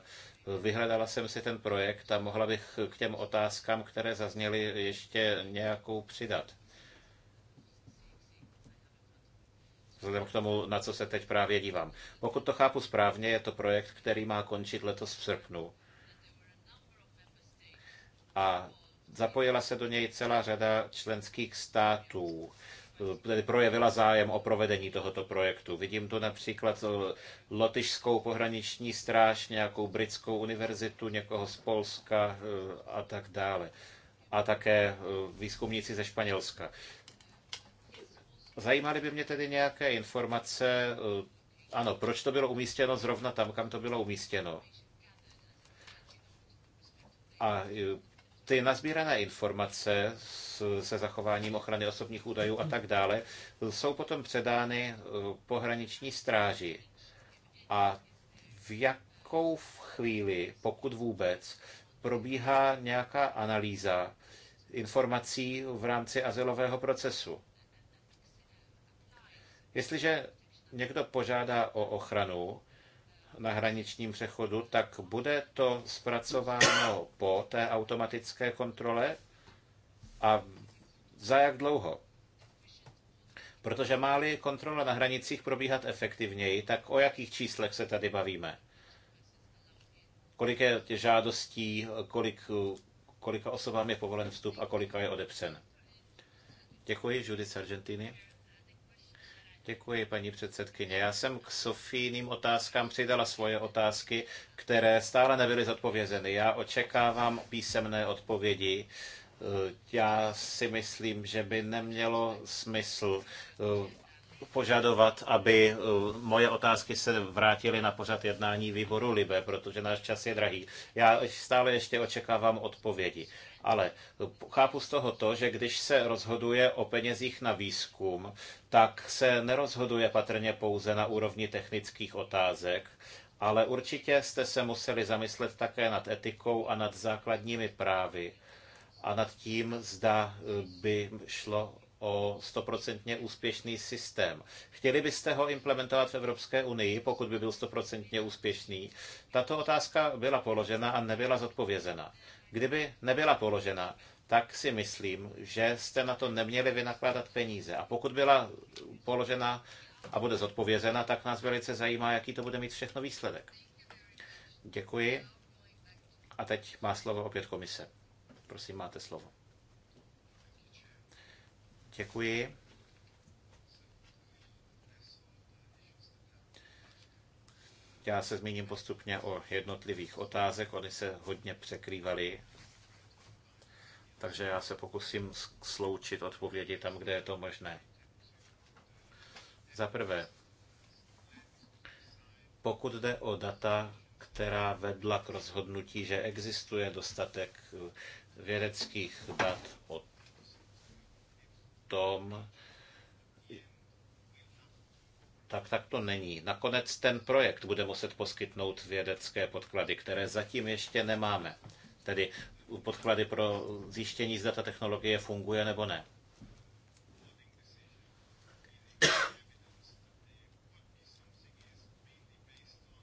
Vyhledala jsem si ten projekt a mohla bych k těm otázkám, které zazněly, ještě nějakou přidat. vzhledem k tomu, na co se teď právě dívám. Pokud to chápu správně, je to projekt, který má končit letos v srpnu. A zapojila se do něj celá řada členských států tedy projevila zájem o provedení tohoto projektu. Vidím tu například lotyšskou pohraniční stráž, nějakou britskou univerzitu, někoho z Polska eh, a tak dále. A také eh, výzkumníci ze Španělska. Zajímaly by mě tedy nějaké informace, eh, ano, proč to bylo umístěno zrovna tam, kam to bylo umístěno. A ty nazbírané informace se zachováním ochrany osobních údajů a tak dále jsou potom předány eh, pohraniční stráži. A v jakou chvíli, pokud vůbec, probíhá nějaká analýza informací v rámci azylového procesu? Jestliže někdo požádá o ochranu, na hraničním přechodu, tak bude to zpracováno po té automatické kontrole a za jak dlouho? Protože má-li kontrola na hranicích probíhat efektivněji, tak o jakých číslech se tady bavíme? Kolik je žádostí, kolik, kolika osobám je povolen vstup a kolika je odepřen? Děkuji, Judith z Argentiny. Děkuji, paní předsedkyně. Já jsem k Sofíným otázkám přidala svoje otázky, které stále nebyly zodpovězeny. Já očekávám písemné odpovědi. Eh, já si myslím, že by nemělo smysl eh, požadovat, aby eh, moje otázky se vrátily na pořad jednání výboru Libe, protože náš čas je drahý. Já stále ještě očekávám odpovědi. Ale chápu z toho to, že když se rozhoduje o penězích na výzkum, tak se nerozhoduje patrně pouze na úrovni technických otázek, ale určitě jste se museli zamyslet také nad etikou a nad základními právy a nad tím, zda eh, by šlo o stoprocentně úspěšný systém. Chtěli byste ho implementovat v Evropské unii, pokud by byl stoprocentně úspěšný? Tato otázka byla položena a nebyla zodpovězena. Kdyby nebyla položena, tak si myslím, že jste na to neměli vynakládat peníze. A pokud byla položena a bude zodpovězena, tak nás velice zajímá, jaký to bude mít všechno výsledek. Děkuji. A teď má slovo opět komise. Prosím, máte slovo. Děkuji. Já se zmíním postupně o jednotlivých otázek, oni se hodně překrývaly, takže já se pokusím sloučit odpovědi tam, kde je to možné. Za prvé, pokud jde o data, která vedla k rozhodnutí, že existuje dostatek eh, vědeckých dat o tom, tak tak to není. Nakonec ten projekt bude muset poskytnout vědecké podklady, které zatím ještě nemáme. Tedy podklady pro zjištění, zda ta technologie funguje nebo ne.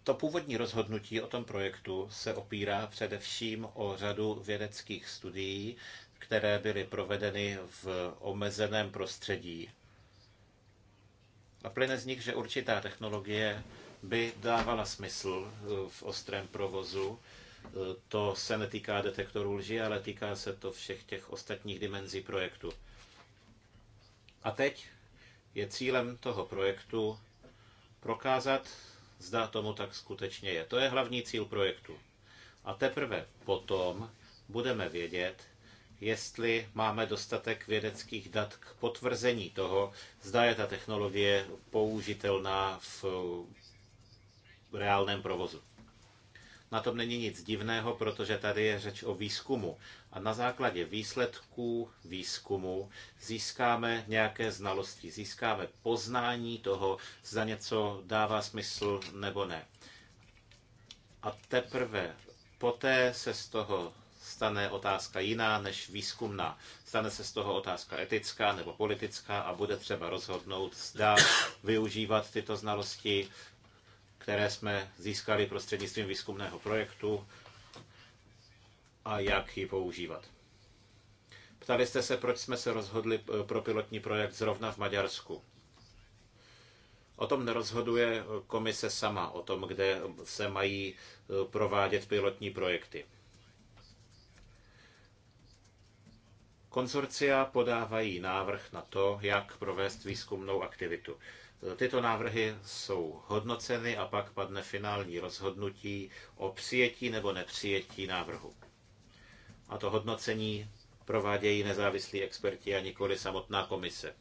To původní rozhodnutí o tom projektu se opírá především o řadu vědeckých studií, které byly provedeny v omezeném prostředí a plyne z nich, že určitá technologie by dávala smysl eh, v ostrém provozu. Eh, to se netýká detektorů lži, ale týká se to všech těch ostatních dimenzí projektu. A teď je cílem toho projektu prokázat, zda tomu tak skutečně je. To je hlavní cíl projektu. A teprve potom budeme vědět, jestli máme dostatek vědeckých dat k potvrzení toho, zda je ta technologie použitelná v reálném provozu. Na tom není nic divného, protože tady je řeč o výzkumu. A na základě výsledků výzkumu získáme nějaké znalosti, získáme poznání toho, zda něco dává smysl nebo ne. A teprve poté se z toho stane otázka jiná než výzkumná. Stane se z toho otázka etická nebo politická a bude třeba rozhodnout, zda využívat tyto znalosti, které jsme získali prostřednictvím výzkumného projektu a jak ji používat. Ptali jste se, proč jsme se rozhodli eh, pro pilotní projekt zrovna v Maďarsku. O tom nerozhoduje komise sama, o tom, kde se mají eh, provádět pilotní projekty. Konzorcia podávají návrh na to, jak provést výzkumnou aktivitu. Tyto návrhy jsou hodnoceny a pak padne finální rozhodnutí o přijetí nebo nepřijetí návrhu. A to hodnocení provádějí nezávislí experti a nikoli samotná komise.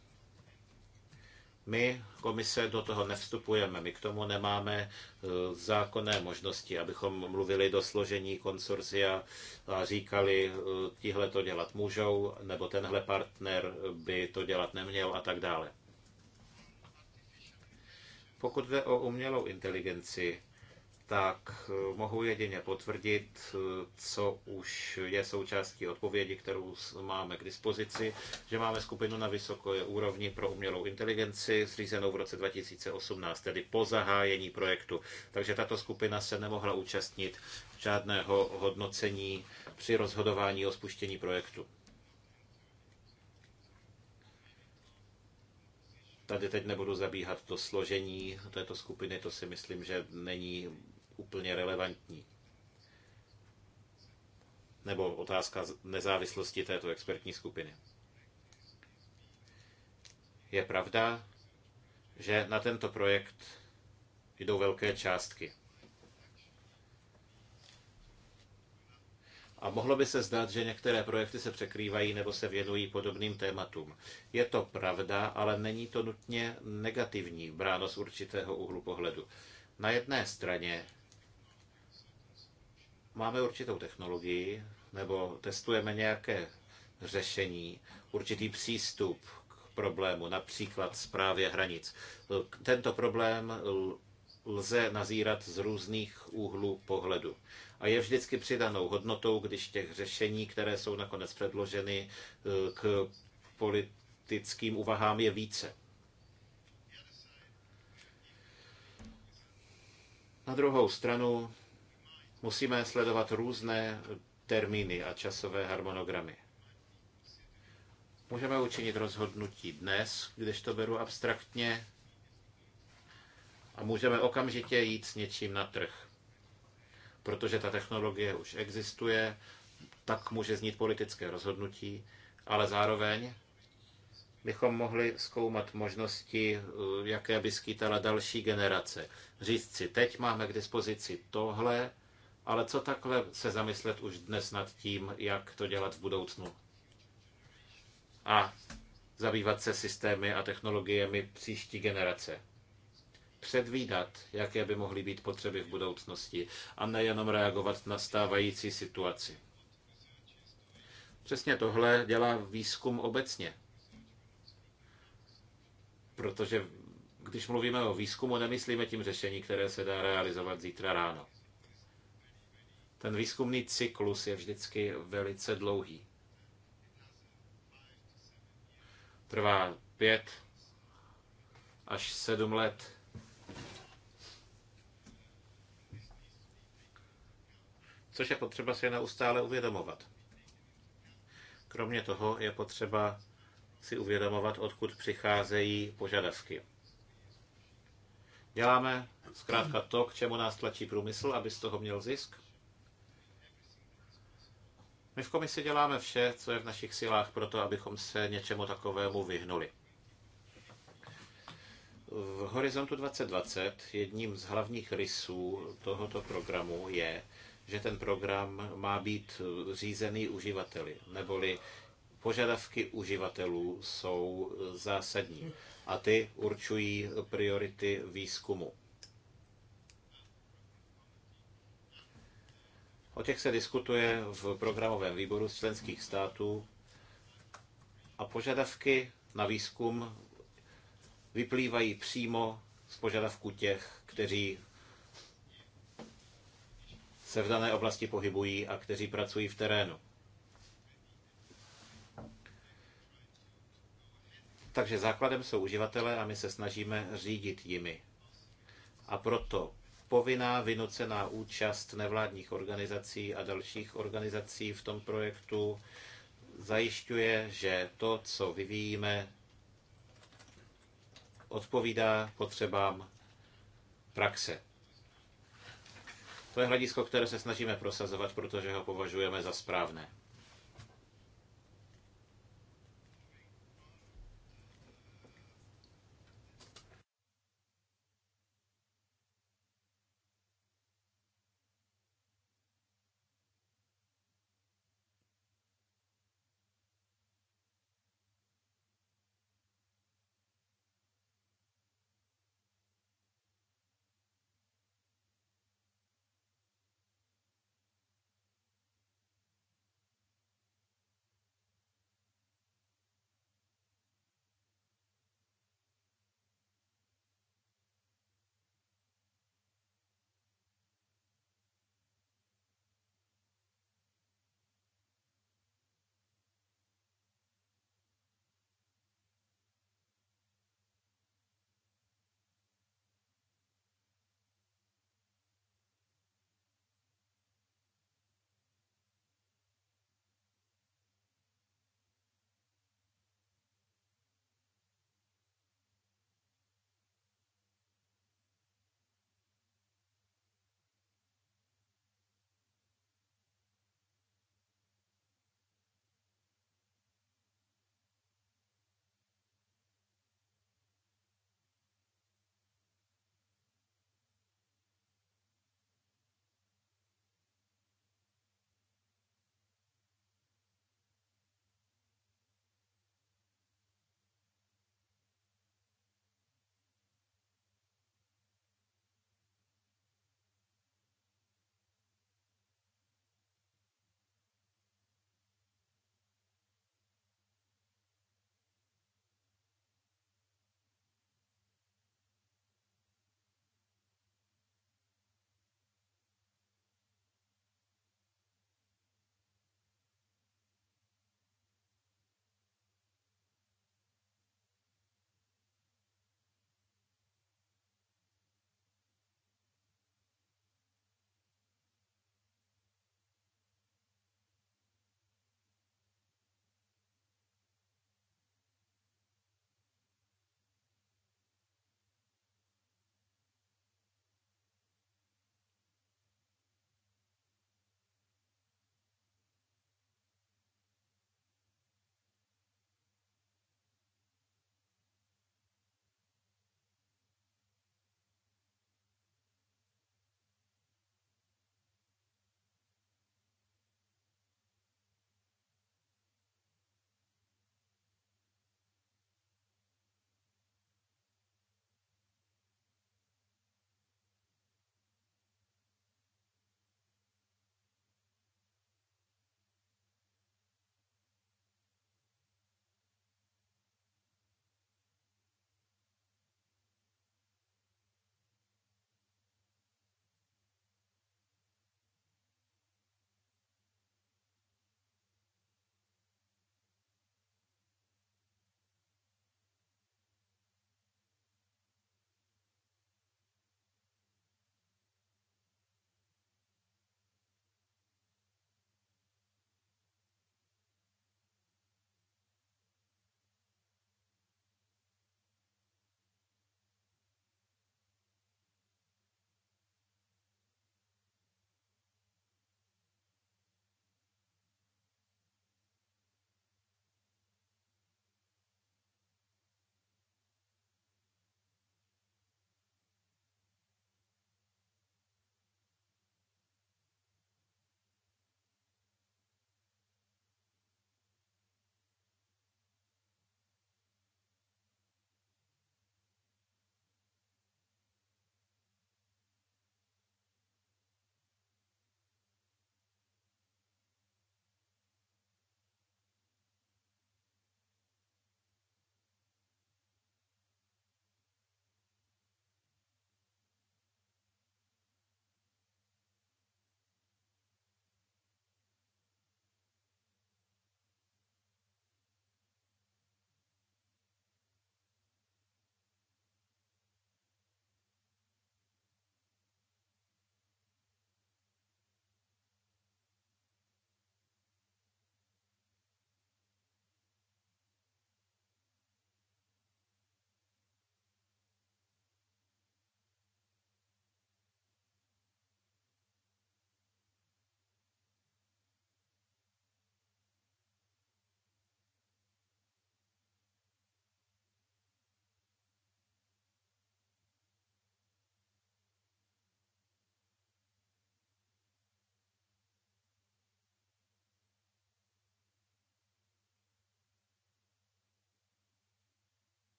My, komise, do toho nevstupujeme. My k tomu nemáme e, zákonné možnosti, abychom mluvili do složení konsorcia a říkali, e, tihle to dělat můžou, nebo tenhle partner by to dělat neměl a tak dále. Pokud jde o umělou inteligenci, tak eh, mohu jedině potvrdit, eh, co už je součástí odpovědi, kterou máme k dispozici, že máme skupinu na vysoké úrovni pro umělou inteligenci, zřízenou v roce 2018, tedy po zahájení projektu. Takže tato skupina se nemohla účastnit žádného hodnocení při rozhodování o spuštění projektu. Tady teď nebudu zabíhat do složení této skupiny, to si myslím, že není úplně relevantní. Nebo otázka nezávislosti této expertní skupiny. Je pravda, že na tento projekt jdou velké částky. A mohlo by se zdát, že některé projekty se překrývají nebo se věnují podobným tématům. Je to pravda, ale není to nutně negativní, bráno z určitého úhlu pohledu. Na jedné straně máme určitou technologii nebo testujeme nějaké řešení, určitý přístup k problému, například zprávě hranic. Tento problém lze nazírat z různých úhlů pohledu. A je vždycky přidanou hodnotou, když těch řešení, které jsou nakonec předloženy k politickým uvahám, je více. Na druhou stranu musíme sledovat různé termíny a časové harmonogramy. Můžeme učinit rozhodnutí dnes, když to beru abstraktně, a můžeme okamžitě jít s něčím na trh. Protože ta technologie už existuje, tak může znít politické rozhodnutí, ale zároveň bychom mohli zkoumat možnosti, eh, jaké by skýtala další generace. Říct si, teď máme k dispozici tohle, ale co takhle se zamyslet už dnes nad tím, jak to dělat v budoucnu? A zabývat se systémy a technologiemi příští generace. Předvídat, jaké by mohly být potřeby v budoucnosti a nejenom reagovat na stávající situaci. Přesně tohle dělá výzkum obecně. Protože když mluvíme o výzkumu, nemyslíme tím řešení, které se dá realizovat zítra ráno. Ten výzkumný cyklus je vždycky velice dlouhý. Trvá pět až sedm let. Což je potřeba si neustále uvědomovat. Kromě toho je potřeba si uvědomovat, odkud přicházejí požadavky. Děláme zkrátka to, k čemu nás tlačí průmysl, aby z toho měl zisk. My v komisi děláme vše, co je v našich silách pro to, abychom se něčemu takovému vyhnuli. V Horizontu 2020 jedním z hlavních rysů tohoto programu je, že ten program má být řízený uživateli, neboli požadavky uživatelů jsou zásadní a ty určují priority výzkumu. O těch se diskutuje v programovém výboru z členských států a požadavky na výzkum vyplývají přímo z požadavků těch, kteří se v dané oblasti pohybují a kteří pracují v terénu. Takže základem jsou uživatelé a my se snažíme řídit jimi. A proto povinná vynucená účast nevládních organizací a dalších organizací v tom projektu zajišťuje, že to, co vyvíjíme, odpovídá potřebám praxe. To je hledisko, které se snažíme prosazovat, protože ho považujeme za správné.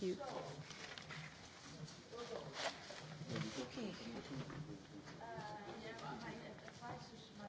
Thank you. Okay.